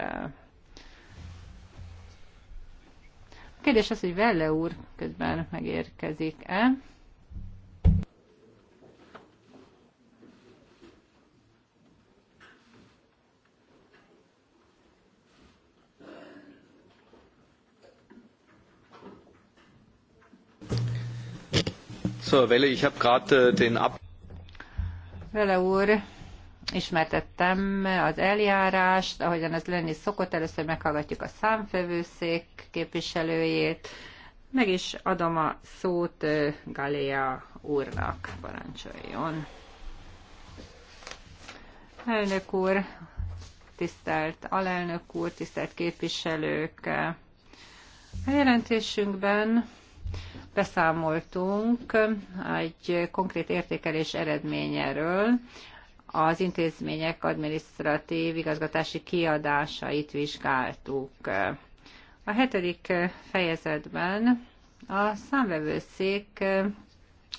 Kérdés az, hogy Velle úr közben megérkezik-e. So, Welle, ich habe gerade äh, den Ab. Vele úr, ismertettem az eljárást, ahogyan ez lenni szokott, először meghallgatjuk a számfevőszék képviselőjét, meg is adom a szót Galéa úrnak, parancsoljon. Elnök úr, tisztelt alelnök úr, tisztelt képviselők! A jelentésünkben beszámoltunk egy konkrét értékelés eredményéről, az intézmények adminisztratív igazgatási kiadásait vizsgáltuk. A hetedik fejezetben a számvevőszék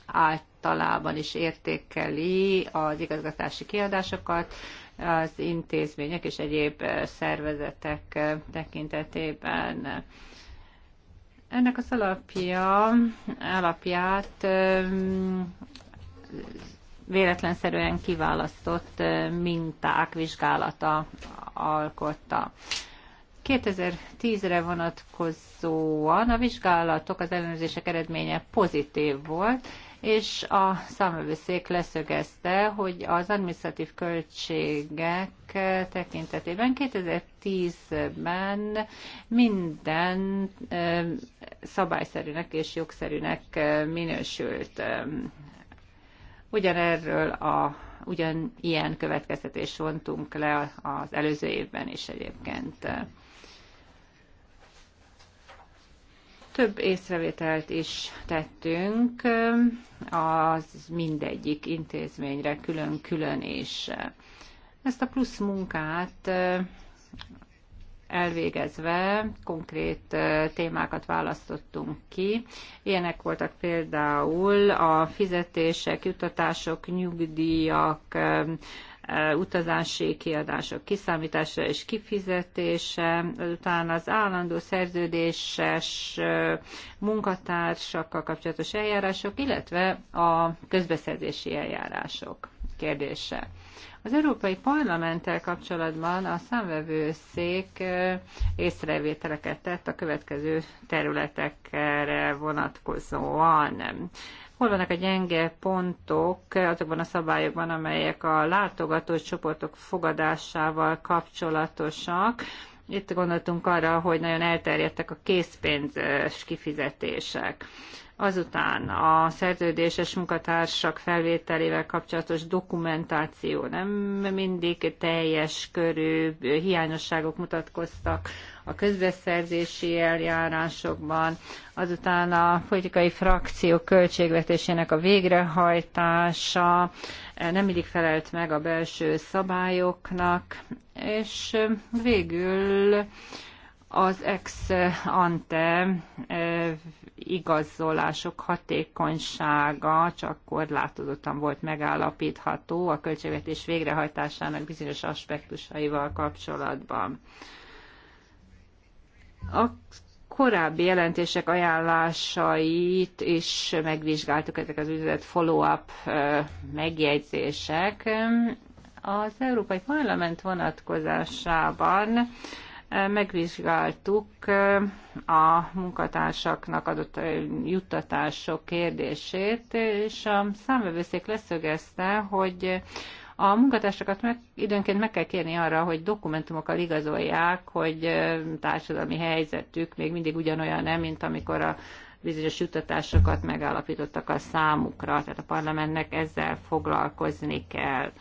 általában is értékeli az igazgatási kiadásokat az intézmények és egyéb szervezetek tekintetében. Ennek az alapja, alapját véletlenszerűen kiválasztott minták vizsgálata alkotta. 2010-re vonatkozóan a vizsgálatok, az ellenőrzések eredménye pozitív volt, és a számövőszék leszögezte, hogy az administratív költségek tekintetében 2010-ben minden szabályszerűnek és jogszerűnek minősült Ugyanerről a ugyan ilyen következtetés vontunk le az előző évben is egyébként. Több észrevételt is tettünk, az mindegyik intézményre külön-külön is. Ezt a plusz munkát elvégezve konkrét témákat választottunk ki. Ilyenek voltak például a fizetések, jutatások, nyugdíjak, utazási kiadások kiszámítása és kifizetése, utána az állandó szerződéses munkatársakkal kapcsolatos eljárások, illetve a közbeszerzési eljárások kérdése. Az Európai Parlamenttel kapcsolatban a számvevőszék észrevételeket tett a következő területekre vonatkozóan. Hol vannak a gyenge pontok azokban a szabályokban, amelyek a látogató csoportok fogadásával kapcsolatosak? Itt gondoltunk arra, hogy nagyon elterjedtek a készpénzes kifizetések. Azután a szerződéses munkatársak felvételével kapcsolatos dokumentáció nem mindig teljes körű, hiányosságok mutatkoztak a közbeszerzési eljárásokban, azután a politikai frakció költségvetésének a végrehajtása nem mindig felelt meg a belső szabályoknak, és végül az ex ante eh, igazolások hatékonysága csak korlátozottan volt megállapítható a költségvetés végrehajtásának bizonyos aspektusaival kapcsolatban. A korábbi jelentések ajánlásait is megvizsgáltuk, ezek az üzlet follow-up eh, megjegyzések. Az Európai Parlament vonatkozásában megvizsgáltuk eh, a munkatársaknak adott eh, juttatások kérdését, és a számvevőszék leszögezte, hogy a munkatársakat meg, időnként meg kell kérni arra, hogy dokumentumokkal igazolják, hogy eh, társadalmi helyzetük még mindig ugyanolyan nem, mint amikor a bizonyos juttatásokat megállapítottak a számukra, tehát a parlamentnek ezzel foglalkozni kell.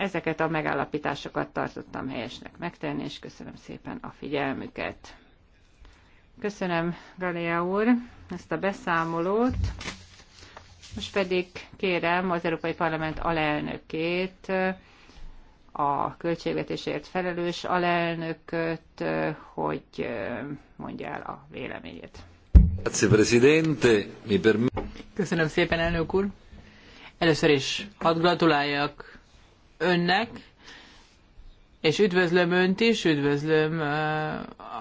Ezeket a megállapításokat tartottam helyesnek megtenni, és köszönöm szépen a figyelmüket. Köszönöm, Galea úr, ezt a beszámolót. Most pedig kérem az Európai Parlament alelnökét, a költségvetésért felelős alelnököt, hogy mondja el a véleményét. Köszönöm szépen, elnök úr! Először is hadd gratuláljak önnek, és üdvözlöm önt is, üdvözlöm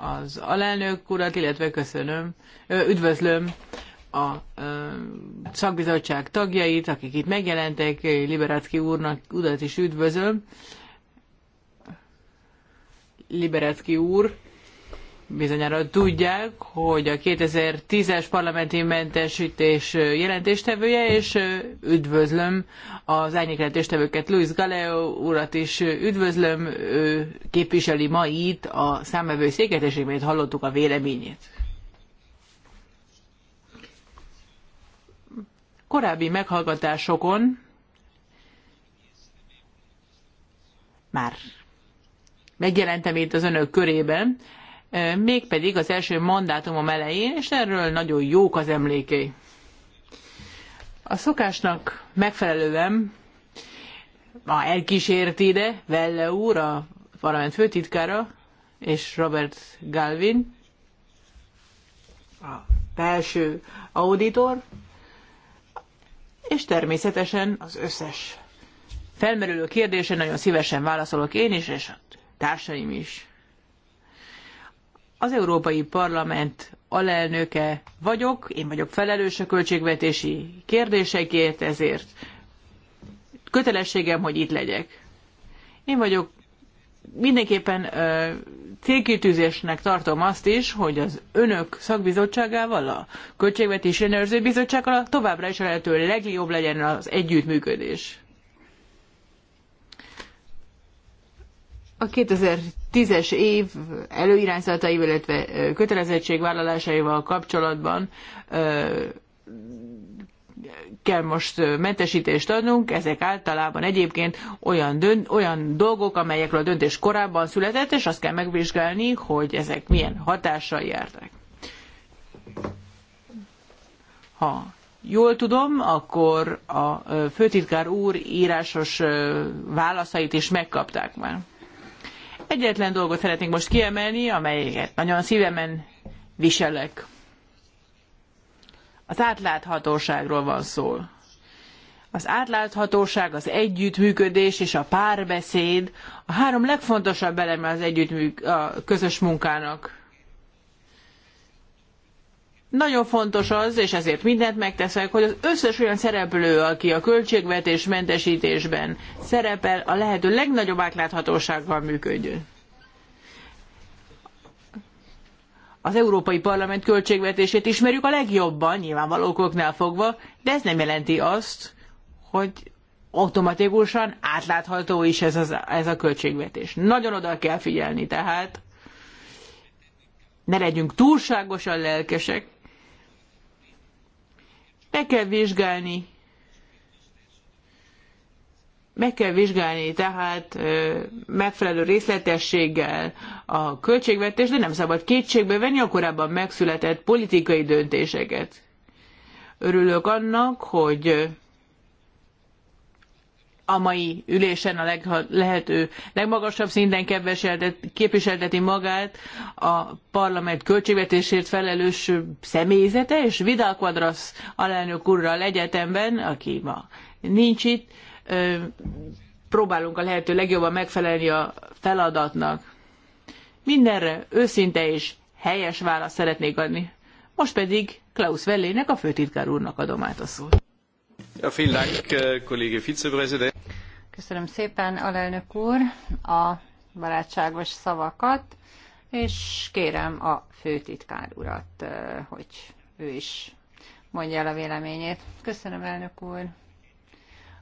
az alelnök urat, illetve köszönöm, üdvözlöm a szakbizottság tagjait, akik itt megjelentek, Liberacki úrnak udat is üdvözlöm. Liberácki úr bizonyára tudják, hogy a 2010-es parlamenti mentesítés jelentéstevője, és üdvözlöm az jelentéstevőket Luis Galeo urat is üdvözlöm, ő képviseli ma itt a számvevő széket és imént hallottuk a véleményét. Korábbi meghallgatásokon már megjelentem itt az önök körében, mégpedig az első mandátumom elején, és erről nagyon jók az emlékei. A szokásnak megfelelően ma elkísért ide Velle úr, a parlament főtitkára, és Robert Galvin, a belső auditor, és természetesen az összes felmerülő kérdése nagyon szívesen válaszolok én is, és a társaim is. Az Európai Parlament alelnöke vagyok, én vagyok felelős a költségvetési kérdésekért, ezért kötelességem, hogy itt legyek. Én vagyok mindenképpen ö, célkitűzésnek tartom azt is, hogy az önök szakbizottságával, a Költségvetési Ellenőrző Bizottsággal továbbra is a lehető legjobb legyen az együttműködés. a 2010-es év előirányzataival, illetve kötelezettségvállalásaival kapcsolatban kell most mentesítést adnunk, ezek általában egyébként olyan, dönt, olyan dolgok, amelyekről a döntés korábban született, és azt kell megvizsgálni, hogy ezek milyen hatással járnak. Ha jól tudom, akkor a főtitkár úr írásos válaszait is megkapták már. Egyetlen dolgot szeretnék most kiemelni, amelyet nagyon szívemen viselek. Az átláthatóságról van szó. Az átláthatóság, az együttműködés és a párbeszéd a három legfontosabb eleme az együttműk a közös munkának. Nagyon fontos az, és ezért mindent megteszek, hogy az összes olyan szereplő, aki a költségvetés mentesítésben szerepel, a lehető legnagyobb átláthatósággal működjön. Az Európai Parlament költségvetését ismerjük a legjobban, nyilvánvaló okoknál fogva, de ez nem jelenti azt, hogy automatikusan átlátható is ez, a, ez a költségvetés. Nagyon oda kell figyelni tehát, ne legyünk túlságosan lelkesek, meg kell vizsgálni, meg kell vizsgálni tehát megfelelő részletességgel a költségvetést, de nem szabad kétségbe venni a korábban megszületett politikai döntéseket. Örülök annak, hogy a mai ülésen a lehető legmagasabb szinten képviselteti magát a parlament költségvetésért felelős személyzete, és Vidal Quadras alelnök úrral egyetemben, aki ma nincs itt, próbálunk a lehető legjobban megfelelni a feladatnak. Mindenre őszinte és helyes választ szeretnék adni. Most pedig Klaus Vellének, a főtitkár úrnak adom át a szót. Ja, vielen Dank, äh, Vizepräsident. Köszönöm szépen, alelnök úr, a barátságos szavakat, és kérem a főtitkár urat, hogy ő is mondja el a véleményét. Köszönöm, elnök úr.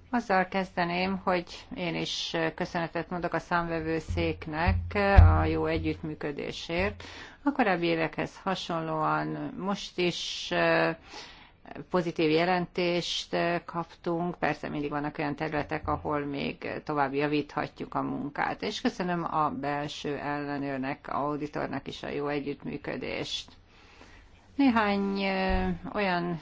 Azzal kezdeném, hogy én is köszönetet mondok a számvevőszéknek a jó együttműködésért. A korábbi évekhez hasonlóan most is pozitív jelentést eh, kaptunk, persze mindig vannak olyan területek, ahol még tovább javíthatjuk a munkát. És köszönöm a belső ellenőrnek, auditornak is a jó együttműködést. Néhány eh, olyan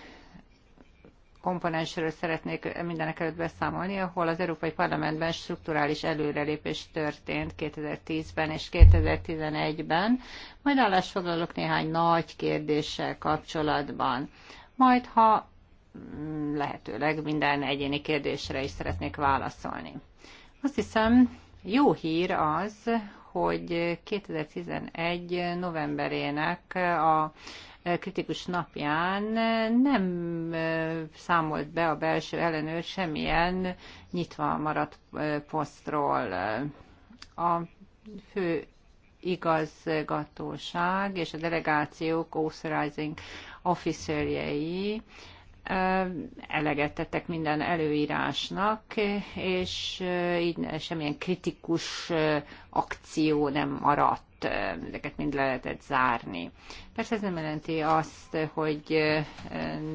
komponensről szeretnék mindenek előtt beszámolni, ahol az Európai Parlamentben strukturális előrelépés történt 2010-ben és 2011-ben, majd állásfoglalok néhány nagy kérdéssel kapcsolatban majd ha mm, lehetőleg minden egyéni kérdésre is szeretnék válaszolni. Azt hiszem, jó hír az, hogy 2011 novemberének a kritikus napján nem számolt be a belső ellenőr semmilyen nyitva maradt posztról. A fő igazgatóság és a delegációk authorizing officerjei elegettetek minden előírásnak, és így semmilyen kritikus akció nem maradt, ezeket mind le lehetett zárni. Persze ez nem jelenti azt, hogy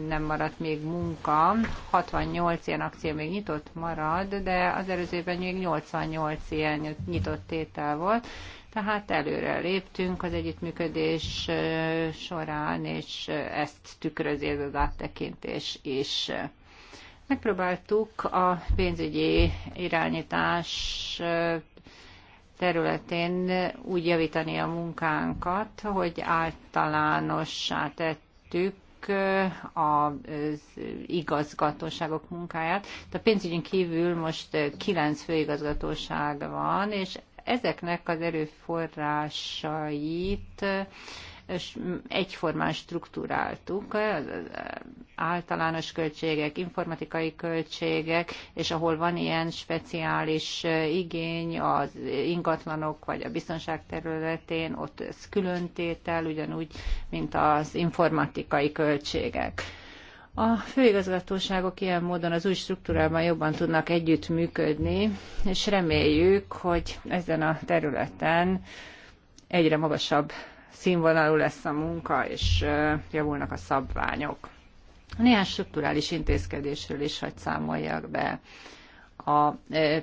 nem maradt még munka, 68 ilyen akció még nyitott marad, de az előzőben még 88 ilyen nyitott tétel volt, tehát előre léptünk az együttműködés során, és ezt tükrözi ez az áttekintés is. Megpróbáltuk a pénzügyi irányítás területén úgy javítani a munkánkat, hogy általánossá tettük az igazgatóságok munkáját. A pénzügyünk kívül most kilenc főigazgatóság van, és ezeknek az erőforrásait egyformán struktúráltuk, az általános költségek, informatikai költségek, és ahol van ilyen speciális igény az ingatlanok vagy a biztonság területén, ott ez külön tétel, ugyanúgy, mint az informatikai költségek. A főigazgatóságok ilyen módon az új struktúrában jobban tudnak együttműködni, és reméljük, hogy ezen a területen egyre magasabb színvonalú lesz a munka, és javulnak a szabványok. Néhány strukturális intézkedésről is hagy számoljak be. A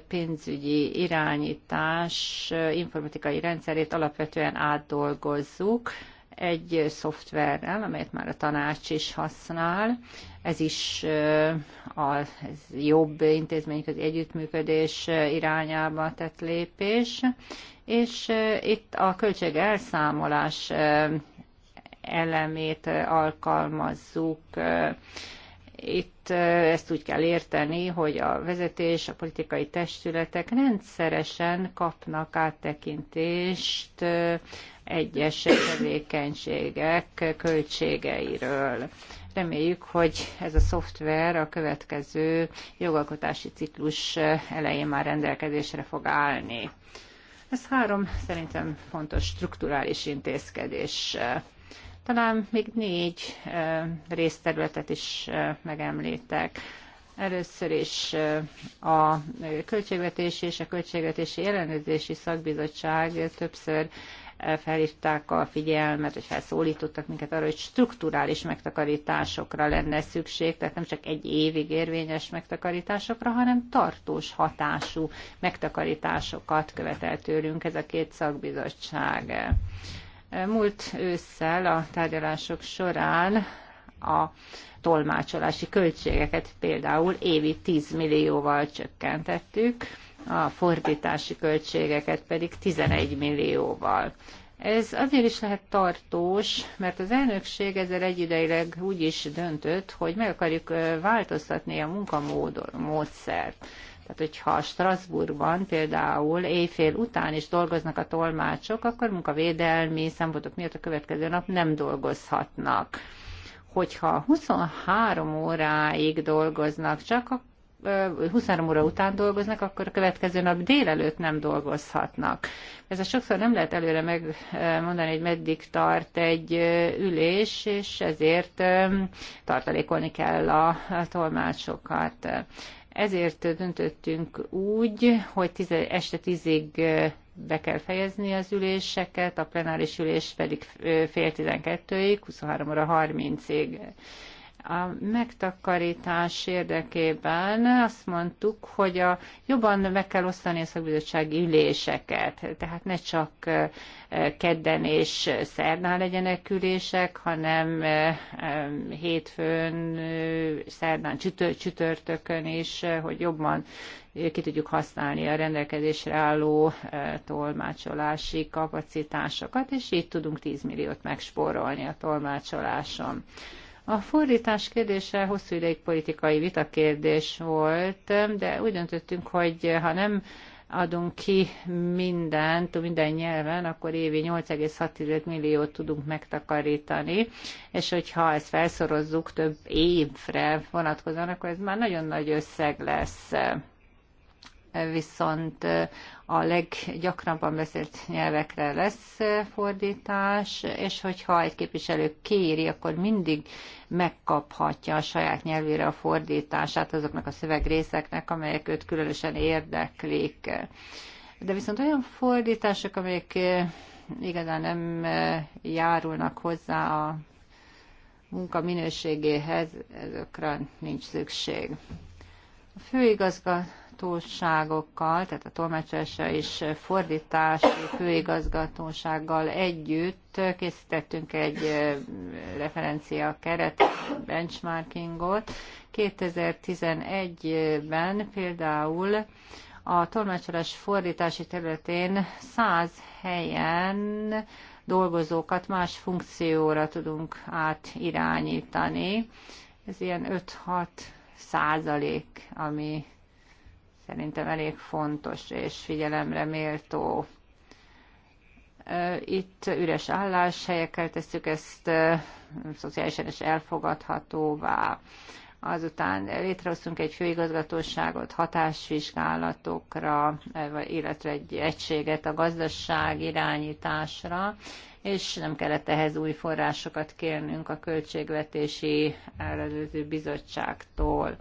pénzügyi irányítás informatikai rendszerét alapvetően átdolgozzuk, egy szoftverrel, amelyet már a tanács is használ. Ez is a jobb intézményközi együttműködés irányába tett lépés, és itt a költség elszámolás elemét alkalmazzuk. Itt ezt úgy kell érteni, hogy a vezetés, a politikai testületek rendszeresen kapnak áttekintést egyes tevékenységek költségeiről. Reméljük, hogy ez a szoftver a következő jogalkotási ciklus elején már rendelkezésre fog állni. Ez három szerintem fontos strukturális intézkedés. Talán még négy részterületet is megemlítek. Először is a Költségvetési és a Költségvetési Ellenőrzési Szakbizottság többször felhívták a figyelmet, és felszólítottak minket arra, hogy strukturális megtakarításokra lenne szükség, tehát nem csak egy évig érvényes megtakarításokra, hanem tartós hatású megtakarításokat követel tőlünk ez a két szakbizottság. Múlt ősszel a tárgyalások során a tolmácsolási költségeket például évi 10 millióval csökkentettük, a fordítási költségeket pedig 11 millióval. Ez azért is lehet tartós, mert az elnökség ezzel egyidejleg úgy is döntött, hogy meg akarjuk változtatni a munkamódszert. Tehát, hogyha Strasbourgban például éjfél után is dolgoznak a tolmácsok, akkor munkavédelmi szempontok miatt a következő nap nem dolgozhatnak hogyha 23 óráig dolgoznak, csak 23 óra után dolgoznak, akkor a következő nap délelőtt nem dolgozhatnak. Ez a sokszor nem lehet előre megmondani, hogy meddig tart egy ülés, és ezért tartalékolni kell a tolmácsokat. Ezért döntöttünk úgy, hogy este tízig be kell fejezni az üléseket, a plenáris ülés pedig fél tizenkettőig, 23 óra 30-ig a megtakarítás érdekében azt mondtuk, hogy a, jobban meg kell osztani a szakbizottsági üléseket, tehát ne csak kedden és szerdán legyenek ülések, hanem hétfőn, szerdán, csütör, csütörtökön is, hogy jobban ki tudjuk használni a rendelkezésre álló tolmácsolási kapacitásokat, és így tudunk 10 milliót megspórolni a tolmácsoláson. A fordítás kérdése hosszú ideig politikai vitakérdés volt, de úgy döntöttünk, hogy ha nem adunk ki mindent, minden nyelven, akkor évi 8,6 milliót tudunk megtakarítani, és hogyha ezt felszorozzuk több évre vonatkozóan, akkor ez már nagyon nagy összeg lesz viszont a leggyakrabban beszélt nyelvekre lesz eh, fordítás, és hogyha egy képviselő kéri, akkor mindig megkaphatja a saját nyelvére a fordítását azoknak a szövegrészeknek, amelyek őt különösen érdeklik. De viszont olyan fordítások, amelyek eh, igazán nem eh, járulnak hozzá a munka minőségéhez, ezekre nincs szükség. A főigazgató hatóságokkal, tehát a tolmácsolása és fordítási főigazgatósággal együtt készítettünk egy referencia keret benchmarkingot. 2011-ben például a tolmácsolás fordítási területén 100 helyen dolgozókat más funkcióra tudunk átirányítani. Ez ilyen 5-6 százalék, ami szerintem elég fontos és figyelemre méltó. Itt üres álláshelyekkel tesszük ezt szociálisan is elfogadhatóvá. Azután létrehoztunk egy főigazgatóságot hatásvizsgálatokra, illetve egy egységet a gazdaság irányításra, és nem kellett ehhez új forrásokat kérnünk a Költségvetési Ellenőrző Bizottságtól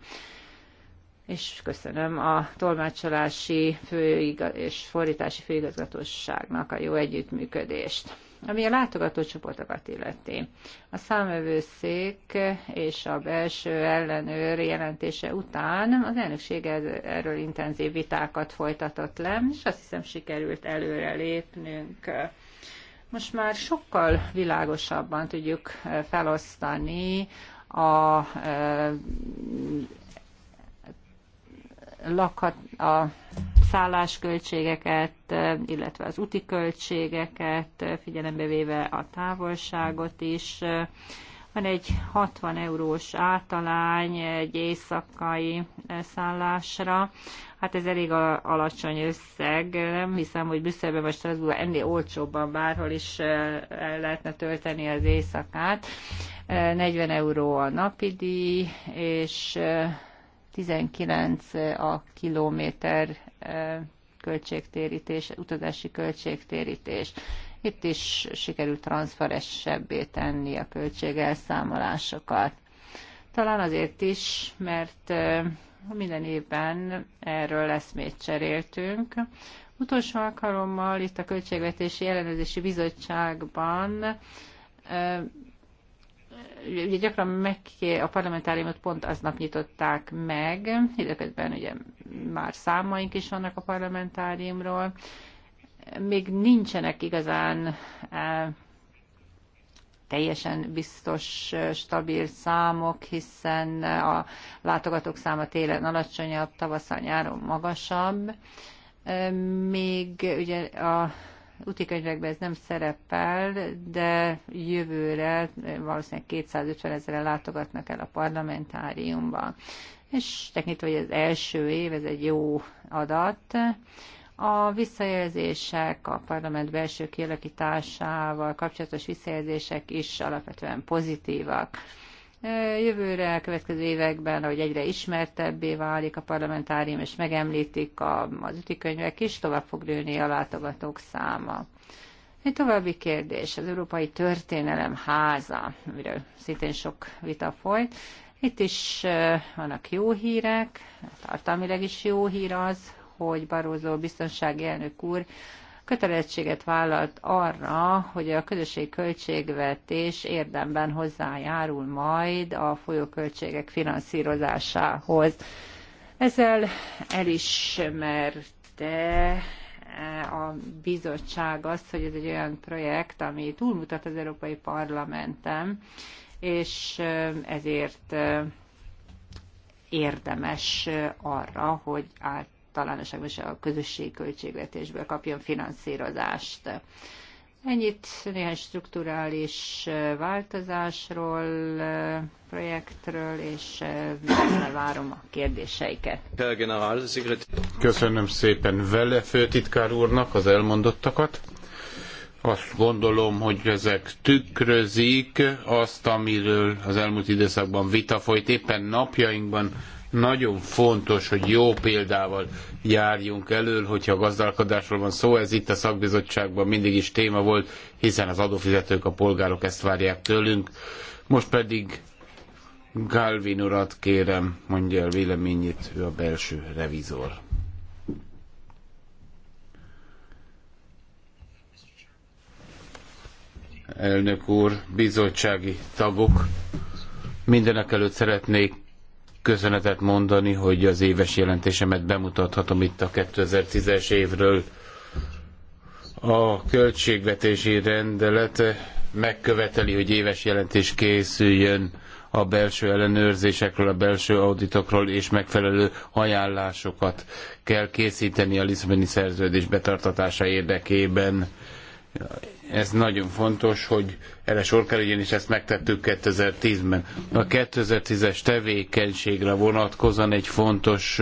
és köszönöm a tolmácsolási főiga- és fordítási főigazgatóságnak a jó együttműködést. Ami a látogatócsoportokat illeti. A számövőszék és a belső ellenőr jelentése után az elnökség erről intenzív vitákat folytatott le, és azt hiszem sikerült előre lépnünk. Most már sokkal világosabban tudjuk felosztani a lakhat a szállásköltségeket, illetve az úti költségeket, figyelembe véve a távolságot is. Van egy 60 eurós általány egy éjszakai szállásra. Hát ez elég alacsony összeg. Nem hiszem, hogy Brüsszelben vagy Strasbourgban ennél olcsóbban bárhol is el lehetne tölteni az éjszakát. 40 euró a napi díj, és 19 a kilométer e, költségtérítés, utazási költségtérítés. Itt is sikerült transzferessebbé tenni a költségelszámolásokat. Talán azért is, mert e, minden évben erről eszmét cseréltünk. Utolsó alkalommal itt a Költségvetési Ellenőrzési Bizottságban e, ugye gyakran meg a parlamentáriumot pont aznap nyitották meg, időközben ugye már számaink is vannak a parlamentáriumról, még nincsenek igazán e, teljesen biztos, stabil számok, hiszen a látogatók száma télen alacsonyabb, tavasszal, nyáron magasabb. E, még ugye a utikönyvekben ez nem szerepel, de jövőre valószínűleg 250 ezeren látogatnak el a parlamentáriumban. És tekintve, hogy az első év, ez egy jó adat, a visszajelzések, a parlament belső kialakításával kapcsolatos visszajelzések is alapvetően pozitívak jövőre, a következő években, ahogy egyre ismertebbé válik a parlamentárium, és megemlítik a, az ütikönyvek is, tovább fog nőni a látogatók száma. Egy további kérdés, az Európai Történelem Háza, amiről szintén sok vita folyt. Itt is vannak jó hírek, tartalmilag is jó hír az, hogy Barózó biztonsági elnök úr kötelezettséget vállalt arra, hogy a közösségi költségvetés érdemben hozzájárul majd a folyóköltségek finanszírozásához. Ezzel elismerte eh, a bizottság azt, hogy ez egy olyan projekt, ami túlmutat az Európai parlamentem, és eh, ezért eh, érdemes arra, hogy át általánosságban is a közösségi költségvetésből kapjon finanszírozást. Ennyit néhány strukturális változásról, projektről, és várom a kérdéseiket. Köszönöm szépen vele főtitkár úrnak az elmondottakat. Azt gondolom, hogy ezek tükrözik azt, amiről az elmúlt időszakban vita folyt, éppen napjainkban nagyon fontos, hogy jó példával járjunk elől, hogyha a gazdálkodásról van szó. Ez itt a szakbizottságban mindig is téma volt, hiszen az adófizetők, a polgárok ezt várják tőlünk. Most pedig Galvin urat kérem, mondja el véleményét, ő a belső revizor. Elnök úr, bizottsági tagok, mindenek előtt szeretnék köszönetet mondani, hogy az éves jelentésemet bemutathatom itt a 2010-es évről. A költségvetési rendelet megköveteli, hogy éves jelentés készüljön a belső ellenőrzésekről, a belső auditokról és megfelelő ajánlásokat kell készíteni a Lisszaboni szerződés betartatása érdekében. Ez nagyon fontos, hogy erre sor kell, ugyanis ezt megtettük 2010-ben. A 2010-es tevékenységre vonatkozóan egy fontos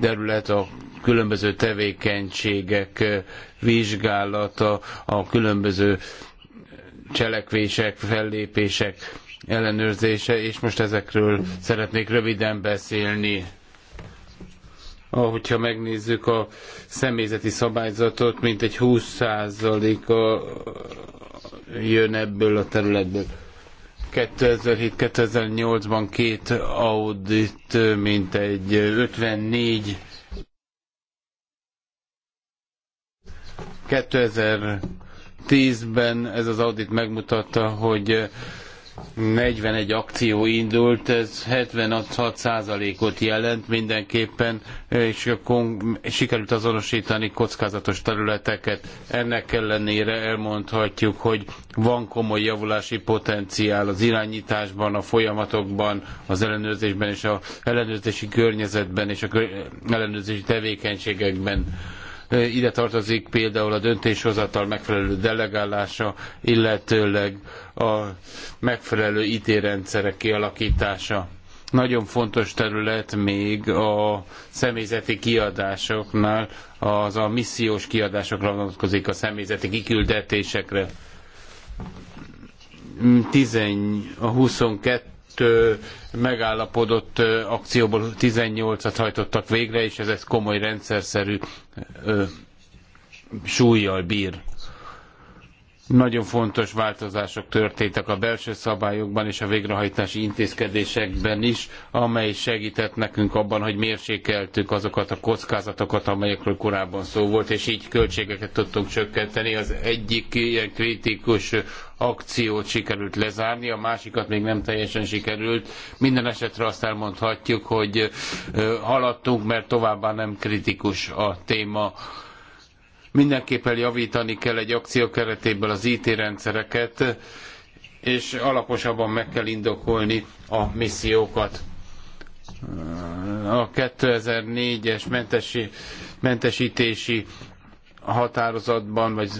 terület a különböző tevékenységek vizsgálata, a különböző cselekvések, fellépések ellenőrzése, és most ezekről szeretnék röviden beszélni ahogyha megnézzük a személyzeti szabályzatot, mint egy 20%-a jön ebből a területből. 2007-2008-ban két audit, mint egy 54 2010-ben ez az audit megmutatta, hogy 41 akció indult, ez 76 százalékot jelent mindenképpen, és sikerült azonosítani kockázatos területeket. Ennek ellenére elmondhatjuk, hogy van komoly javulási potenciál az irányításban, a folyamatokban, az ellenőrzésben és az ellenőrzési környezetben és az ellenőrzési tevékenységekben ide tartozik például a döntéshozatal megfelelő delegálása, illetőleg a megfelelő ítérrendszerek kialakítása. Nagyon fontos terület még a személyzeti kiadásoknál, az a missziós kiadásokra vonatkozik a személyzeti kiküldetésekre. 10, a 22 megállapodott akcióból 18-at hajtottak végre, és ez, egy komoly rendszerszerű súlyjal bír. Nagyon fontos változások történtek a belső szabályokban és a végrehajtási intézkedésekben is, amely segített nekünk abban, hogy mérsékeltük azokat a kockázatokat, amelyekről korábban szó volt, és így költségeket tudtunk csökkenteni. Az egyik ilyen kritikus akciót sikerült lezárni, a másikat még nem teljesen sikerült. Minden esetre azt elmondhatjuk, hogy haladtunk, mert továbbá nem kritikus a téma Mindenképpen javítani kell egy akció keretében az IT rendszereket, és alaposabban meg kell indokolni a missziókat. A 2004-es mentesi, mentesítési határozatban vagy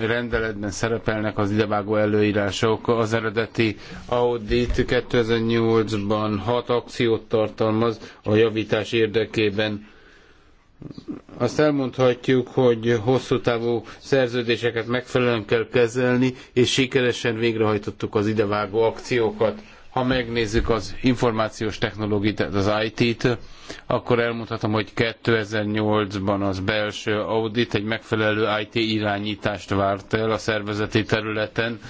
rendeletben szerepelnek az idevágó előírások. Az eredeti audit 2008-ban hat akciót tartalmaz a javítás érdekében azt elmondhatjuk, hogy hosszú távú szerződéseket megfelelően kell kezelni, és sikeresen végrehajtottuk az idevágó akciókat. Ha megnézzük az információs technológiát, az IT-t, akkor elmondhatom, hogy 2008-ban az belső audit egy megfelelő IT irányítást várt el a szervezeti területen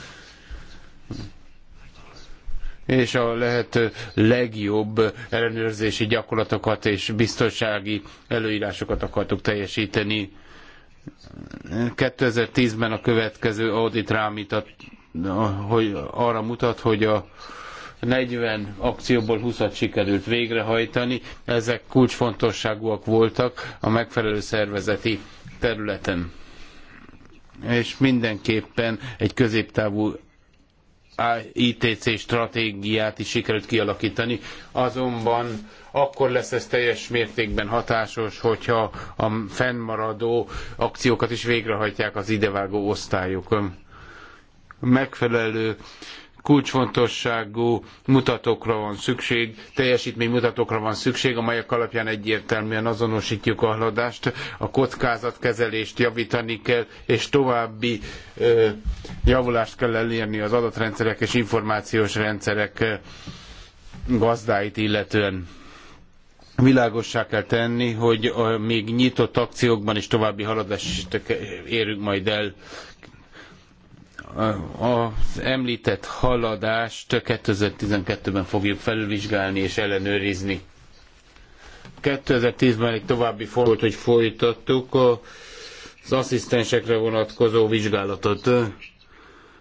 és a lehető legjobb ellenőrzési gyakorlatokat és biztonsági előírásokat akartuk teljesíteni. 2010-ben a következő audit hogy arra mutat, hogy a 40 akcióból 20-at sikerült végrehajtani, ezek kulcsfontosságúak voltak a megfelelő szervezeti területen. És mindenképpen egy középtávú ITC stratégiát is sikerült kialakítani, azonban akkor lesz ez teljes mértékben hatásos, hogyha a fennmaradó akciókat is végrehajtják az idevágó osztályok. Megfelelő kulcsfontosságú mutatókra van szükség, teljesítménymutatókra van szükség, amelyek alapján egyértelműen azonosítjuk a haladást, a kockázatkezelést javítani kell, és további ö, javulást kell elérni az adatrendszerek és információs rendszerek gazdáit illetően világossá kell tenni, hogy a még nyitott akciókban is további haladást érünk majd el az említett haladást 2012-ben fogjuk felülvizsgálni és ellenőrizni. 2010-ben egy további volt, hogy folytattuk az asszisztensekre vonatkozó vizsgálatot.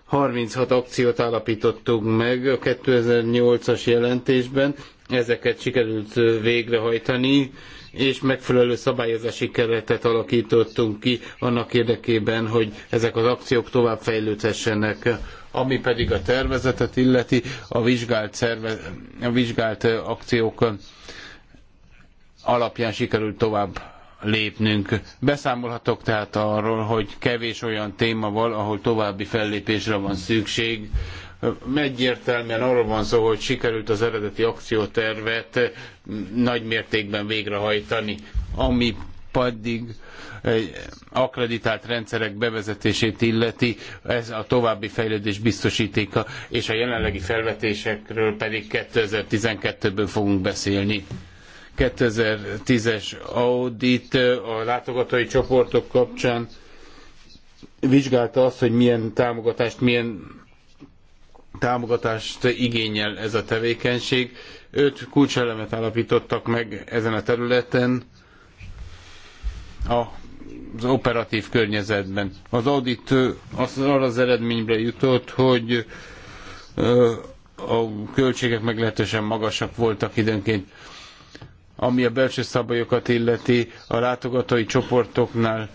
36 akciót állapítottunk meg a 2008-as jelentésben, ezeket sikerült végrehajtani, és megfelelő szabályozási keretet alakítottunk ki annak érdekében, hogy ezek az akciók tovább fejlődhessenek. Ami pedig a tervezetet illeti, a vizsgált, szervez, a vizsgált akciók alapján sikerült tovább lépnünk. Beszámolhatok tehát arról, hogy kevés olyan téma van, ahol további fellépésre van szükség Egyértelműen arról van szó, hogy sikerült az eredeti akciótervet nagy mértékben végrehajtani, ami pedig akkreditált rendszerek bevezetését illeti, ez a további fejlődés biztosítéka, és a jelenlegi felvetésekről pedig 2012-ben fogunk beszélni. 2010-es audit a látogatói csoportok kapcsán vizsgálta azt, hogy milyen támogatást, milyen támogatást igényel ez a tevékenység. Öt kulcselemet állapítottak meg ezen a területen az operatív környezetben. Az audit az arra az eredményre jutott, hogy a költségek meglehetősen magasak voltak időnként. Ami a belső szabályokat illeti, a látogatói csoportoknál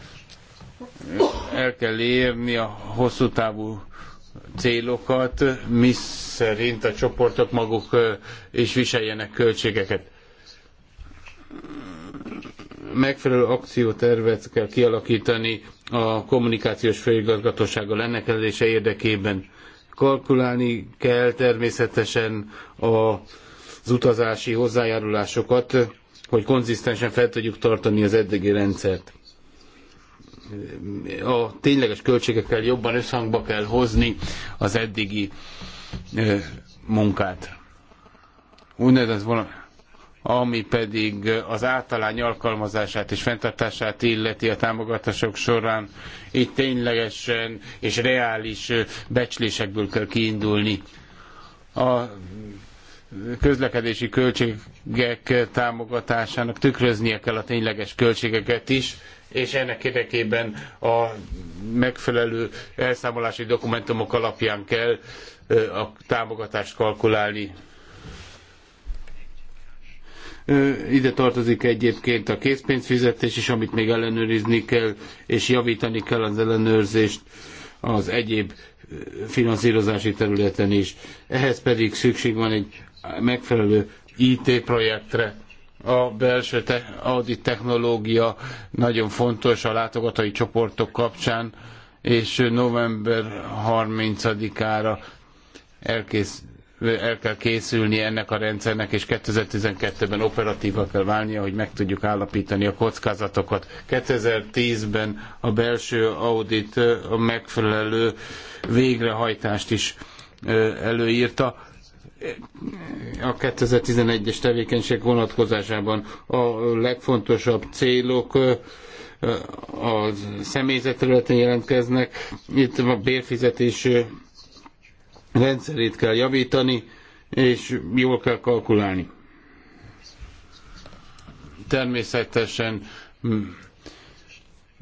el kell érni a hosszú távú célokat, mi szerint a csoportok maguk is viseljenek költségeket. Megfelelő akciótervet kell kialakítani a kommunikációs főigazgatósággal ennek elése érdekében. Kalkulálni kell természetesen az utazási hozzájárulásokat, hogy konzisztensen fel tudjuk tartani az eddigi rendszert a tényleges költségekkel jobban összhangba kell hozni az eddigi munkát. Úgynevezett volna ami pedig az általány alkalmazását és fenntartását illeti a támogatások során, itt ténylegesen és reális becslésekből kell kiindulni. A közlekedési költségek támogatásának tükröznie kell a tényleges költségeket is, és ennek érdekében a megfelelő elszámolási dokumentumok alapján kell a támogatást kalkulálni. Ide tartozik egyébként a készpénzfizetés is, amit még ellenőrizni kell, és javítani kell az ellenőrzést az egyéb finanszírozási területen is. Ehhez pedig szükség van egy megfelelő IT projektre, a belső te- audit technológia nagyon fontos a látogatói csoportok kapcsán, és november 30-ára elkész, el kell készülni ennek a rendszernek, és 2012-ben operatíva kell válnia, hogy meg tudjuk állapítani a kockázatokat. 2010-ben a belső audit a megfelelő végrehajtást is előírta a 2011-es tevékenység vonatkozásában a legfontosabb célok a személyzet területén jelentkeznek. Itt a bérfizetés rendszerét kell javítani, és jól kell kalkulálni. Természetesen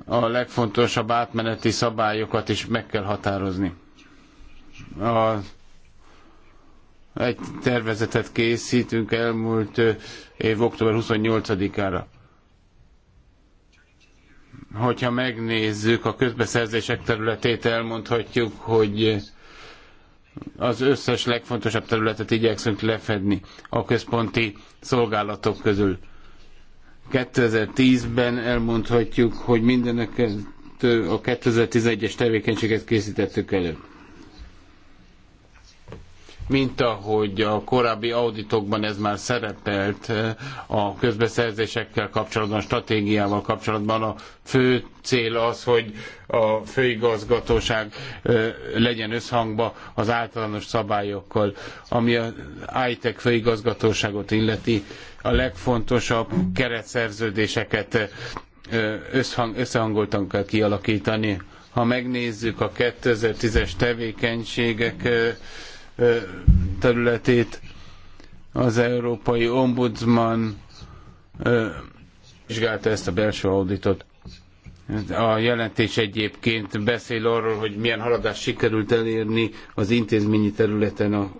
a legfontosabb átmeneti szabályokat is meg kell határozni. Az egy tervezetet készítünk elmúlt év október 28-ára. Hogyha megnézzük a közbeszerzések területét, elmondhatjuk, hogy az összes legfontosabb területet igyekszünk lefedni a központi szolgálatok közül. 2010-ben elmondhatjuk, hogy mindeneket a 2011-es tevékenységet készítettük elő mint ahogy a korábbi auditokban ez már szerepelt eh, a közbeszerzésekkel kapcsolatban, a stratégiával kapcsolatban a fő cél az, hogy a főigazgatóság eh, legyen összhangba az általános szabályokkal, ami a ITEC főigazgatóságot illeti a legfontosabb keretszerződéseket eh, összhang, összehangoltan kell kialakítani. Ha megnézzük a 2010-es tevékenységek területét. Az Európai Ombudsman vizsgálta ezt a belső auditot. A jelentés egyébként beszél arról, hogy milyen haladást sikerült elérni az intézményi területen a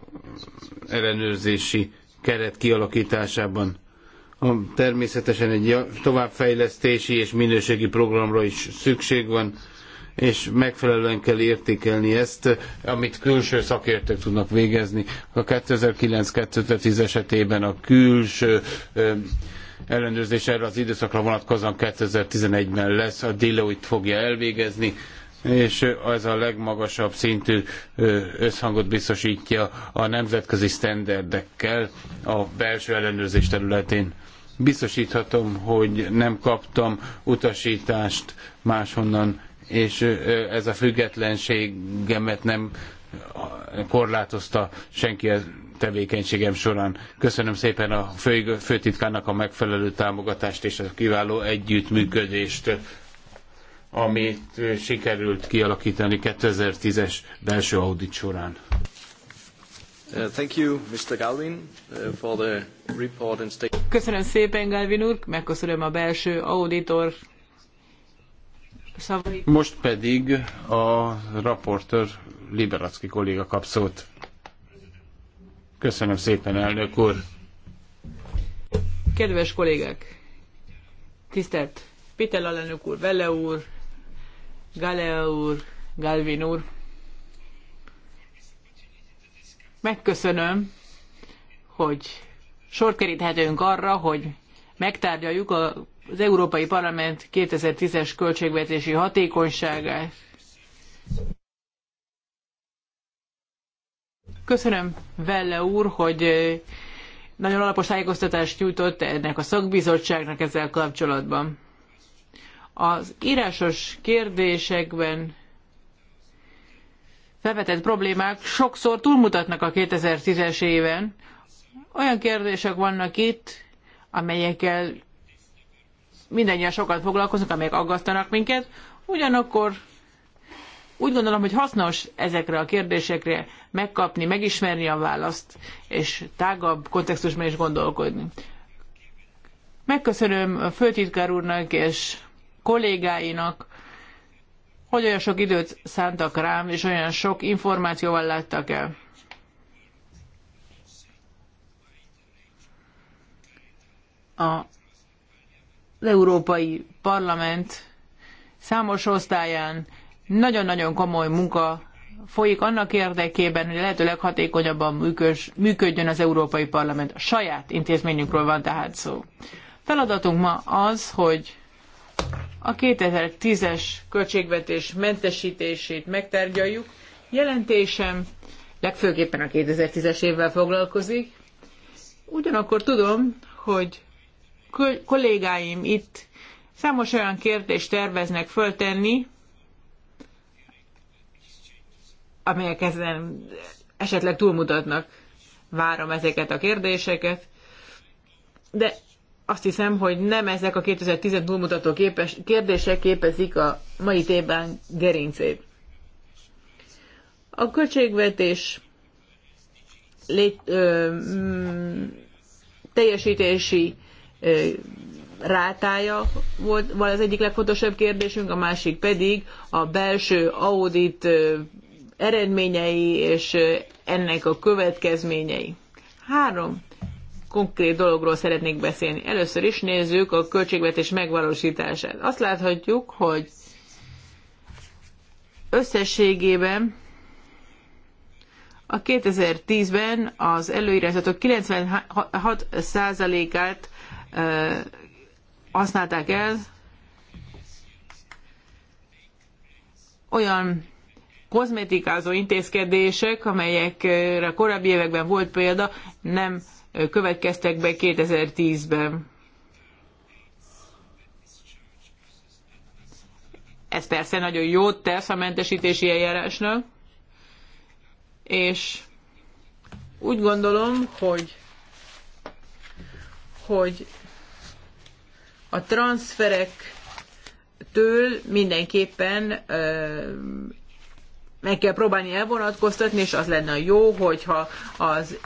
ellenőrzési keret kialakításában. Természetesen egy továbbfejlesztési és minőségi programra is szükség van és megfelelően kell értékelni ezt, amit külső szakértők tudnak végezni. A 2009-2010 esetében a külső ellenőrzés erre az időszakra vonatkozóan 2011-ben lesz, a Deloitte fogja elvégezni, és ez a legmagasabb szintű összhangot biztosítja a nemzetközi sztenderdekkel a belső ellenőrzés területén. Biztosíthatom, hogy nem kaptam utasítást máshonnan és ez a függetlenségemet nem korlátozta senki a tevékenységem során. Köszönöm szépen a fő, főtitkának a megfelelő támogatást és a kiváló együttműködést, amit sikerült kialakítani 2010-es belső audit során. Köszönöm szépen, Galvin úr, megköszönöm a belső auditor szavai... Most pedig a raportőr Liberacki kolléga kap szót. Köszönöm szépen, elnök úr! Kedves kollégák! Tisztelt Péter alelnök úr, Vele úr, Galea úr, Galvin úr! Megköszönöm, hogy sor keríthetünk arra, hogy megtárgyaljuk a az Európai Parlament 2010-es költségvetési hatékonyságát. Köszönöm Velle úr, hogy nagyon alapos tájékoztatást nyújtott ennek a szakbizottságnak ezzel kapcsolatban. Az írásos kérdésekben felvetett problémák sokszor túlmutatnak a 2010-es éven. Olyan kérdések vannak itt, amelyekkel mindannyian sokat foglalkozunk, amelyek aggasztanak minket, ugyanakkor úgy gondolom, hogy hasznos ezekre a kérdésekre megkapni, megismerni a választ, és tágabb kontextusban is gondolkodni. Megköszönöm a főtitkár úrnak és kollégáinak, hogy olyan sok időt szántak rám, és olyan sok információval láttak el. A Európai Parlament számos osztályán nagyon-nagyon komoly munka folyik annak érdekében, hogy lehetőleg hatékonyabban műkös, működjön az Európai Parlament. A saját intézményünkről van tehát szó. Feladatunk ma az, hogy a 2010-es költségvetés mentesítését megtárgyaljuk. Jelentésem legfőképpen a 2010-es évvel foglalkozik. Ugyanakkor tudom, hogy kollégáim itt számos olyan kérdést terveznek föltenni, amelyek ezen esetleg túlmutatnak. Várom ezeket a kérdéseket, de azt hiszem, hogy nem ezek a 2010 túlmutató képes, kérdések képezik a mai tében gerincét. A költségvetés lé, ö, mm, teljesítési rátája volt van az egyik legfontosabb kérdésünk, a másik pedig a belső audit eredményei és ennek a következményei. Három konkrét dologról szeretnék beszélni. Először is nézzük a költségvetés megvalósítását. Azt láthatjuk, hogy összességében a 2010-ben az előírásatok 96%-át használták el olyan kozmetikázó intézkedések, amelyekre a korábbi években volt példa, nem következtek be 2010-ben. Ez persze nagyon jót tesz a mentesítési eljárásnak, és úgy gondolom, hogy hogy a transferektől mindenképpen meg kell próbálni elvonatkoztatni, és az lenne jó, hogyha az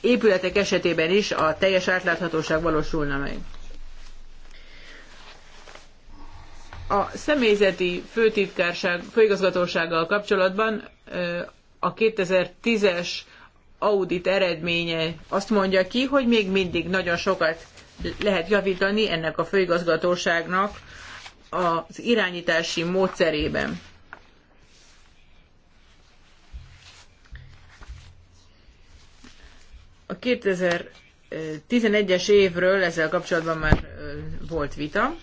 épületek esetében is a teljes átláthatóság valósulna meg. A személyzeti főtitkárság, főigazgatósággal kapcsolatban a 2010-es audit eredménye azt mondja ki, hogy még mindig nagyon sokat lehet javítani ennek a főigazgatóságnak az irányítási módszerében. A 2011-es évről ezzel kapcsolatban már volt vita.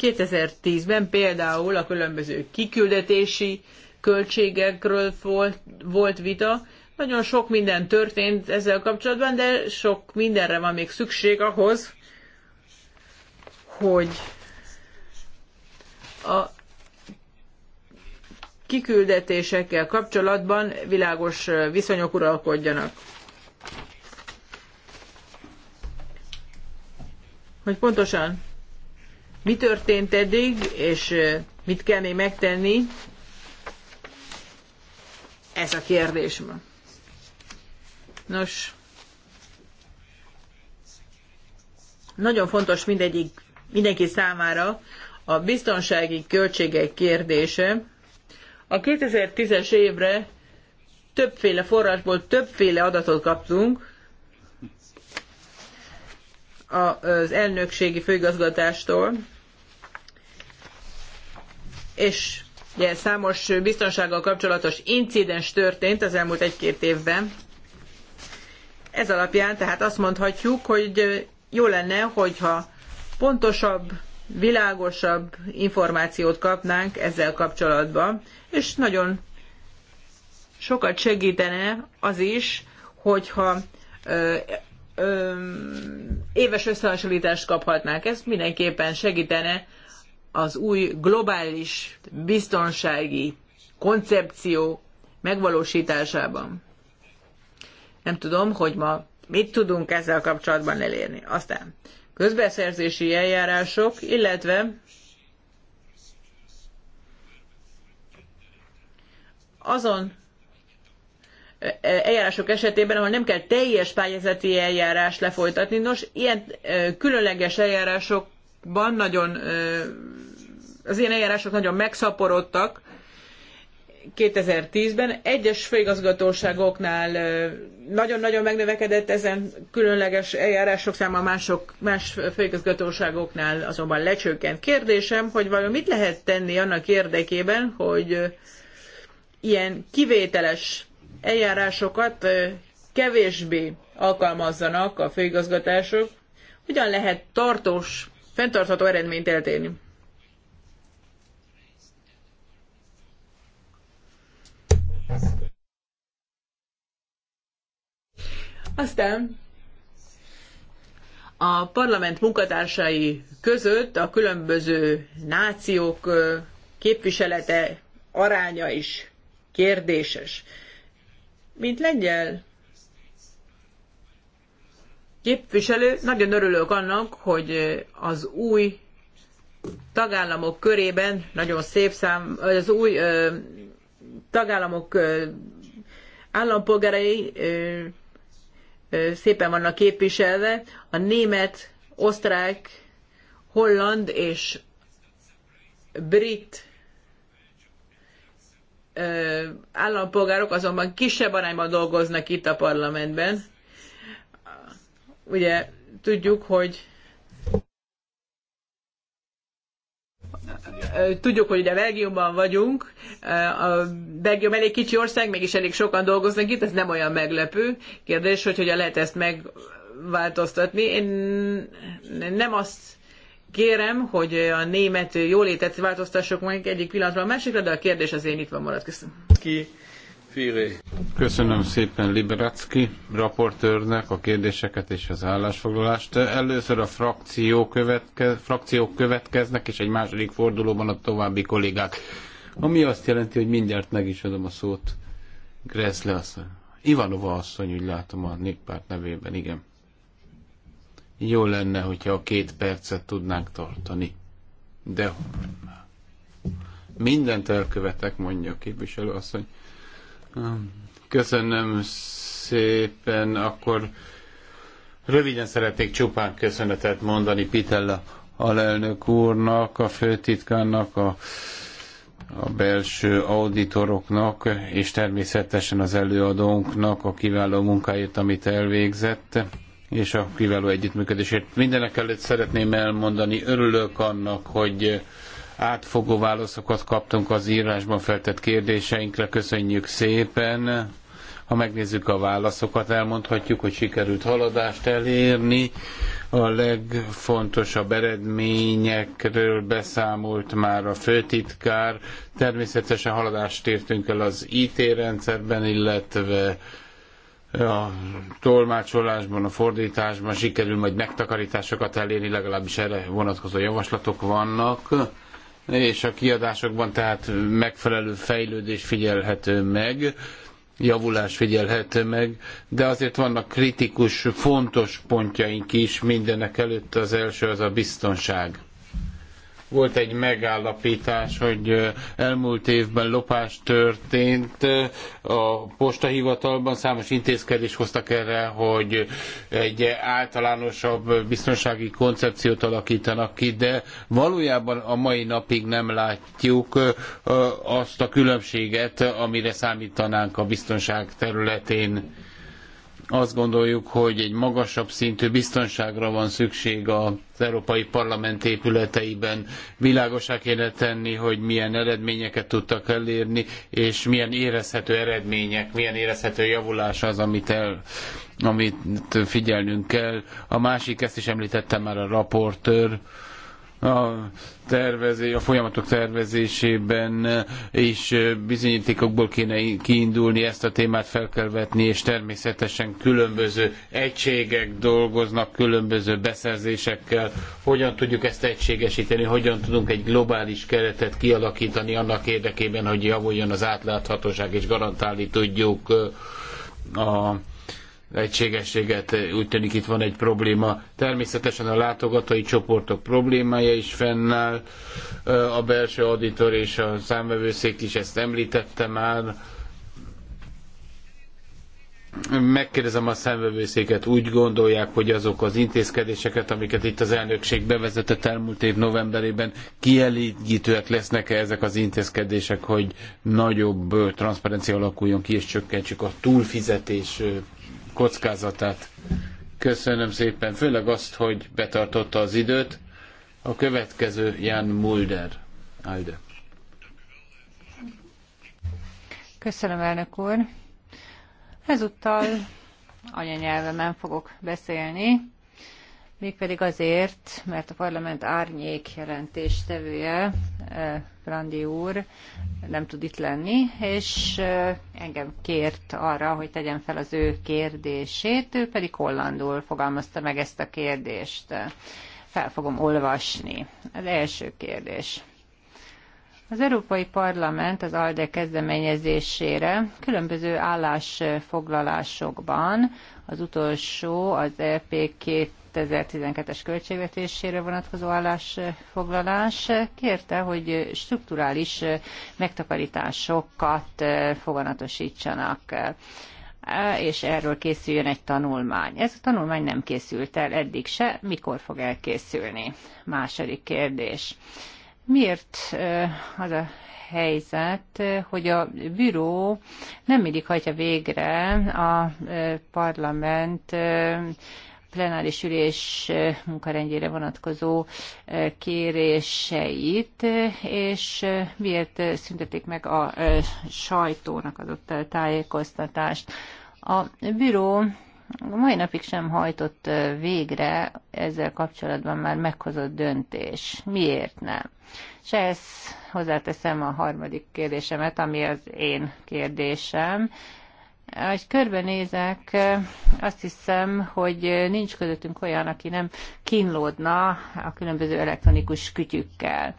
2010-ben például a különböző kiküldetési költségekről volt, volt vita, nagyon sok minden történt ezzel kapcsolatban, de sok mindenre van még szükség ahhoz, hogy a kiküldetésekkel kapcsolatban világos viszonyok uralkodjanak. Hogy pontosan mi történt eddig, és mit kell még megtenni, ez a kérdés ma. Nos, nagyon fontos mindegyik, mindenki számára a biztonsági költségek kérdése. A 2010-es évre többféle forrásból többféle adatot kaptunk az elnökségi főigazgatástól, és ugye, számos biztonsággal kapcsolatos incidens történt az elmúlt egy-két évben. Ez alapján tehát azt mondhatjuk, hogy jó lenne, hogyha pontosabb, világosabb információt kapnánk ezzel kapcsolatban, és nagyon sokat segítene az is, hogyha ö, ö, éves összehasonlítást kaphatnánk. Ez mindenképpen segítene az új globális biztonsági koncepció megvalósításában. Nem tudom, hogy ma mit tudunk ezzel kapcsolatban elérni. Aztán közbeszerzési eljárások, illetve azon e, eljárások esetében, ahol nem kell teljes pályázati eljárás lefolytatni. Nos, ilyen e, különleges eljárásokban nagyon, e, az ilyen eljárások nagyon megszaporodtak, 2010-ben. Egyes főigazgatóságoknál nagyon-nagyon megnövekedett ezen különleges eljárások száma, mások, más főigazgatóságoknál azonban lecsökkent. Kérdésem, hogy vajon mit lehet tenni annak érdekében, hogy ilyen kivételes eljárásokat kevésbé alkalmazzanak a főigazgatások, hogyan lehet tartós, fenntartható eredményt eltérni? Aztán a parlament munkatársai között a különböző nációk képviselete aránya is kérdéses. Mint lengyel képviselő, nagyon örülök annak, hogy az új tagállamok körében nagyon szép szám, az új tagállamok állampolgárai szépen vannak képviselve, a német, osztrák, holland és brit állampolgárok azonban kisebb arányban dolgoznak itt a parlamentben. Ugye tudjuk, hogy tudjuk, hogy ugye Belgiumban vagyunk, a Belgium elég kicsi ország, mégis elég sokan dolgoznak itt, ez nem olyan meglepő. Kérdés, hogy hogyan lehet ezt megváltoztatni. Én nem azt kérem, hogy a német jólétet változtassuk meg egyik pillanatban a másikra, de a kérdés az én itt van marad. Köszönöm. Ki Köszönöm szépen Liberacki raportőrnek a kérdéseket és az állásfoglalást. Először a frakció frakciók következnek, és egy második fordulóban a további kollégák. Ami azt jelenti, hogy mindjárt meg is adom a szót Gressle asszony. Ivanova asszony, úgy látom a néppárt nevében, igen. Jó lenne, hogyha a két percet tudnánk tartani. De mindent elkövetek, mondja a képviselő asszony. Köszönöm szépen. Akkor röviden szeretnék csupán köszönetet mondani Pitella alelnök úrnak, a főtitkának, a, a belső auditoroknak, és természetesen az előadónknak a kiváló munkáért, amit elvégzett és a kiváló együttműködésért. Mindenek előtt szeretném elmondani, örülök annak, hogy átfogó válaszokat kaptunk az írásban feltett kérdéseinkre. Köszönjük szépen! Ha megnézzük a válaszokat, elmondhatjuk, hogy sikerült haladást elérni. A legfontosabb eredményekről beszámolt már a főtitkár. Természetesen haladást értünk el az IT rendszerben, illetve a tolmácsolásban, a fordításban sikerül majd megtakarításokat elérni, legalábbis erre vonatkozó javaslatok vannak és a kiadásokban tehát megfelelő fejlődés figyelhető meg, javulás figyelhető meg, de azért vannak kritikus, fontos pontjaink is, mindenek előtt az első az a biztonság volt egy megállapítás, hogy elmúlt évben lopás történt a postahivatalban, számos intézkedés hoztak erre, hogy egy általánosabb biztonsági koncepciót alakítanak ki, de valójában a mai napig nem látjuk azt a különbséget, amire számítanánk a biztonság területén azt gondoljuk, hogy egy magasabb szintű biztonságra van szükség az Európai Parlament épületeiben. Világosá kéne tenni, hogy milyen eredményeket tudtak elérni, és milyen érezhető eredmények, milyen érezhető javulás az, amit el, amit figyelnünk kell. A másik, ezt is említette már a raportőr, a tervezé, a folyamatok tervezésében is bizonyítékokból kéne kiindulni, ezt a témát fel kell vetni, és természetesen különböző egységek dolgoznak különböző beszerzésekkel. Hogyan tudjuk ezt egységesíteni, hogyan tudunk egy globális keretet kialakítani annak érdekében, hogy javuljon az átláthatóság, és garantálni tudjuk a egységességet. Úgy tűnik itt van egy probléma. Természetesen a látogatói csoportok problémája is fennáll. A belső auditor és a számvevőszék is ezt említette már. Megkérdezem a számvevőszéket, úgy gondolják, hogy azok az intézkedéseket, amiket itt az elnökség bevezetett elmúlt év novemberében, kielégítőek lesznek-e ezek az intézkedések, hogy nagyobb transzparencia alakuljon ki, és csökkentsük a túlfizetés kockázatát. Köszönöm szépen, főleg azt, hogy betartotta az időt. A következő Jan Mulder. Alde. Köszönöm, elnök úr. Ezúttal anyanyelvemen fogok beszélni mégpedig azért, mert a parlament árnyék jelentéstevője, eh, Brandi úr, nem tud itt lenni, és eh, engem kért arra, hogy tegyem fel az ő kérdését, ő pedig hollandul fogalmazta meg ezt a kérdést. Fel fogom olvasni. Az első kérdés. Az Európai Parlament az ALDE kezdeményezésére különböző állásfoglalásokban, az utolsó az EP 2012-es költségvetésére vonatkozó állásfoglalás kérte, hogy strukturális megtakarításokat foganatosítsanak és erről készüljön egy tanulmány. Ez a tanulmány nem készült el eddig se, mikor fog elkészülni? Második kérdés. Miért az a helyzet, hogy a büró nem mindig hagyja végre a parlament plenáris ülés munkarendjére vonatkozó kéréseit, és miért szüntetik meg a sajtónak adott tájékoztatást. A büró mai napig sem hajtott végre ezzel kapcsolatban már meghozott döntés. Miért nem? És ezt hozzáteszem a harmadik kérdésemet, ami az én kérdésem ahogy körbenézek, azt hiszem, hogy nincs közöttünk olyan, aki nem kínlódna a különböző elektronikus kütyükkel.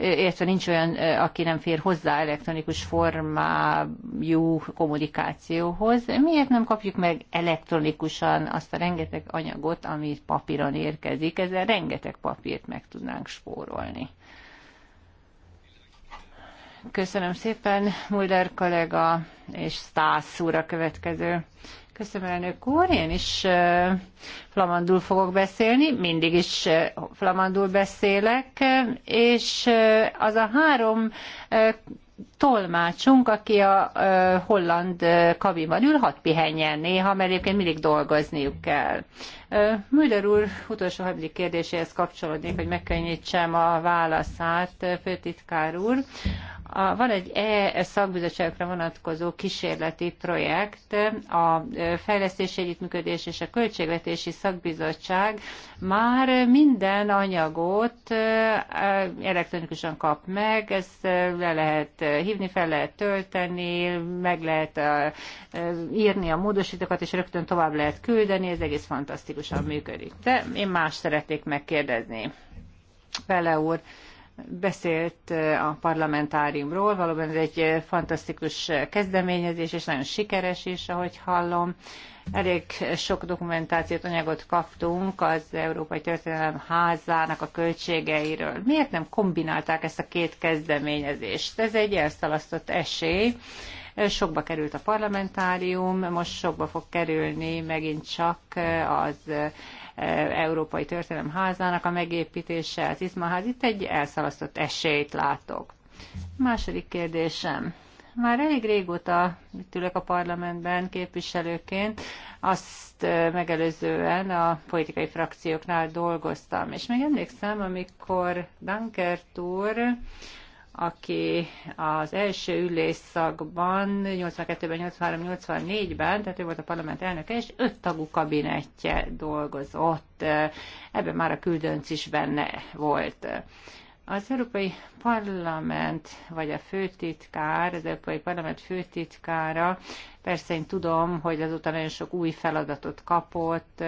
Értve nincs olyan, aki nem fér hozzá elektronikus formájú kommunikációhoz. Miért nem kapjuk meg elektronikusan azt a rengeteg anyagot, ami papíron érkezik? Ezzel rengeteg papírt meg tudnánk spórolni. Köszönöm szépen, Mulder kollega és Stász úr a következő. Köszönöm, elnök úr. Én is uh, flamandul fogok beszélni, mindig is uh, flamandul beszélek, és uh, az a három uh, tolmácsunk, aki a uh, holland uh, kabinban ül, hat pihenjen néha, mert egyébként mindig dolgozniuk kell. Uh, Müller úr utolsó hajbli kérdéséhez kapcsolódnék, hogy megkönnyítsem a válaszát, uh, főtitkár úr. A, van egy E szakbizottságokra vonatkozó kísérleti projekt, a fejlesztési együttműködés és a költségvetési szakbizottság már minden anyagot elektronikusan kap meg, ezt le lehet hívni, fel lehet tölteni, meg lehet írni a módosítókat, és rögtön tovább lehet küldeni, ez egész fantasztikusan működik. De én más szeretnék megkérdezni. vele úr, beszélt a parlamentáriumról, valóban ez egy fantasztikus kezdeményezés, és nagyon sikeres is, ahogy hallom. Elég sok dokumentációt, anyagot kaptunk az Európai Történelem házának a költségeiről. Miért nem kombinálták ezt a két kezdeményezést? Ez egy elszalasztott esély. Sokba került a parlamentárium, most sokba fog kerülni megint csak az Európai Történelem Házának a megépítése, az Izmaház. Itt egy elszalasztott esélyt látok. Második kérdésem már elég régóta itt ülök a parlamentben képviselőként, azt megelőzően a politikai frakcióknál dolgoztam. És még emlékszem, amikor Dankert úr aki az első ülésszakban, 82-ben, 83-84-ben, tehát ő volt a parlament elnöke, és öt tagú kabinetje dolgozott. Ebben már a küldönc is benne volt. Az Európai Parlament, vagy a főtitkár, az Európai Parlament főtitkára Persze én tudom, hogy azóta nagyon sok új feladatot kapott,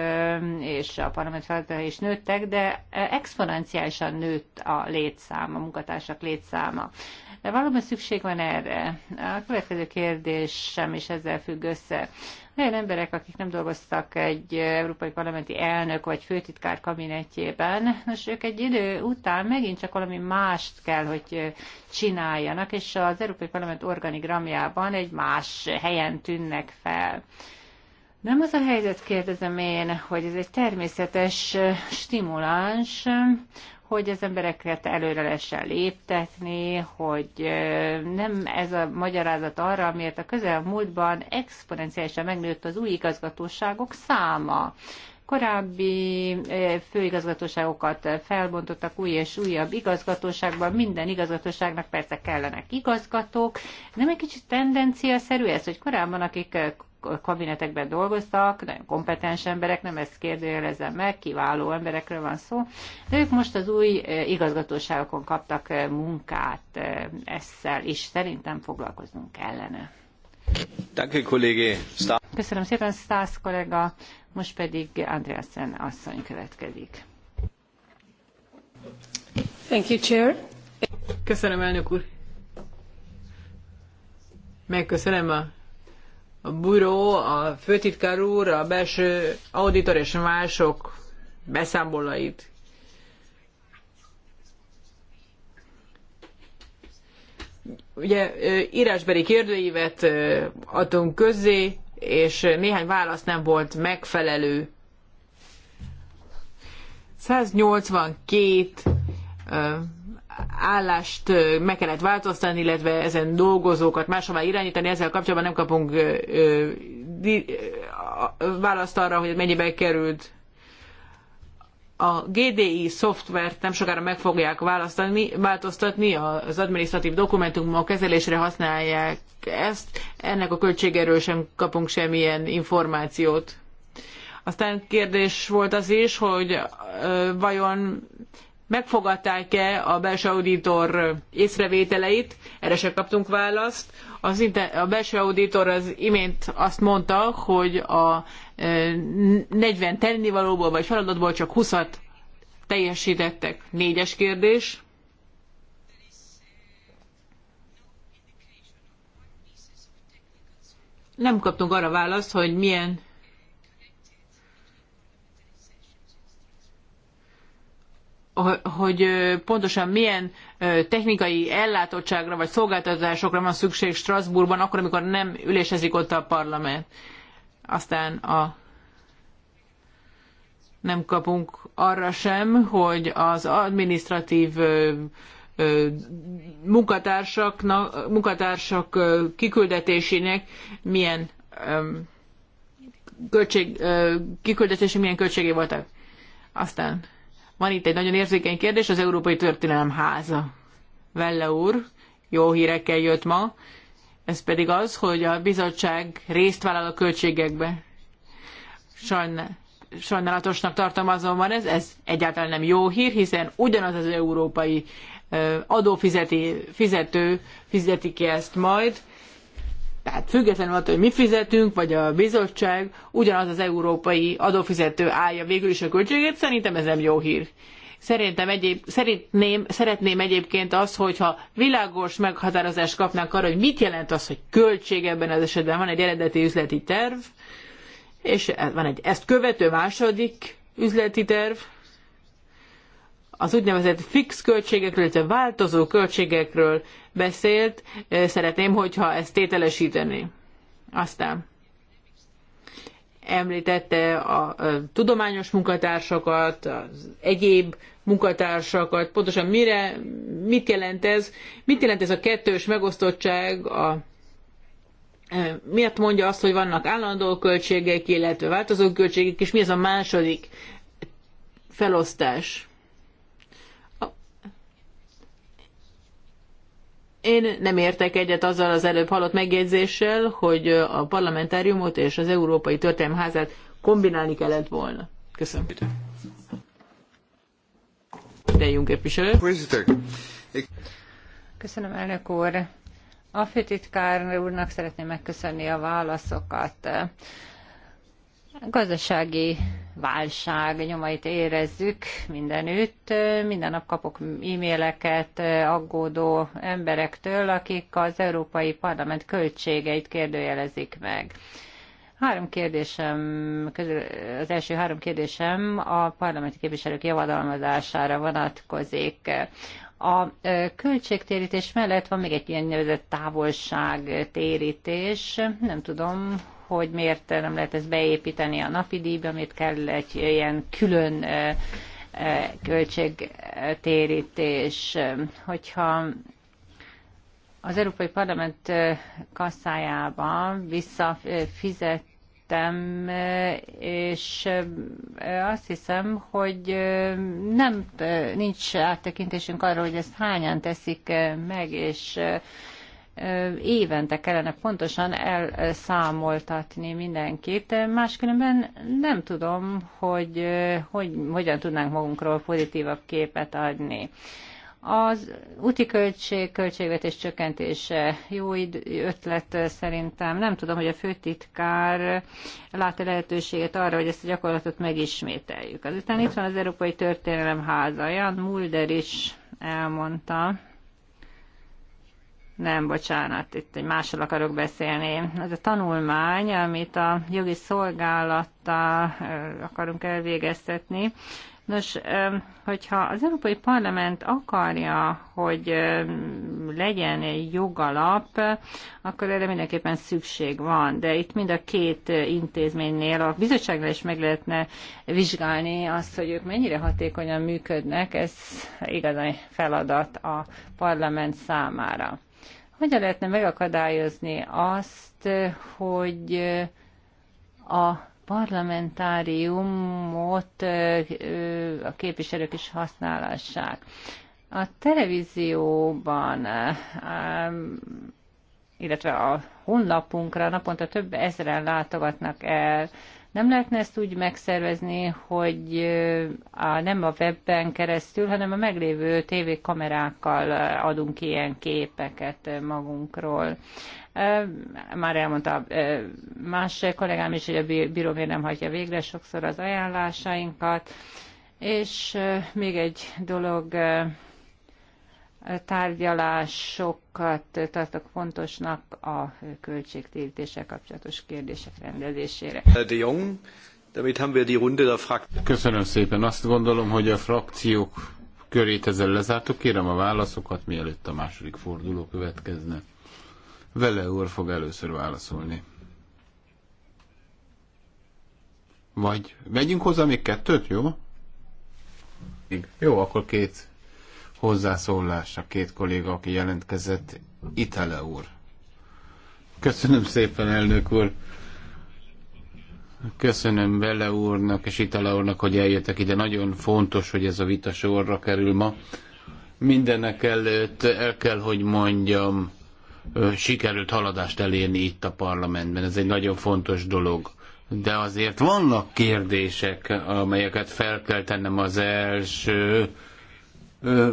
és a parlament feladatai is nőttek, de exponenciálisan nőtt a létszám, a munkatársak létszáma. De valóban szükség van erre. A következő kérdésem is ezzel függ össze. Olyan emberek, akik nem dolgoztak egy európai parlamenti elnök vagy főtitkár kabinetjében, most ők egy idő után megint csak valami mást kell, hogy csináljanak, és az Európai Parlament organigramjában egy más helyen tűnnek fel. Nem az a helyzet, kérdezem én, hogy ez egy természetes stimuláns, hogy az embereket előre lehessen léptetni, hogy nem ez a magyarázat arra, miért a közelmúltban exponenciálisan megnőtt az új igazgatóságok száma korábbi eh, főigazgatóságokat felbontottak új és újabb igazgatóságban, minden igazgatóságnak persze kellenek igazgatók. Nem egy kicsit tendenciaszerű ez, hogy korábban akik eh, kabinetekben dolgoztak, nagyon kompetens emberek, nem ezt kérdőjelezem meg, kiváló emberekről van szó, de ők most az új eh, igazgatóságokon kaptak munkát, ezzel és szerintem foglalkoznunk kellene. Köszönöm szépen, Stász kollega. Most pedig Andreasen asszony következik. Thank you, Chair. Köszönöm, elnök úr. Megköszönöm a, a buró, a főtitkár úr, a belső auditor és mások beszámolait. Ugye írásbeli kérdőívet adtunk közzé, és néhány válasz nem volt megfelelő. 182 állást meg kellett változtatni, illetve ezen dolgozókat máshová irányítani, ezzel kapcsolatban nem kapunk választ arra, hogy mennyibe került a GDI szoftvert nem sokára meg fogják választani, változtatni, az adminisztratív dokumentumok kezelésre használják ezt, ennek a költségéről sem kapunk semmilyen információt. Aztán kérdés volt az is, hogy vajon megfogadták-e a belső auditor észrevételeit, erre sem kaptunk választ. Az inter- a belső auditor az imént azt mondta, hogy a 40 e, tennivalóból vagy feladatból csak 20-at teljesítettek. Négyes kérdés. Nem kaptunk arra választ, hogy milyen hogy pontosan milyen technikai ellátottságra vagy szolgáltatásokra van szükség Strasbourgban, akkor, amikor nem ülésezik ott a parlament. Aztán a nem kapunk arra sem, hogy az administratív munkatársaknak, munkatársak kiküldetésének milyen költség, kiküldetési milyen költségé voltak. Aztán van itt egy nagyon érzékeny kérdés, az Európai Történelem Háza. Velle úr jó hírekkel jött ma, ez pedig az, hogy a bizottság részt vállal a költségekbe. Sajn, sajnálatosnak tartom azonban ez, ez egyáltalán nem jó hír, hiszen ugyanaz az európai adófizető fizeti ki ezt majd, tehát függetlenül attól, hogy mi fizetünk, vagy a bizottság, ugyanaz az európai adófizető állja végül is a költségét, szerintem ez nem jó hír. Szerintem egyéb, szeretném, szeretném egyébként az, hogyha világos meghatározást kapnánk arra, hogy mit jelent az, hogy költség ebben az esetben van egy eredeti üzleti terv, és van egy ezt követő második üzleti terv, az úgynevezett fix költségekről, illetve változó költségekről beszélt. Szeretném, hogyha ezt tételesíteni. Aztán említette a, tudományos munkatársakat, az egyéb munkatársakat, pontosan mire, mit jelent ez, mit jelent ez a kettős megosztottság, a, miért mondja azt, hogy vannak állandó költségek, illetve változó költségek, és mi ez a második felosztás? Én nem értek egyet azzal az előbb halott megjegyzéssel, hogy a parlamentáriumot és az Európai Házát kombinálni kellett volna. Köszönöm. De Jung képviselő. Köszönöm, elnök úr. A főtitkár úrnak szeretném megköszönni a válaszokat. Gazdasági válság nyomait érezzük mindenütt. Minden nap kapok e-maileket aggódó emberektől, akik az Európai Parlament költségeit kérdőjelezik meg. Három kérdésem, közül, az első három kérdésem a parlamenti képviselők javadalmazására vonatkozik. A költségtérítés mellett van még egy ilyen nevezett távolságtérítés. Nem tudom, hogy miért nem lehet ezt beépíteni a napi díjba, miért kell egy ilyen külön költségtérítés. Hogyha az Európai Parlament kasszájában visszafizet és azt hiszem, hogy nem nincs áttekintésünk arra, hogy ezt hányan teszik meg, és évente kellene pontosan elszámoltatni mindenkit. Máskülönben nem tudom, hogy, hogy hogyan tudnánk magunkról pozitívabb képet adni. Az úti költség, költségvetés csökkentése jó ötlet szerintem. Nem tudom, hogy a főtitkár lát-e lehetőséget arra, hogy ezt a gyakorlatot megismételjük. Azután itt van az Európai Történelem háza. Jan Mulder is elmondta, nem, bocsánat, itt egy másról akarok beszélni. Ez a tanulmány, amit a jogi szolgálattal akarunk elvégeztetni, Nos, hogyha az Európai Parlament akarja, hogy legyen egy jogalap, akkor erre mindenképpen szükség van. De itt mind a két intézménynél a bizottságnál is meg lehetne vizsgálni azt, hogy ők mennyire hatékonyan működnek. Ez igazán feladat a parlament számára. Hogyan lehetne megakadályozni azt, hogy a parlamentáriumot a képviselők is használhassák. A televízióban, illetve a honlapunkra naponta több ezeren látogatnak el, nem lehetne ezt úgy megszervezni, hogy a, nem a webben keresztül, hanem a meglévő tévékamerákkal adunk ilyen képeket magunkról. Már elmondta más kollégám is, hogy a bíró miért nem hagyja végre sokszor az ajánlásainkat. És még egy dolog, tárgyalásokat tartok fontosnak a költségtérítéssel kapcsolatos kérdések rendezésére. De Jong, damit haben wir die Runde der Fraktion. Köszönöm szépen. Azt gondolom, hogy a frakciók körét ezzel lezártuk. Kérem a válaszokat, mielőtt a második forduló következne. Vele úr fog először válaszolni. Vagy megyünk hozzá még kettőt, jó? Jó, akkor két hozzászólása két kolléga, aki jelentkezett, Itele úr. Köszönöm szépen, elnök úr. Köszönöm Vele úrnak és Itala úrnak, hogy eljöttek ide. Nagyon fontos, hogy ez a vita sorra kerül ma. Mindenek előtt el kell, hogy mondjam, sikerült haladást elérni itt a parlamentben. Ez egy nagyon fontos dolog. De azért vannak kérdések, amelyeket fel kell tennem az első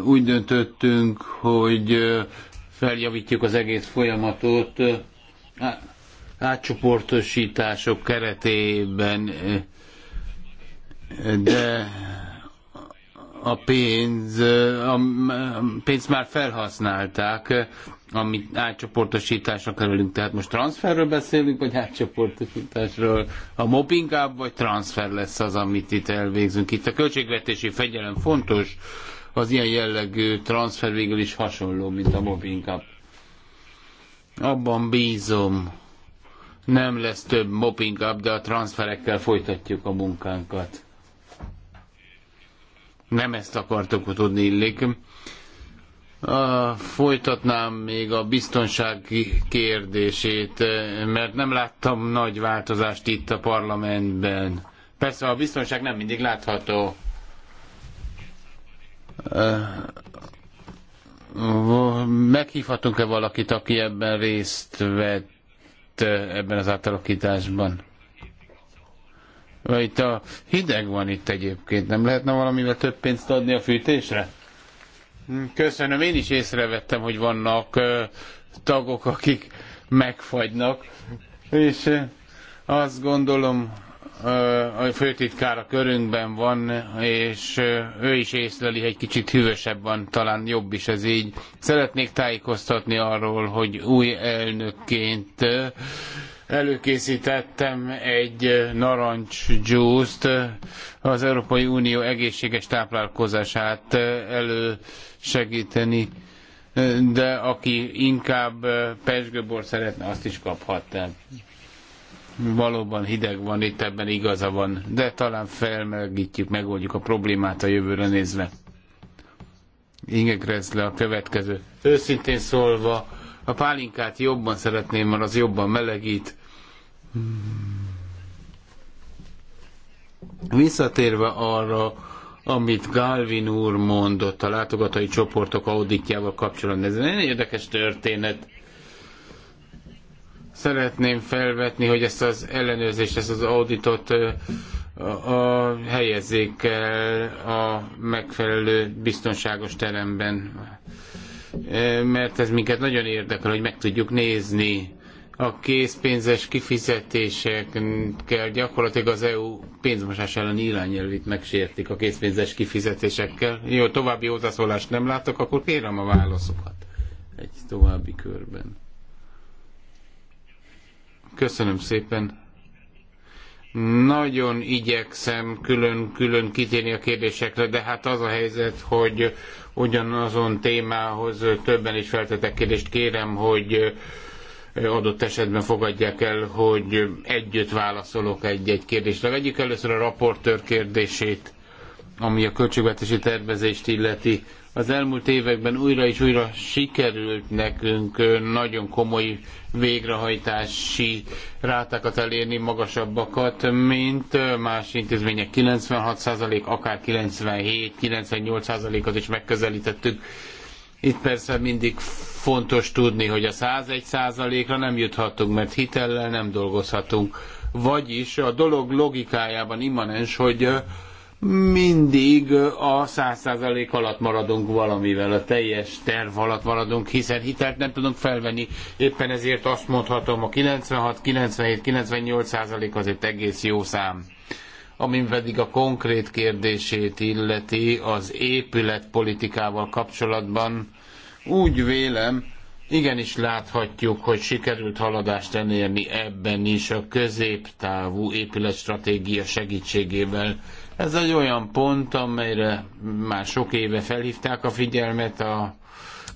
úgy döntöttünk, hogy feljavítjuk az egész folyamatot átcsoportosítások keretében, de a pénz, a pénzt már felhasználták, amit átcsoportosításra kerülünk. Tehát most transferről beszélünk, vagy átcsoportosításról? A mobbingább, vagy transfer lesz az, amit itt elvégzünk. Itt a költségvetési fegyelem fontos, az ilyen jellegű transfer végül is hasonló, mint a Mobbing Cup. Abban bízom, nem lesz több Mobbing Cup, de a transferekkel folytatjuk a munkánkat. Nem ezt akartok tudni illik. A, folytatnám még a biztonság kérdését, mert nem láttam nagy változást itt a parlamentben. Persze a biztonság nem mindig látható. Meghívhatunk-e valakit, aki ebben részt vett ebben az átalakításban? Itt a hideg van itt egyébként, nem lehetne valamivel több pénzt adni a fűtésre? Köszönöm, én is észrevettem, hogy vannak tagok, akik megfagynak, és azt gondolom, a főtitkár a körünkben van, és ő is észleli, egy kicsit hűvösebb van, talán jobb is ez így. Szeretnék tájékoztatni arról, hogy új elnökként előkészítettem egy narancsdzsúzt, az Európai Unió egészséges táplálkozását elősegíteni, de aki inkább pesgőbor szeretne, azt is kaphat valóban hideg van itt, ebben igaza van, de talán felmelegítjük, megoldjuk a problémát a jövőre nézve. Inge le a következő. Őszintén szólva, a pálinkát jobban szeretném, mert az jobban melegít. Visszatérve arra, amit Galvin úr mondott a látogatói csoportok auditjával kapcsolatban, ez egy nagyon érdekes történet. Szeretném felvetni, hogy ezt az ellenőrzést, ezt az auditot a, a, helyezzék el a megfelelő biztonságos teremben, mert ez minket nagyon érdekel, hogy meg tudjuk nézni a készpénzes kifizetésekkel gyakorlatilag az EU pénzmosás elleni irányelvét megsértik a készpénzes kifizetésekkel. Jó, további hozzászólást nem látok, akkor kérem a válaszokat egy további körben. Köszönöm szépen. Nagyon igyekszem külön-külön kitérni a kérdésekre, de hát az a helyzet, hogy ugyanazon témához többen is feltettek kérdést. Kérem, hogy adott esetben fogadják el, hogy együtt válaszolok egy-egy kérdésre. Vegyük először a raportőr kérdését ami a költségvetési tervezést illeti. Az elmúlt években újra és újra sikerült nekünk nagyon komoly végrehajtási rátákat elérni, magasabbakat, mint más intézmények 96%, akár 97-98%-at is megközelítettük. Itt persze mindig fontos tudni, hogy a 101%-ra nem juthatunk, mert hitellel nem dolgozhatunk. Vagyis a dolog logikájában immanens, hogy mindig a száz százalék alatt maradunk valamivel, a teljes terv alatt maradunk, hiszen hitelt nem tudunk felvenni. Éppen ezért azt mondhatom, a 96, 97, 98 százalék egy egész jó szám. Amin pedig a konkrét kérdését illeti az épületpolitikával kapcsolatban, úgy vélem, igenis láthatjuk, hogy sikerült haladást elérni ebben is a középtávú épületstratégia segítségével ez egy olyan pont, amelyre már sok éve felhívták a figyelmet a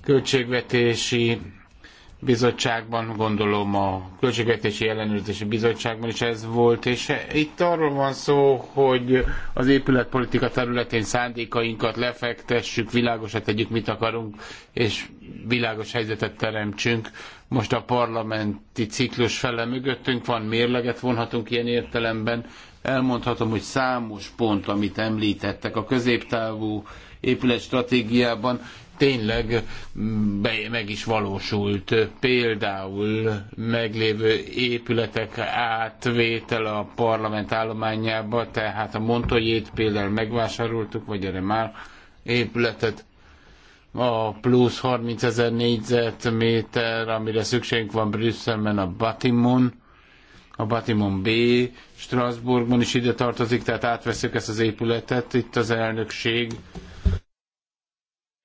költségvetési bizottságban, gondolom a Költségvetési Ellenőrzési Bizottságban is ez volt, és itt arról van szó, hogy az épületpolitika területén szándékainkat lefektessük, világosat tegyük, mit akarunk, és világos helyzetet teremtsünk. Most a parlamenti ciklus fele mögöttünk van, mérleget vonhatunk ilyen értelemben, elmondhatom, hogy számos pont, amit említettek a középtávú épületstratégiában, tényleg mm, be, meg is valósult. Például meglévő épületek átvétele a parlament állományába, tehát a Montoyét például megvásároltuk, vagy erre már épületet, a plusz 30 ezer négyzetméter, amire szükségünk van Brüsszelben a Batimon, a Batimon B Strasbourgban is ide tartozik, tehát átveszük ezt az épületet, itt az elnökség.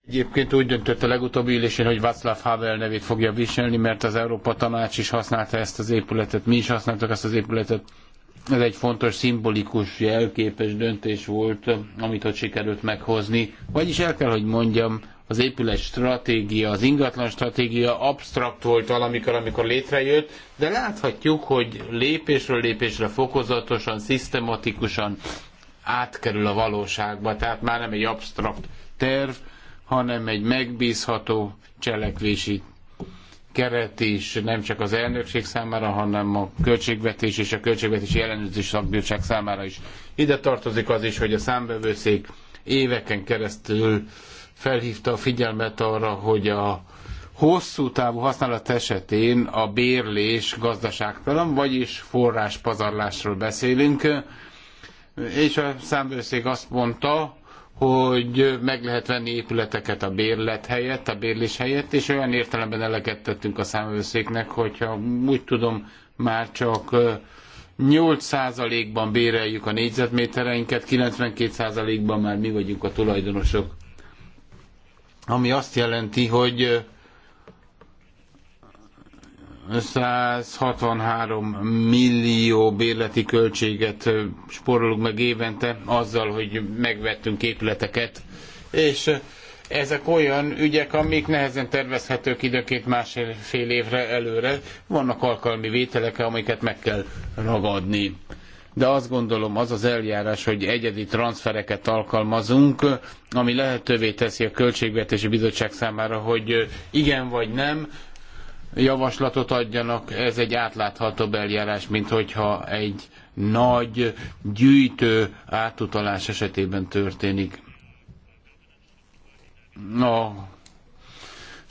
Egyébként úgy döntött a legutóbbi ülésén, hogy Václav Havel nevét fogja viselni, mert az Európa Tanács is használta ezt az épületet, mi is használtak ezt az épületet. Ez egy fontos, szimbolikus, jelképes döntés volt, amit ott sikerült meghozni. Vagyis el kell, hogy mondjam, az épület stratégia, az ingatlan stratégia absztrakt volt valamikor, amikor létrejött, de láthatjuk, hogy lépésről lépésre fokozatosan, szisztematikusan átkerül a valóságba. Tehát már nem egy absztrakt terv, hanem egy megbízható cselekvési keret is nem csak az elnökség számára, hanem a költségvetés és a költségvetési ellenőrzés szakbírság számára is. Ide tartozik az is, hogy a számbevőszék éveken keresztül felhívta a figyelmet arra, hogy a hosszú távú használat esetén a bérlés gazdaságtalan, vagyis forráspazarlásról beszélünk, és a számbőszék azt mondta, hogy meg lehet venni épületeket a bérlet helyett, a bérlés helyett, és olyan értelemben eleget tettünk a számvőszéknek, hogyha úgy tudom, már csak 8%-ban béreljük a négyzetmétereinket, 92%-ban már mi vagyunk a tulajdonosok ami azt jelenti, hogy 163 millió bérleti költséget spórolunk meg évente azzal, hogy megvettünk épületeket, és ezek olyan ügyek, amik nehezen tervezhetők időként másfél évre előre. Vannak alkalmi vételek, amiket meg kell ragadni de azt gondolom az az eljárás, hogy egyedi transfereket alkalmazunk, ami lehetővé teszi a Költségvetési Bizottság számára, hogy igen vagy nem, javaslatot adjanak, ez egy átláthatóbb eljárás, mint hogyha egy nagy gyűjtő átutalás esetében történik. A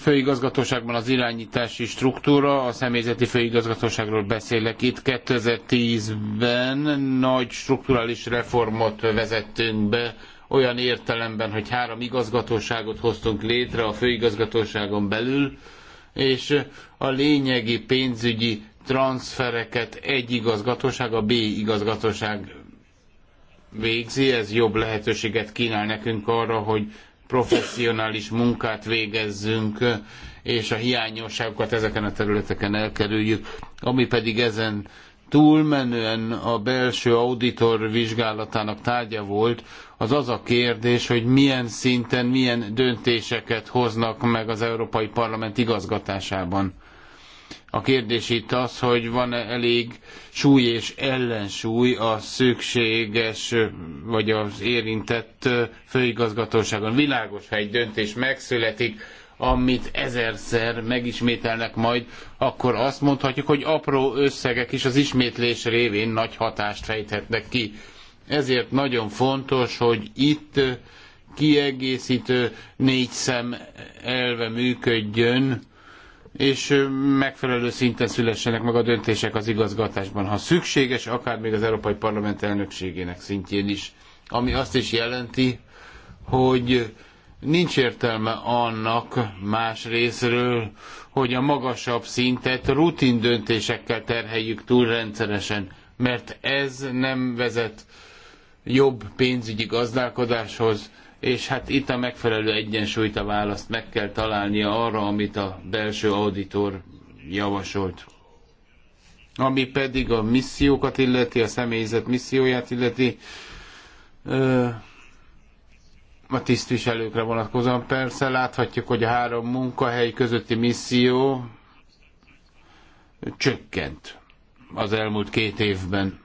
főigazgatóságban az irányítási struktúra, a személyzeti főigazgatóságról beszélek itt. 2010-ben nagy strukturális reformot vezettünk be, olyan értelemben, hogy három igazgatóságot hoztunk létre a főigazgatóságon belül, és a lényegi pénzügyi transfereket egy igazgatóság, a B igazgatóság végzi, ez jobb lehetőséget kínál nekünk arra, hogy professzionális munkát végezzünk, és a hiányosságokat ezeken a területeken elkerüljük. Ami pedig ezen túlmenően a belső auditor vizsgálatának tárgya volt, az az a kérdés, hogy milyen szinten, milyen döntéseket hoznak meg az Európai Parlament igazgatásában. A kérdés itt az, hogy van-e elég súly és ellensúly a szükséges, vagy az érintett főigazgatóságon. Világos, ha egy döntés megszületik, amit ezerszer megismételnek majd, akkor azt mondhatjuk, hogy apró összegek is az ismétlés révén nagy hatást fejthetnek ki. Ezért nagyon fontos, hogy itt kiegészítő négy szem elve működjön, és megfelelő szinten szülessenek meg a döntések az igazgatásban, ha szükséges, akár még az Európai Parlament elnökségének szintjén is. Ami azt is jelenti, hogy nincs értelme annak más részről, hogy a magasabb szintet rutin döntésekkel terheljük túl rendszeresen, mert ez nem vezet jobb pénzügyi gazdálkodáshoz, és hát itt a megfelelő egyensúlyt, a választ meg kell találnia arra, amit a belső auditor javasolt. Ami pedig a missziókat illeti, a személyzet misszióját illeti, a tisztviselőkre vonatkozóan persze láthatjuk, hogy a három munkahely közötti misszió csökkent az elmúlt két évben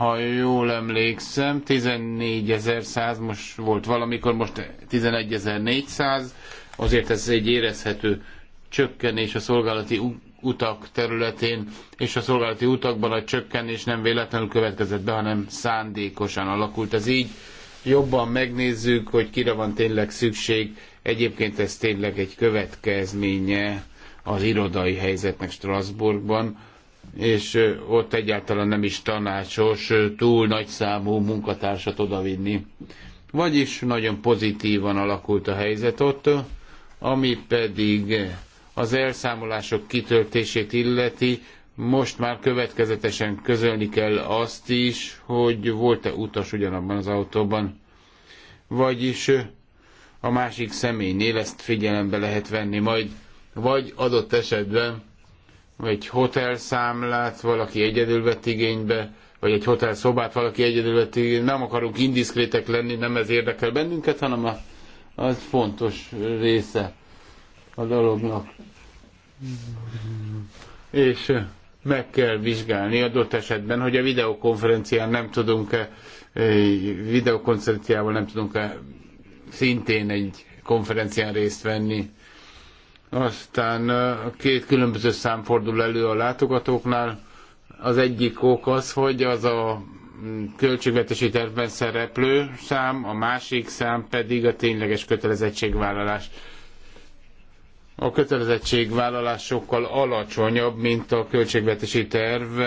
ha jól emlékszem, 14.100, most volt valamikor, most 11.400, azért ez egy érezhető csökkenés a szolgálati utak területén, és a szolgálati utakban a csökkenés nem véletlenül következett be, hanem szándékosan alakult. Ez így jobban megnézzük, hogy kire van tényleg szükség. Egyébként ez tényleg egy következménye az irodai helyzetnek Strasbourgban és ott egyáltalán nem is tanácsos túl nagy számú munkatársat odavinni. Vagyis nagyon pozitívan alakult a helyzet ott, ami pedig az elszámolások kitöltését illeti, most már következetesen közölni kell azt is, hogy volt-e utas ugyanabban az autóban. Vagyis a másik személynél ezt figyelembe lehet venni majd, vagy adott esetben egy hotelszámlát valaki egyedül vett igénybe, vagy egy hotel szobát valaki egyedül vett igénybe. Nem akarunk indiszkrétek lenni, nem ez érdekel bennünket, hanem a, az fontos része a dolognak. És meg kell vizsgálni adott esetben, hogy a videokonferencián nem tudunk-e, videokonferenciával nem tudunk-e szintén egy konferencián részt venni. Aztán két különböző szám fordul elő a látogatóknál. Az egyik ok az, hogy az a mm, költségvetési tervben szereplő szám, a másik szám pedig a tényleges kötelezettségvállalás. A kötelezettségvállalás sokkal alacsonyabb, mint a költségvetési terv.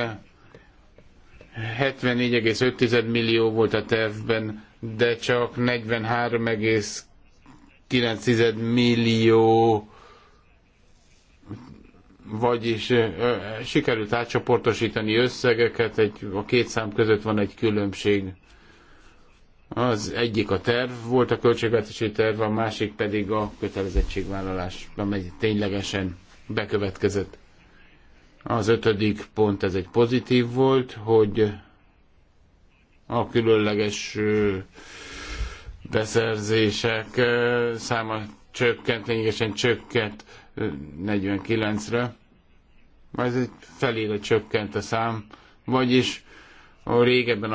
74,5 millió volt a tervben, de csak 43,9 millió vagyis sikerült átcsoportosítani összegeket, egy, a két szám között van egy különbség. Az egyik a terv volt a költségvetési terv, a másik pedig a kötelezettségvállalás, amely ténylegesen bekövetkezett. Az ötödik pont, ez egy pozitív volt, hogy a különleges beszerzések száma csökkent, lényegesen csökkent 49-re. Ez egy felére csökkent a szám, vagyis régebben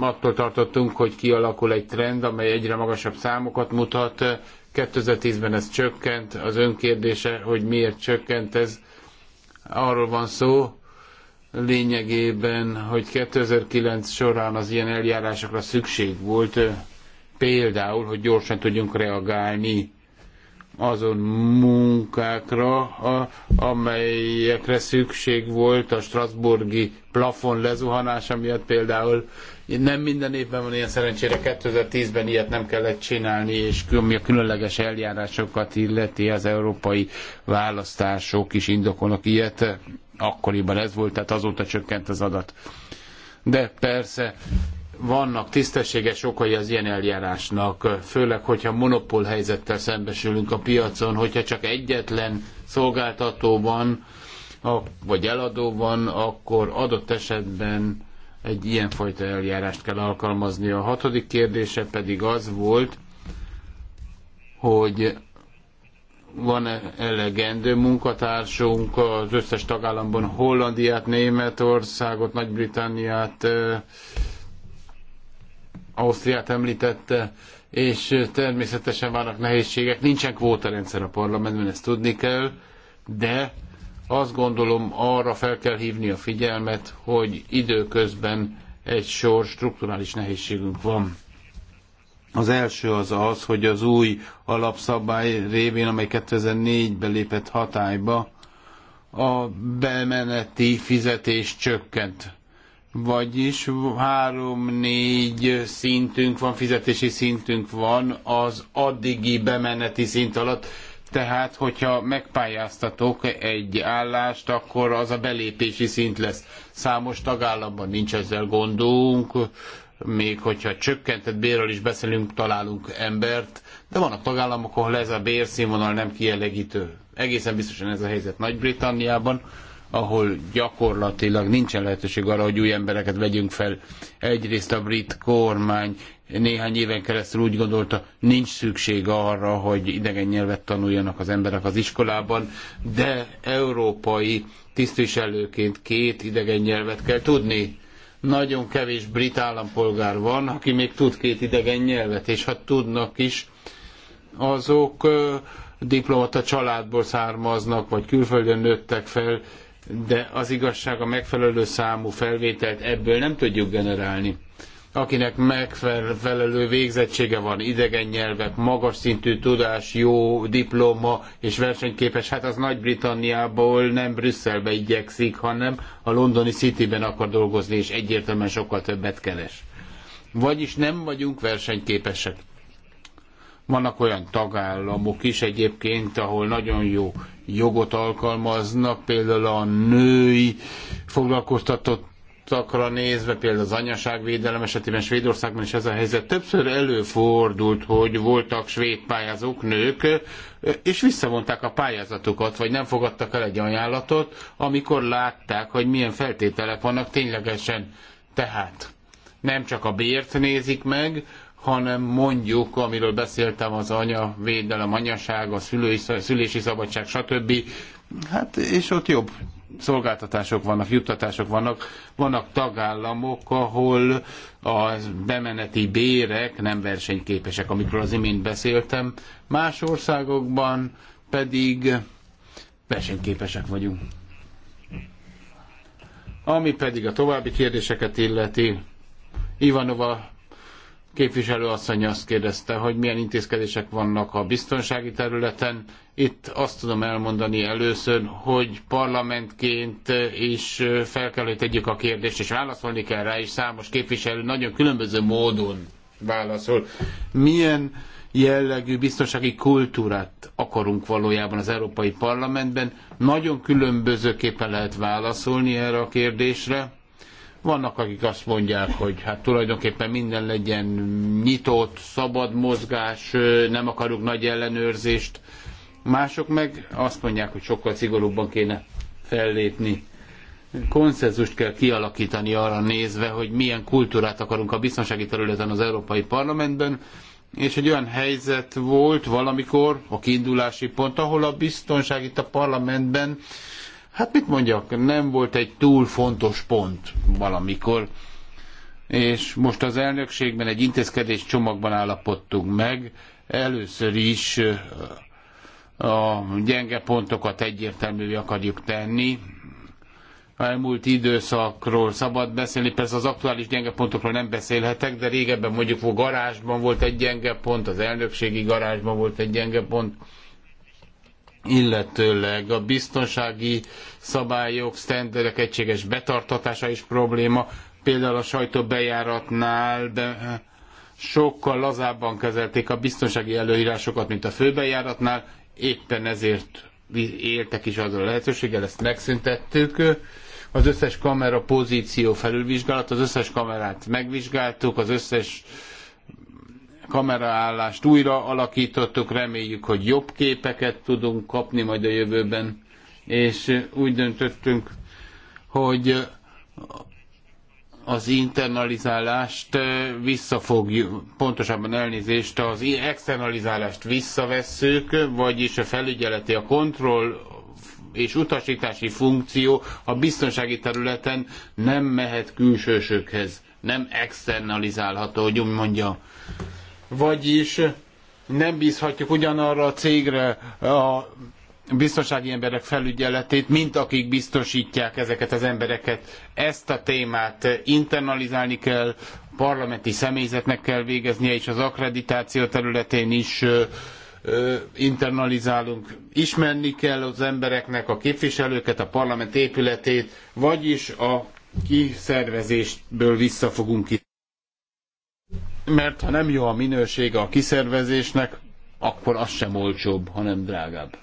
attól tartottunk, hogy kialakul egy trend, amely egyre magasabb számokat mutat. 2010-ben ez csökkent, az önkérdése, hogy miért csökkent ez, arról van szó, lényegében, hogy 2009 során az ilyen eljárásokra szükség volt, például, hogy gyorsan tudjunk reagálni azon munkákra, amelyekre szükség volt a Strasburgi plafon lezuhanása miatt például. Nem minden évben van ilyen szerencsére, 2010-ben ilyet nem kellett csinálni, és ami a különleges eljárásokat illeti, az európai választások is indokolnak ilyet. Akkoriban ez volt, tehát azóta csökkent az adat. De persze vannak tisztességes okai az ilyen eljárásnak, főleg, hogyha monopól helyzettel szembesülünk a piacon, hogyha csak egyetlen szolgáltató van, vagy eladó van, akkor adott esetben egy ilyenfajta eljárást kell alkalmazni. A hatodik kérdése pedig az volt, hogy van -e elegendő munkatársunk az összes tagállamban, Hollandiát, Németországot, Nagy-Britanniát, Ausztriát említette, és természetesen vannak nehézségek. Nincsen kvótarendszer a parlamentben, ezt tudni kell, de azt gondolom arra fel kell hívni a figyelmet, hogy időközben egy sor strukturális nehézségünk van. Az első az az, hogy az új alapszabály révén, amely 2004-ben lépett hatályba, a bemeneti fizetés csökkent vagyis három-négy szintünk van, fizetési szintünk van az addigi bemeneti szint alatt, tehát hogyha megpályáztatok egy állást, akkor az a belépési szint lesz. Számos tagállamban nincs ezzel gondunk, még hogyha csökkentett bérről is beszélünk, találunk embert, de vannak tagállamok, ahol ez a bérszínvonal nem kielégítő. Egészen biztosan ez a helyzet Nagy-Britanniában ahol gyakorlatilag nincsen lehetőség arra, hogy új embereket vegyünk fel. Egyrészt a brit kormány néhány éven keresztül úgy gondolta, nincs szükség arra, hogy idegen nyelvet tanuljanak az emberek az iskolában, de európai tisztviselőként két idegen nyelvet kell tudni. Nagyon kevés brit állampolgár van, aki még tud két idegen nyelvet, és ha tudnak is, azok diplomata családból származnak, vagy külföldön nőttek fel, de az igazság a megfelelő számú felvételt ebből nem tudjuk generálni. Akinek megfelelő végzettsége van, idegen nyelvek, magas szintű tudás, jó diploma és versenyképes, hát az Nagy-Britanniából nem Brüsszelbe igyekszik, hanem a londoni Cityben akar dolgozni, és egyértelműen sokkal többet keres. Vagyis nem vagyunk versenyképesek. Vannak olyan tagállamok is egyébként, ahol nagyon jó jogot alkalmaznak, például a női foglalkoztatott szakra nézve, például az anyaságvédelem esetében Svédországban is ez a helyzet többször előfordult, hogy voltak svéd pályázók, nők, és visszavonták a pályázatukat, vagy nem fogadtak el egy ajánlatot, amikor látták, hogy milyen feltételek vannak ténylegesen. Tehát nem csak a bért nézik meg, hanem mondjuk, amiről beszéltem, az anya védelem, anyaság, a szülői, szülési szabadság, stb. Hát, és ott jobb szolgáltatások vannak, juttatások vannak. Vannak tagállamok, ahol a bemeneti bérek nem versenyképesek, amikről az imént beszéltem. Más országokban pedig versenyképesek vagyunk. Ami pedig a további kérdéseket illeti, Ivanova képviselő asszony azt kérdezte, hogy milyen intézkedések vannak a biztonsági területen. Itt azt tudom elmondani először, hogy parlamentként is fel kell, hogy tegyük a kérdést, és válaszolni kell rá, és számos képviselő nagyon különböző módon válaszol. Milyen jellegű biztonsági kultúrát akarunk valójában az Európai Parlamentben? Nagyon különbözőképpen lehet válaszolni erre a kérdésre vannak, akik azt mondják, hogy hát tulajdonképpen minden legyen nyitott, szabad mozgás, nem akarunk nagy ellenőrzést. Mások meg azt mondják, hogy sokkal szigorúbban kéne fellépni. Konszenzust kell kialakítani arra nézve, hogy milyen kultúrát akarunk a biztonsági területen az Európai Parlamentben, és egy olyan helyzet volt valamikor a kiindulási pont, ahol a biztonság itt a parlamentben hát mit mondjak, nem volt egy túl fontos pont valamikor, és most az elnökségben egy intézkedés csomagban állapodtunk meg, először is a gyenge pontokat egyértelművé akarjuk tenni, a elmúlt időszakról szabad beszélni. Persze az aktuális gyenge pontokról nem beszélhetek, de régebben mondjuk a garázsban volt egy gyenge pont, az elnökségi garázsban volt egy gyenge pont illetőleg a biztonsági szabályok, sztenderek egységes betartatása is probléma, például a sajtó bejáratnál, de sokkal lazábban kezelték a biztonsági előírásokat, mint a főbejáratnál, éppen ezért éltek is azzal a lehetőséggel, ezt megszüntettük. Az összes kamera pozíció felülvizsgálat, az összes kamerát megvizsgáltuk, az összes kameraállást újra alakítottuk, reméljük, hogy jobb képeket tudunk kapni majd a jövőben, és úgy döntöttünk, hogy az internalizálást visszafogjuk, pontosabban elnézést, az externalizálást visszavesszük, vagyis a felügyeleti, a kontroll és utasítási funkció a biztonsági területen nem mehet külsősökhez, nem externalizálható, hogy úgy mondja. Vagyis nem bízhatjuk ugyanarra a cégre a biztonsági emberek felügyeletét, mint akik biztosítják ezeket az embereket. Ezt a témát internalizálni kell, parlamenti személyzetnek kell végeznie, és az akkreditáció területén is internalizálunk. Ismerni kell az embereknek, a képviselőket, a parlament épületét, vagyis a kiszervezésből vissza fogunk ki mert ha nem jó a minősége a kiszervezésnek, akkor az sem olcsóbb, hanem drágább.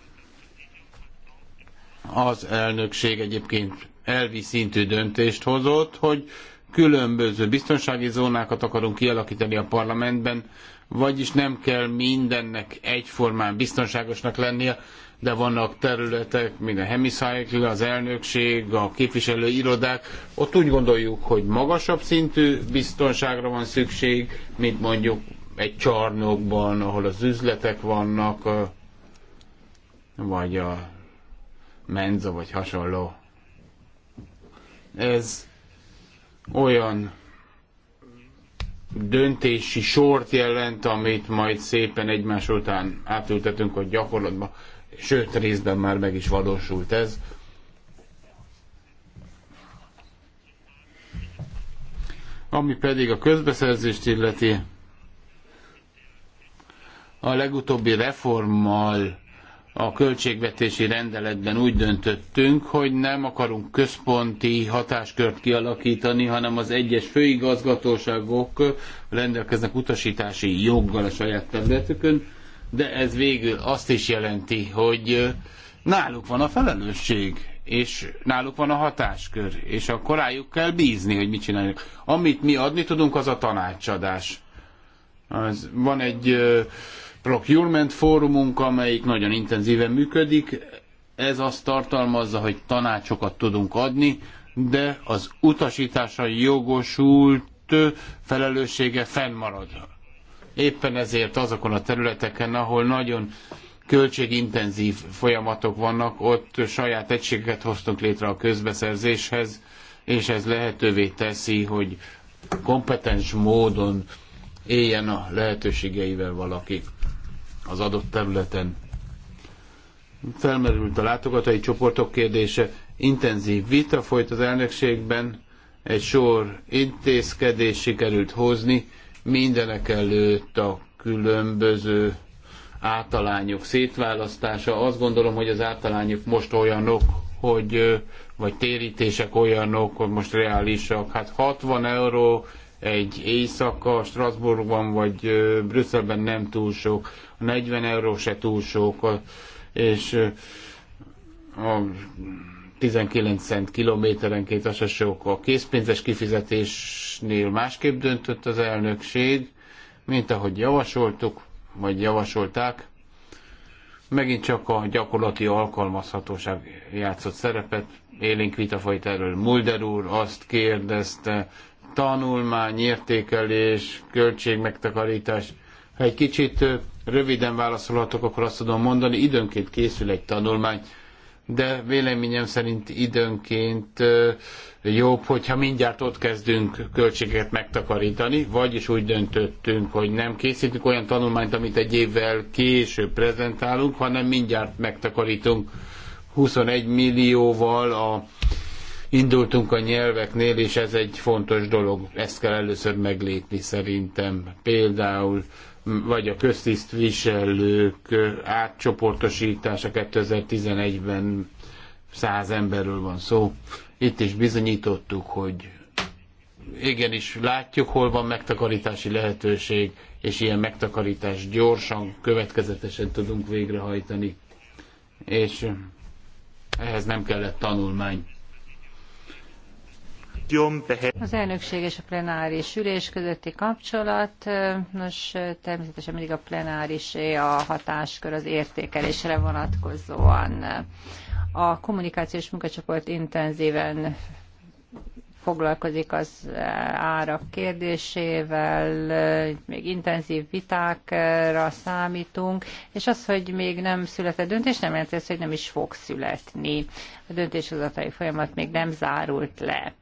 Az elnökség egyébként elvi szintű döntést hozott, hogy különböző biztonsági zónákat akarunk kialakítani a parlamentben, vagyis nem kell mindennek egyformán biztonságosnak lennie, de vannak területek, mint a hemicycle, az elnökség, a képviselői irodák, ott úgy gondoljuk, hogy magasabb szintű biztonságra van szükség, mint mondjuk egy csarnokban, ahol az üzletek vannak, vagy a menza, vagy hasonló. Ez olyan döntési sort jelent, amit majd szépen egymás után átültetünk a gyakorlatba sőt részben már meg is valósult ez. Ami pedig a közbeszerzést illeti, a legutóbbi reformmal a költségvetési rendeletben úgy döntöttünk, hogy nem akarunk központi hatáskört kialakítani, hanem az egyes főigazgatóságok rendelkeznek utasítási joggal a saját területükön, de ez végül azt is jelenti, hogy náluk van a felelősség, és náluk van a hatáskör, és akkor rájuk kell bízni, hogy mit csináljuk. Amit mi adni tudunk, az a tanácsadás. Az, van egy procurement fórumunk, amelyik nagyon intenzíven működik. Ez azt tartalmazza, hogy tanácsokat tudunk adni, de az utasításra jogosult felelőssége fennmarad Éppen ezért azokon a területeken, ahol nagyon költségintenzív folyamatok vannak, ott saját egységeket hoztunk létre a közbeszerzéshez, és ez lehetővé teszi, hogy kompetens módon éljen a lehetőségeivel valaki az adott területen. Felmerült a látogatói csoportok kérdése, intenzív vita folyt az elnökségben, egy sor intézkedés sikerült hozni, Mindenek előtt a különböző általányok szétválasztása. Azt gondolom, hogy az általányok most olyanok, hogy vagy térítések olyanok, hogy most reálisak. Hát 60 euró egy éjszaka Strasbourgban vagy Brüsszelben nem túl sok, 40 euró se túl sok, és a 19 cent kilométerenként, az se sok. A készpénzes kifizetésnél másképp döntött az elnökség, mint ahogy javasoltuk, vagy javasolták. Megint csak a gyakorlati alkalmazhatóság játszott szerepet. Élénk vita folyt erről. Mulder úr azt kérdezte, tanulmány, értékelés, költségmegtakarítás. Ha egy kicsit röviden válaszolhatok, akkor azt tudom mondani, időnként készül egy tanulmány, de véleményem szerint időnként jobb, hogyha mindjárt ott kezdünk költségeket megtakarítani, vagyis úgy döntöttünk, hogy nem készítünk olyan tanulmányt, amit egy évvel később prezentálunk, hanem mindjárt megtakarítunk 21 millióval a indultunk a nyelveknél, és ez egy fontos dolog. Ezt kell először meglépni szerintem. Például vagy a köztisztviselők átcsoportosítása 2011-ben száz emberről van szó. Itt is bizonyítottuk, hogy igenis látjuk, hol van megtakarítási lehetőség, és ilyen megtakarítást gyorsan, következetesen tudunk végrehajtani. És ehhez nem kellett tanulmány. Az elnökség és a plenáris ülés közötti kapcsolat, nos természetesen mindig a plenáris a hatáskör az értékelésre vonatkozóan. A kommunikációs munkacsoport intenzíven foglalkozik az árak kérdésével, még intenzív vitákra számítunk, és az, hogy még nem született döntés, nem jelenti hogy nem is fog születni. A döntéshozatai folyamat még nem zárult le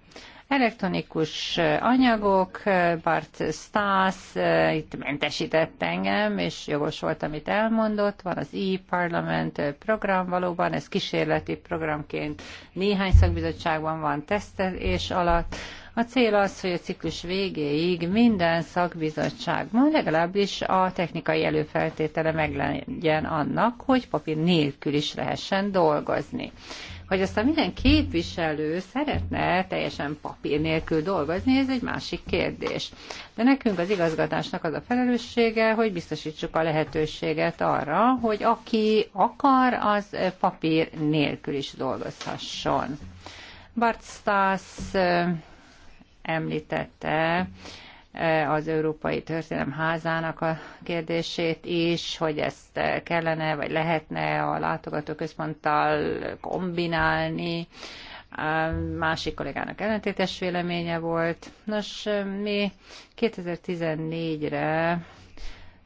elektronikus anyagok, Bart Stas itt mentesített engem, és jogos volt, amit elmondott, van az e-parlament program valóban, ez kísérleti programként néhány szakbizottságban van tesztelés alatt, a cél az, hogy a ciklus végéig minden szakbizottságban legalábbis a technikai előfeltétele meglegyen annak, hogy papír nélkül is lehessen dolgozni. Hogy aztán minden képviselő szeretne teljesen papír nélkül dolgozni, ez egy másik kérdés. De nekünk az igazgatásnak az a felelőssége, hogy biztosítsuk a lehetőséget arra, hogy aki akar, az papír nélkül is dolgozhasson. Bart Stas említette az Európai Történelem Házának a kérdését is, hogy ezt kellene vagy lehetne a látogatóközponttal kombinálni. A másik kollégának ellentétes véleménye volt. Nos, mi 2014-re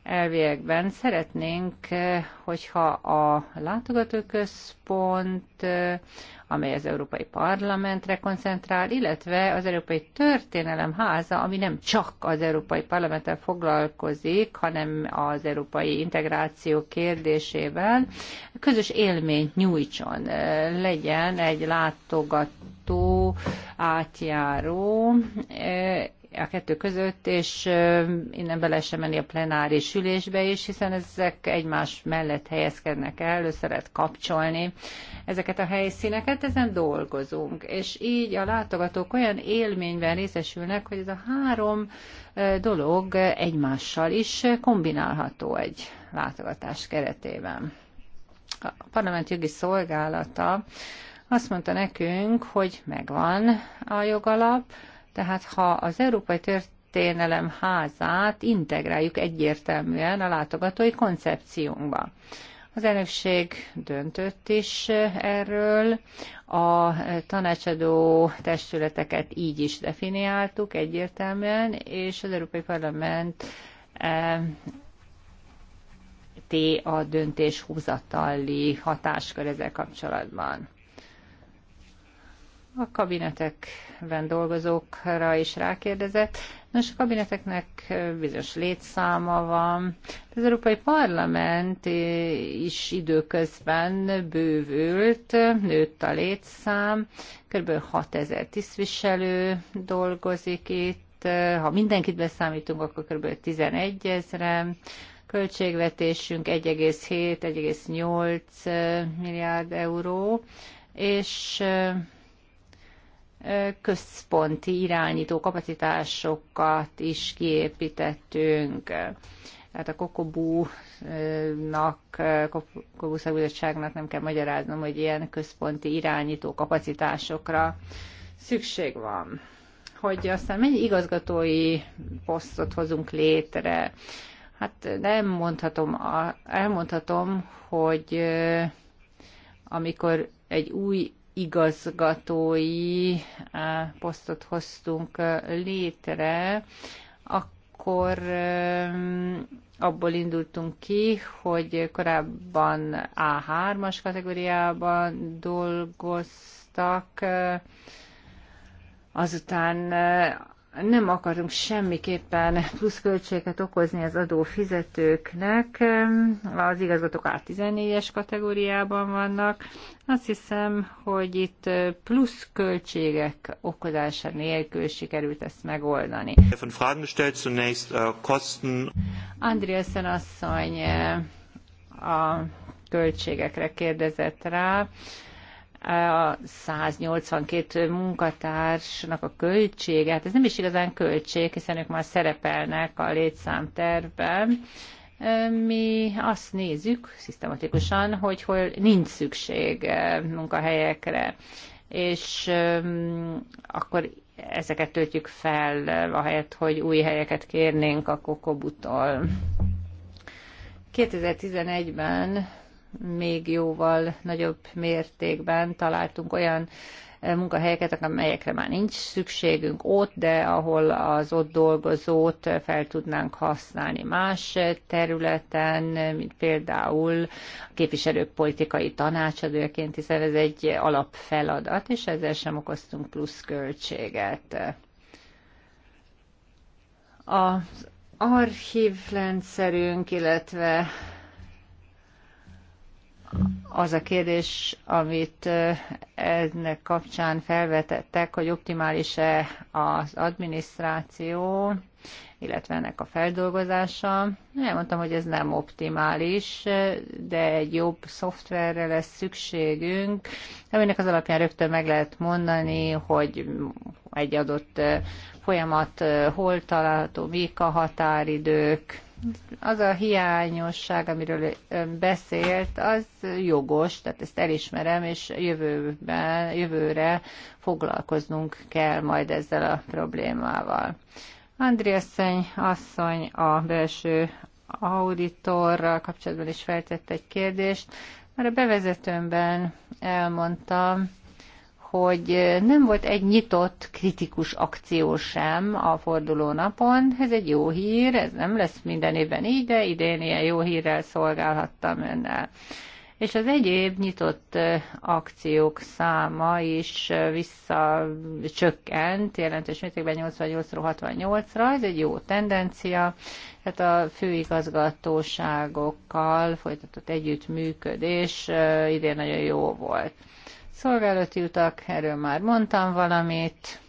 elviekben szeretnénk, hogyha a látogatóközpont amely az Európai Parlamentre koncentrál, illetve az Európai Történelem Háza, ami nem csak az Európai Parlamenttel foglalkozik, hanem az európai integráció kérdésével közös élményt nyújtson, legyen egy látogató átjáró, a kettő között, és innen bele sem menni a plenáris ülésbe is, hiszen ezek egymás mellett helyezkednek el, össze lehet kapcsolni ezeket a helyszíneket, ezen dolgozunk. És így a látogatók olyan élményben részesülnek, hogy ez a három dolog egymással is kombinálható egy látogatás keretében. A parlament jogi szolgálata azt mondta nekünk, hogy megvan a jogalap, tehát ha az Európai Történelem házát integráljuk egyértelműen a látogatói koncepciónkba. Az elnökség döntött is erről, a tanácsadó testületeket így is definiáltuk egyértelműen, és az Európai Parlament e, té a döntéshozatali hatáskör ezzel kapcsolatban. A kabinetek kabinetekben dolgozókra is rákérdezett. Nos, a kabineteknek bizonyos létszáma van. Az Európai Parlament is időközben bővült, nőtt a létszám, kb. 6000 tisztviselő dolgozik itt, ha mindenkit beszámítunk, akkor kb. 11 ezre. költségvetésünk 1,7-1,8 milliárd euró, és központi irányító kapacitásokat is kiépítettünk. Tehát a Kokobú-nak, Kokobú szakbizottságnak nem kell magyaráznom, hogy ilyen központi irányító kapacitásokra szükség van. Hogy aztán mennyi igazgatói posztot hozunk létre, hát nem mondhatom, elmondhatom, hogy amikor egy új igazgatói eh, posztot hoztunk eh, létre, akkor eh, abból indultunk ki, hogy korábban A3-as kategóriában dolgoztak, azután nem akarunk semmiképpen pluszköltséget okozni az adófizetőknek. Az igazgatók A14-es kategóriában vannak. Azt hiszem, hogy itt plusz költségek okozása nélkül sikerült ezt megoldani. Von Fragen äh, asszony äh, a költségekre kérdezett rá a 182 munkatársnak a költsége, hát ez nem is igazán költség, hiszen ők már szerepelnek a létszámtervben. Mi azt nézzük szisztematikusan, hogy hol nincs szükség munkahelyekre, és akkor ezeket töltjük fel, ahelyett, hogy új helyeket kérnénk a kokobutól. 2011-ben még jóval nagyobb mértékben találtunk olyan eh, munkahelyeket, amelyekre már nincs szükségünk ott, de ahol az ott dolgozót eh, fel tudnánk használni más eh, területen, mint például a képviselők politikai tanácsadójaként, hiszen ez egy alapfeladat, és ezzel sem okoztunk plusz költséget. Az archívrendszerünk, illetve az a kérdés, amit ennek kapcsán felvetettek, hogy optimális-e az adminisztráció, illetve ennek a feldolgozása. Elmondtam, hogy ez nem optimális, de egy jobb szoftverre lesz szükségünk, aminek az alapján rögtön meg lehet mondani, hogy egy adott folyamat hol található, mik a határidők, az a hiányosság, amiről ön beszélt, az jogos, tehát ezt elismerem, és jövőben, jövőre foglalkoznunk kell majd ezzel a problémával. Andriasszony asszony a belső auditorral kapcsolatban is feltett egy kérdést, mert a bevezetőmben elmondtam, hogy nem volt egy nyitott kritikus akció sem a fordulónapon. Ez egy jó hír, ez nem lesz minden évben így, de idén ilyen jó hírrel szolgálhattam önnel. És az egyéb nyitott akciók száma is visszacsökkent, jelentős mértékben 88 68-ra, ez egy jó tendencia. Hát a főigazgatóságokkal folytatott együttműködés idén nagyon jó volt szolgálati utak, erről már mondtam valamit.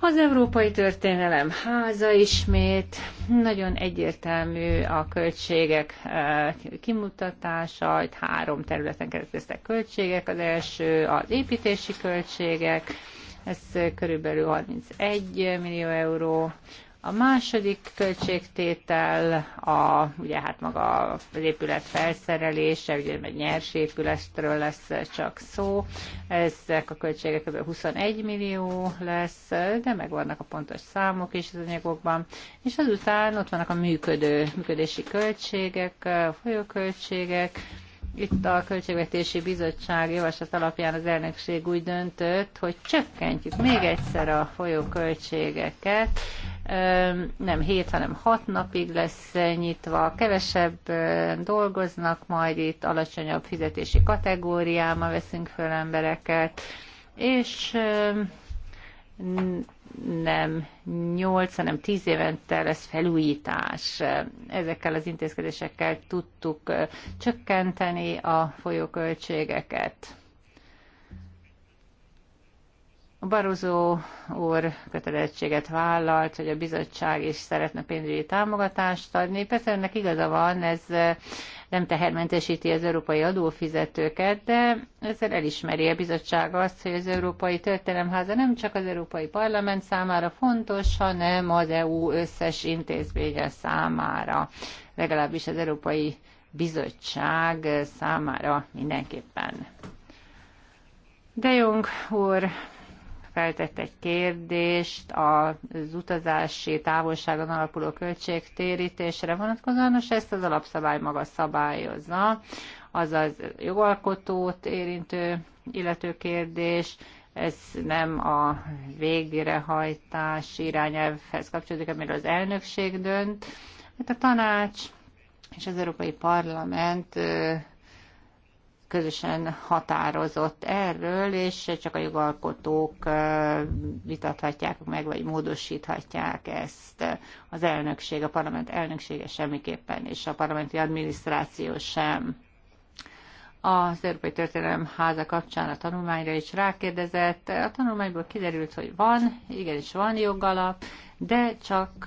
Az Európai Történelem háza ismét, nagyon egyértelmű a költségek eh, kimutatása, itt három területen keresztül költségek, az első az építési költségek, ez körülbelül 31 millió euró, a második költségtétel a, ugye hát maga az épület felszerelése, ugye egy nyers épületről lesz csak szó. Ezek a költségek kb. 21 millió lesz, de megvannak a pontos számok is az anyagokban. És azután ott vannak a működő, működési költségek, folyóköltségek, itt a Költségvetési Bizottság javaslat alapján az elnökség úgy döntött, hogy csökkentjük még egyszer a folyóköltségeket nem hét, hanem hat napig lesz nyitva, kevesebb dolgoznak, majd itt alacsonyabb fizetési kategóriáma veszünk föl embereket, és nem 8, hanem 10 évente lesz felújítás. Ezekkel az intézkedésekkel tudtuk csökkenteni a folyóköltségeket. A Barozó úr kötelezettséget vállalt, hogy a bizottság is szeretne pénzügyi támogatást adni. Persze ennek igaza van, ez eh, nem tehermentesíti az európai adófizetőket, de ezzel elismeri a bizottság azt, hogy az Európai Történelemháza nem csak az Európai Parlament számára fontos, hanem az EU összes intézménye számára, legalábbis az Európai Bizottság számára mindenképpen. De Jung úr feltett egy kérdést az utazási távolságon alapuló költségtérítésre vonatkozóan, és ezt az alapszabály maga szabályozza, azaz jogalkotót érintő illető kérdés, ez nem a végrehajtás irányelvhez kapcsolódik, amiről az elnökség dönt, mert hát a tanács és az Európai Parlament közösen határozott erről, és csak a jogalkotók vitathatják meg, vagy módosíthatják ezt. Az elnökség, a parlament elnöksége semmiképpen, és a parlamenti adminisztráció sem az Európai Történelem Háza kapcsán a tanulmányra is rákérdezett. A tanulmányból kiderült, hogy van, igenis van jogalap, de csak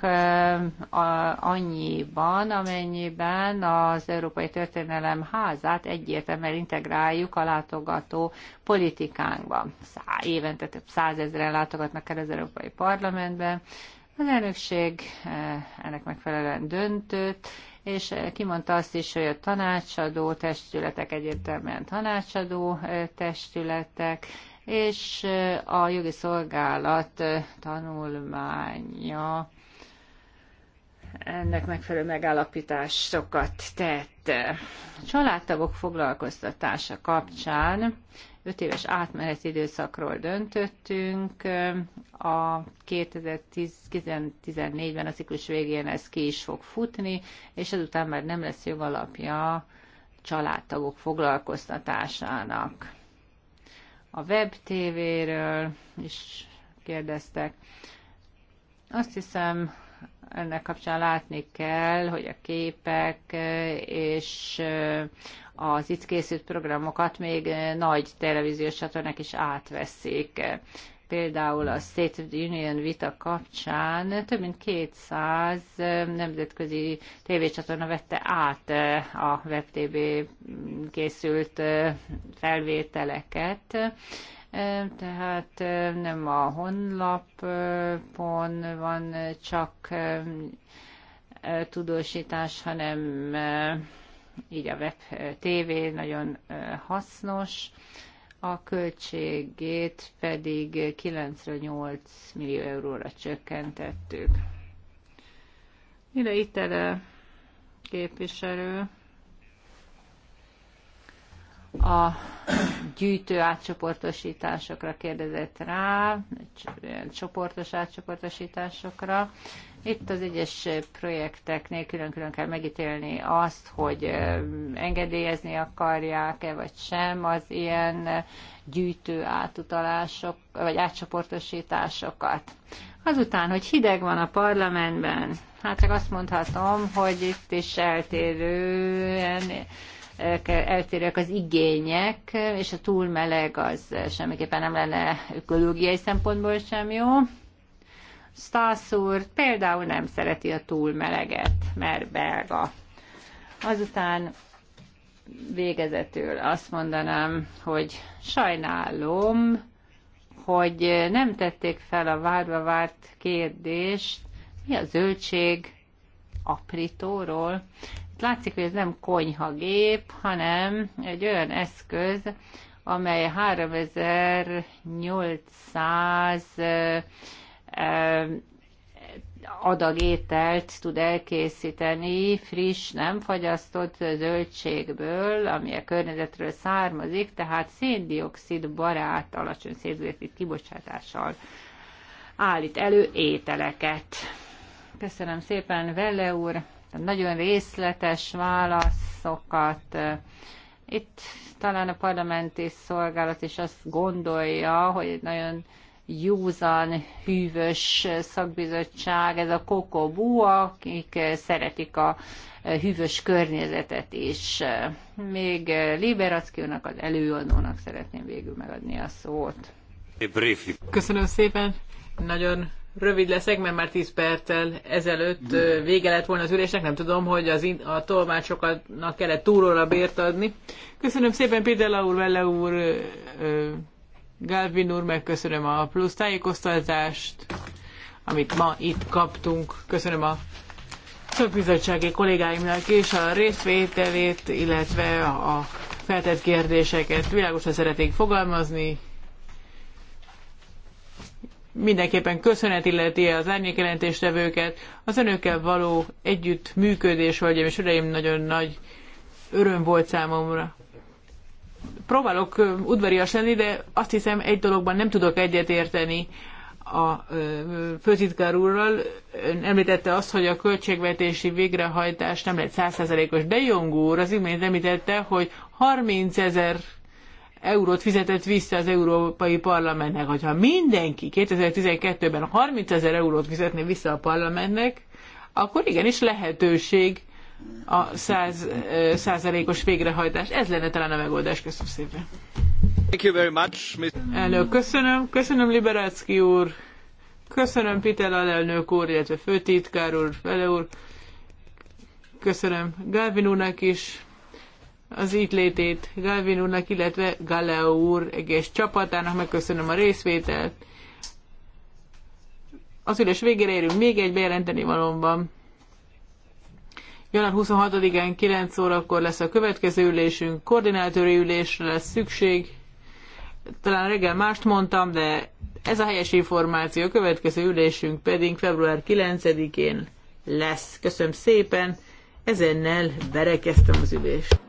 annyiban, amennyiben az Európai Történelem házát egyértelműen integráljuk a látogató politikánkba. Szá, évente több százezren látogatnak el az Európai Parlamentbe. Az elnökség ennek megfelelően döntött, és kimondta azt is, hogy a tanácsadó testületek egyértelműen tanácsadó testületek, és a jogi szolgálat tanulmánya ennek megfelelő megállapításokat tett. Családtagok foglalkoztatása kapcsán 5 éves átmeneti időszakról döntöttünk. A 2014-ben a ciklus végén ez ki is fog futni, és ezután már nem lesz jogalapja családtagok foglalkoztatásának a web tévéről is kérdeztek. Azt hiszem, ennek kapcsán látni kell, hogy a képek és az itt készült programokat még nagy televíziós csatornák is átveszik például a State of the Union vita kapcsán több mint 200 eh, nemzetközi tévécsatorna vette át eh, a WebTV készült eh, felvételeket, tehát nem a honlapon van csak tudósítás, hanem így a web TV nagyon hasznos a költségét pedig 9-8 millió euróra csökkentettük. Mire itt el képviselő a gyűjtő átcsoportosításokra kérdezett rá, csoportos átcsoportosításokra. Itt az egyes projekteknél külön-külön kell megítélni azt, hogy engedélyezni akarják-e vagy sem az ilyen gyűjtő átutalások vagy átcsoportosításokat. Azután, hogy hideg van a parlamentben, hát csak azt mondhatom, hogy itt is eltérően eltérőek az igények, és a túl meleg az semmiképpen nem lenne ökológiai szempontból sem jó. Stász úr például nem szereti a túl meleget, mert belga. Azután végezetül azt mondanám, hogy sajnálom, hogy nem tették fel a várva várt kérdést, mi a zöldség aprítóról. Itt látszik, hogy ez nem konyhagép, hanem egy olyan eszköz, amely 3800 Eh, adag ételt tud elkészíteni friss, nem fagyasztott zöldségből, ami a környezetről származik, tehát széndiokszid barát, alacsony széndiokszid kibocsátással állít elő ételeket. Köszönöm szépen, Velle úr, nagyon részletes válaszokat. Itt talán a parlamenti szolgálat is azt gondolja, hogy nagyon józan, hűvös szakbizottság, ez a koko akik szeretik a hűvös környezetet is. Még Liberackiónak, az előadónak szeretném végül megadni a szót. Köszönöm szépen, nagyon rövid leszek, mert már 10 perccel ezelőtt vége lett volna az ülésnek, nem tudom, hogy az in- a tolmácsokatnak kellett a bért adni. Köszönöm szépen Péter Laur, Velle úr, Galvin úr, megköszönöm a plusz tájékoztatást, amit ma itt kaptunk. Köszönöm a szakbizottsági kollégáimnak is a részvételét, illetve a feltett kérdéseket. Világosan szeretnék fogalmazni. Mindenképpen köszönet illeti az árnyékjelentéstevőket. Az önökkel való együttműködés, hogy és uraim, nagyon nagy öröm volt számomra próbálok udvarias lenni, de azt hiszem egy dologban nem tudok egyetérteni a főtitkár úrral. Ön említette azt, hogy a költségvetési végrehajtás nem lett százszerzelékos. De Jong úr az imént említette, hogy 30 ezer eurót fizetett vissza az Európai Parlamentnek. Hogyha mindenki 2012-ben 30 ezer eurót fizetné vissza a parlamentnek, akkor igenis lehetőség a száz, százalékos végrehajtás. Ez lenne talán a megoldás. Köszönöm szépen. Thank you very much, Elnök, köszönöm. Köszönöm, Liberácki úr. Köszönöm, Pitel alelnök úr, illetve főtitkár úr, fele úr. Köszönöm Galvin úrnak is az itt létét, Galvin úrnak, illetve Galeo úr egész csapatának megköszönöm a részvételt. Az ülés végére érünk még egy bejelenteni valóban. Január 26-án 9 órakor lesz a következő ülésünk, koordinátori ülésre lesz szükség. Talán reggel mást mondtam, de ez a helyes információ. A következő ülésünk pedig február 9-én lesz. Köszönöm szépen, ezennel berekeztem az ülést.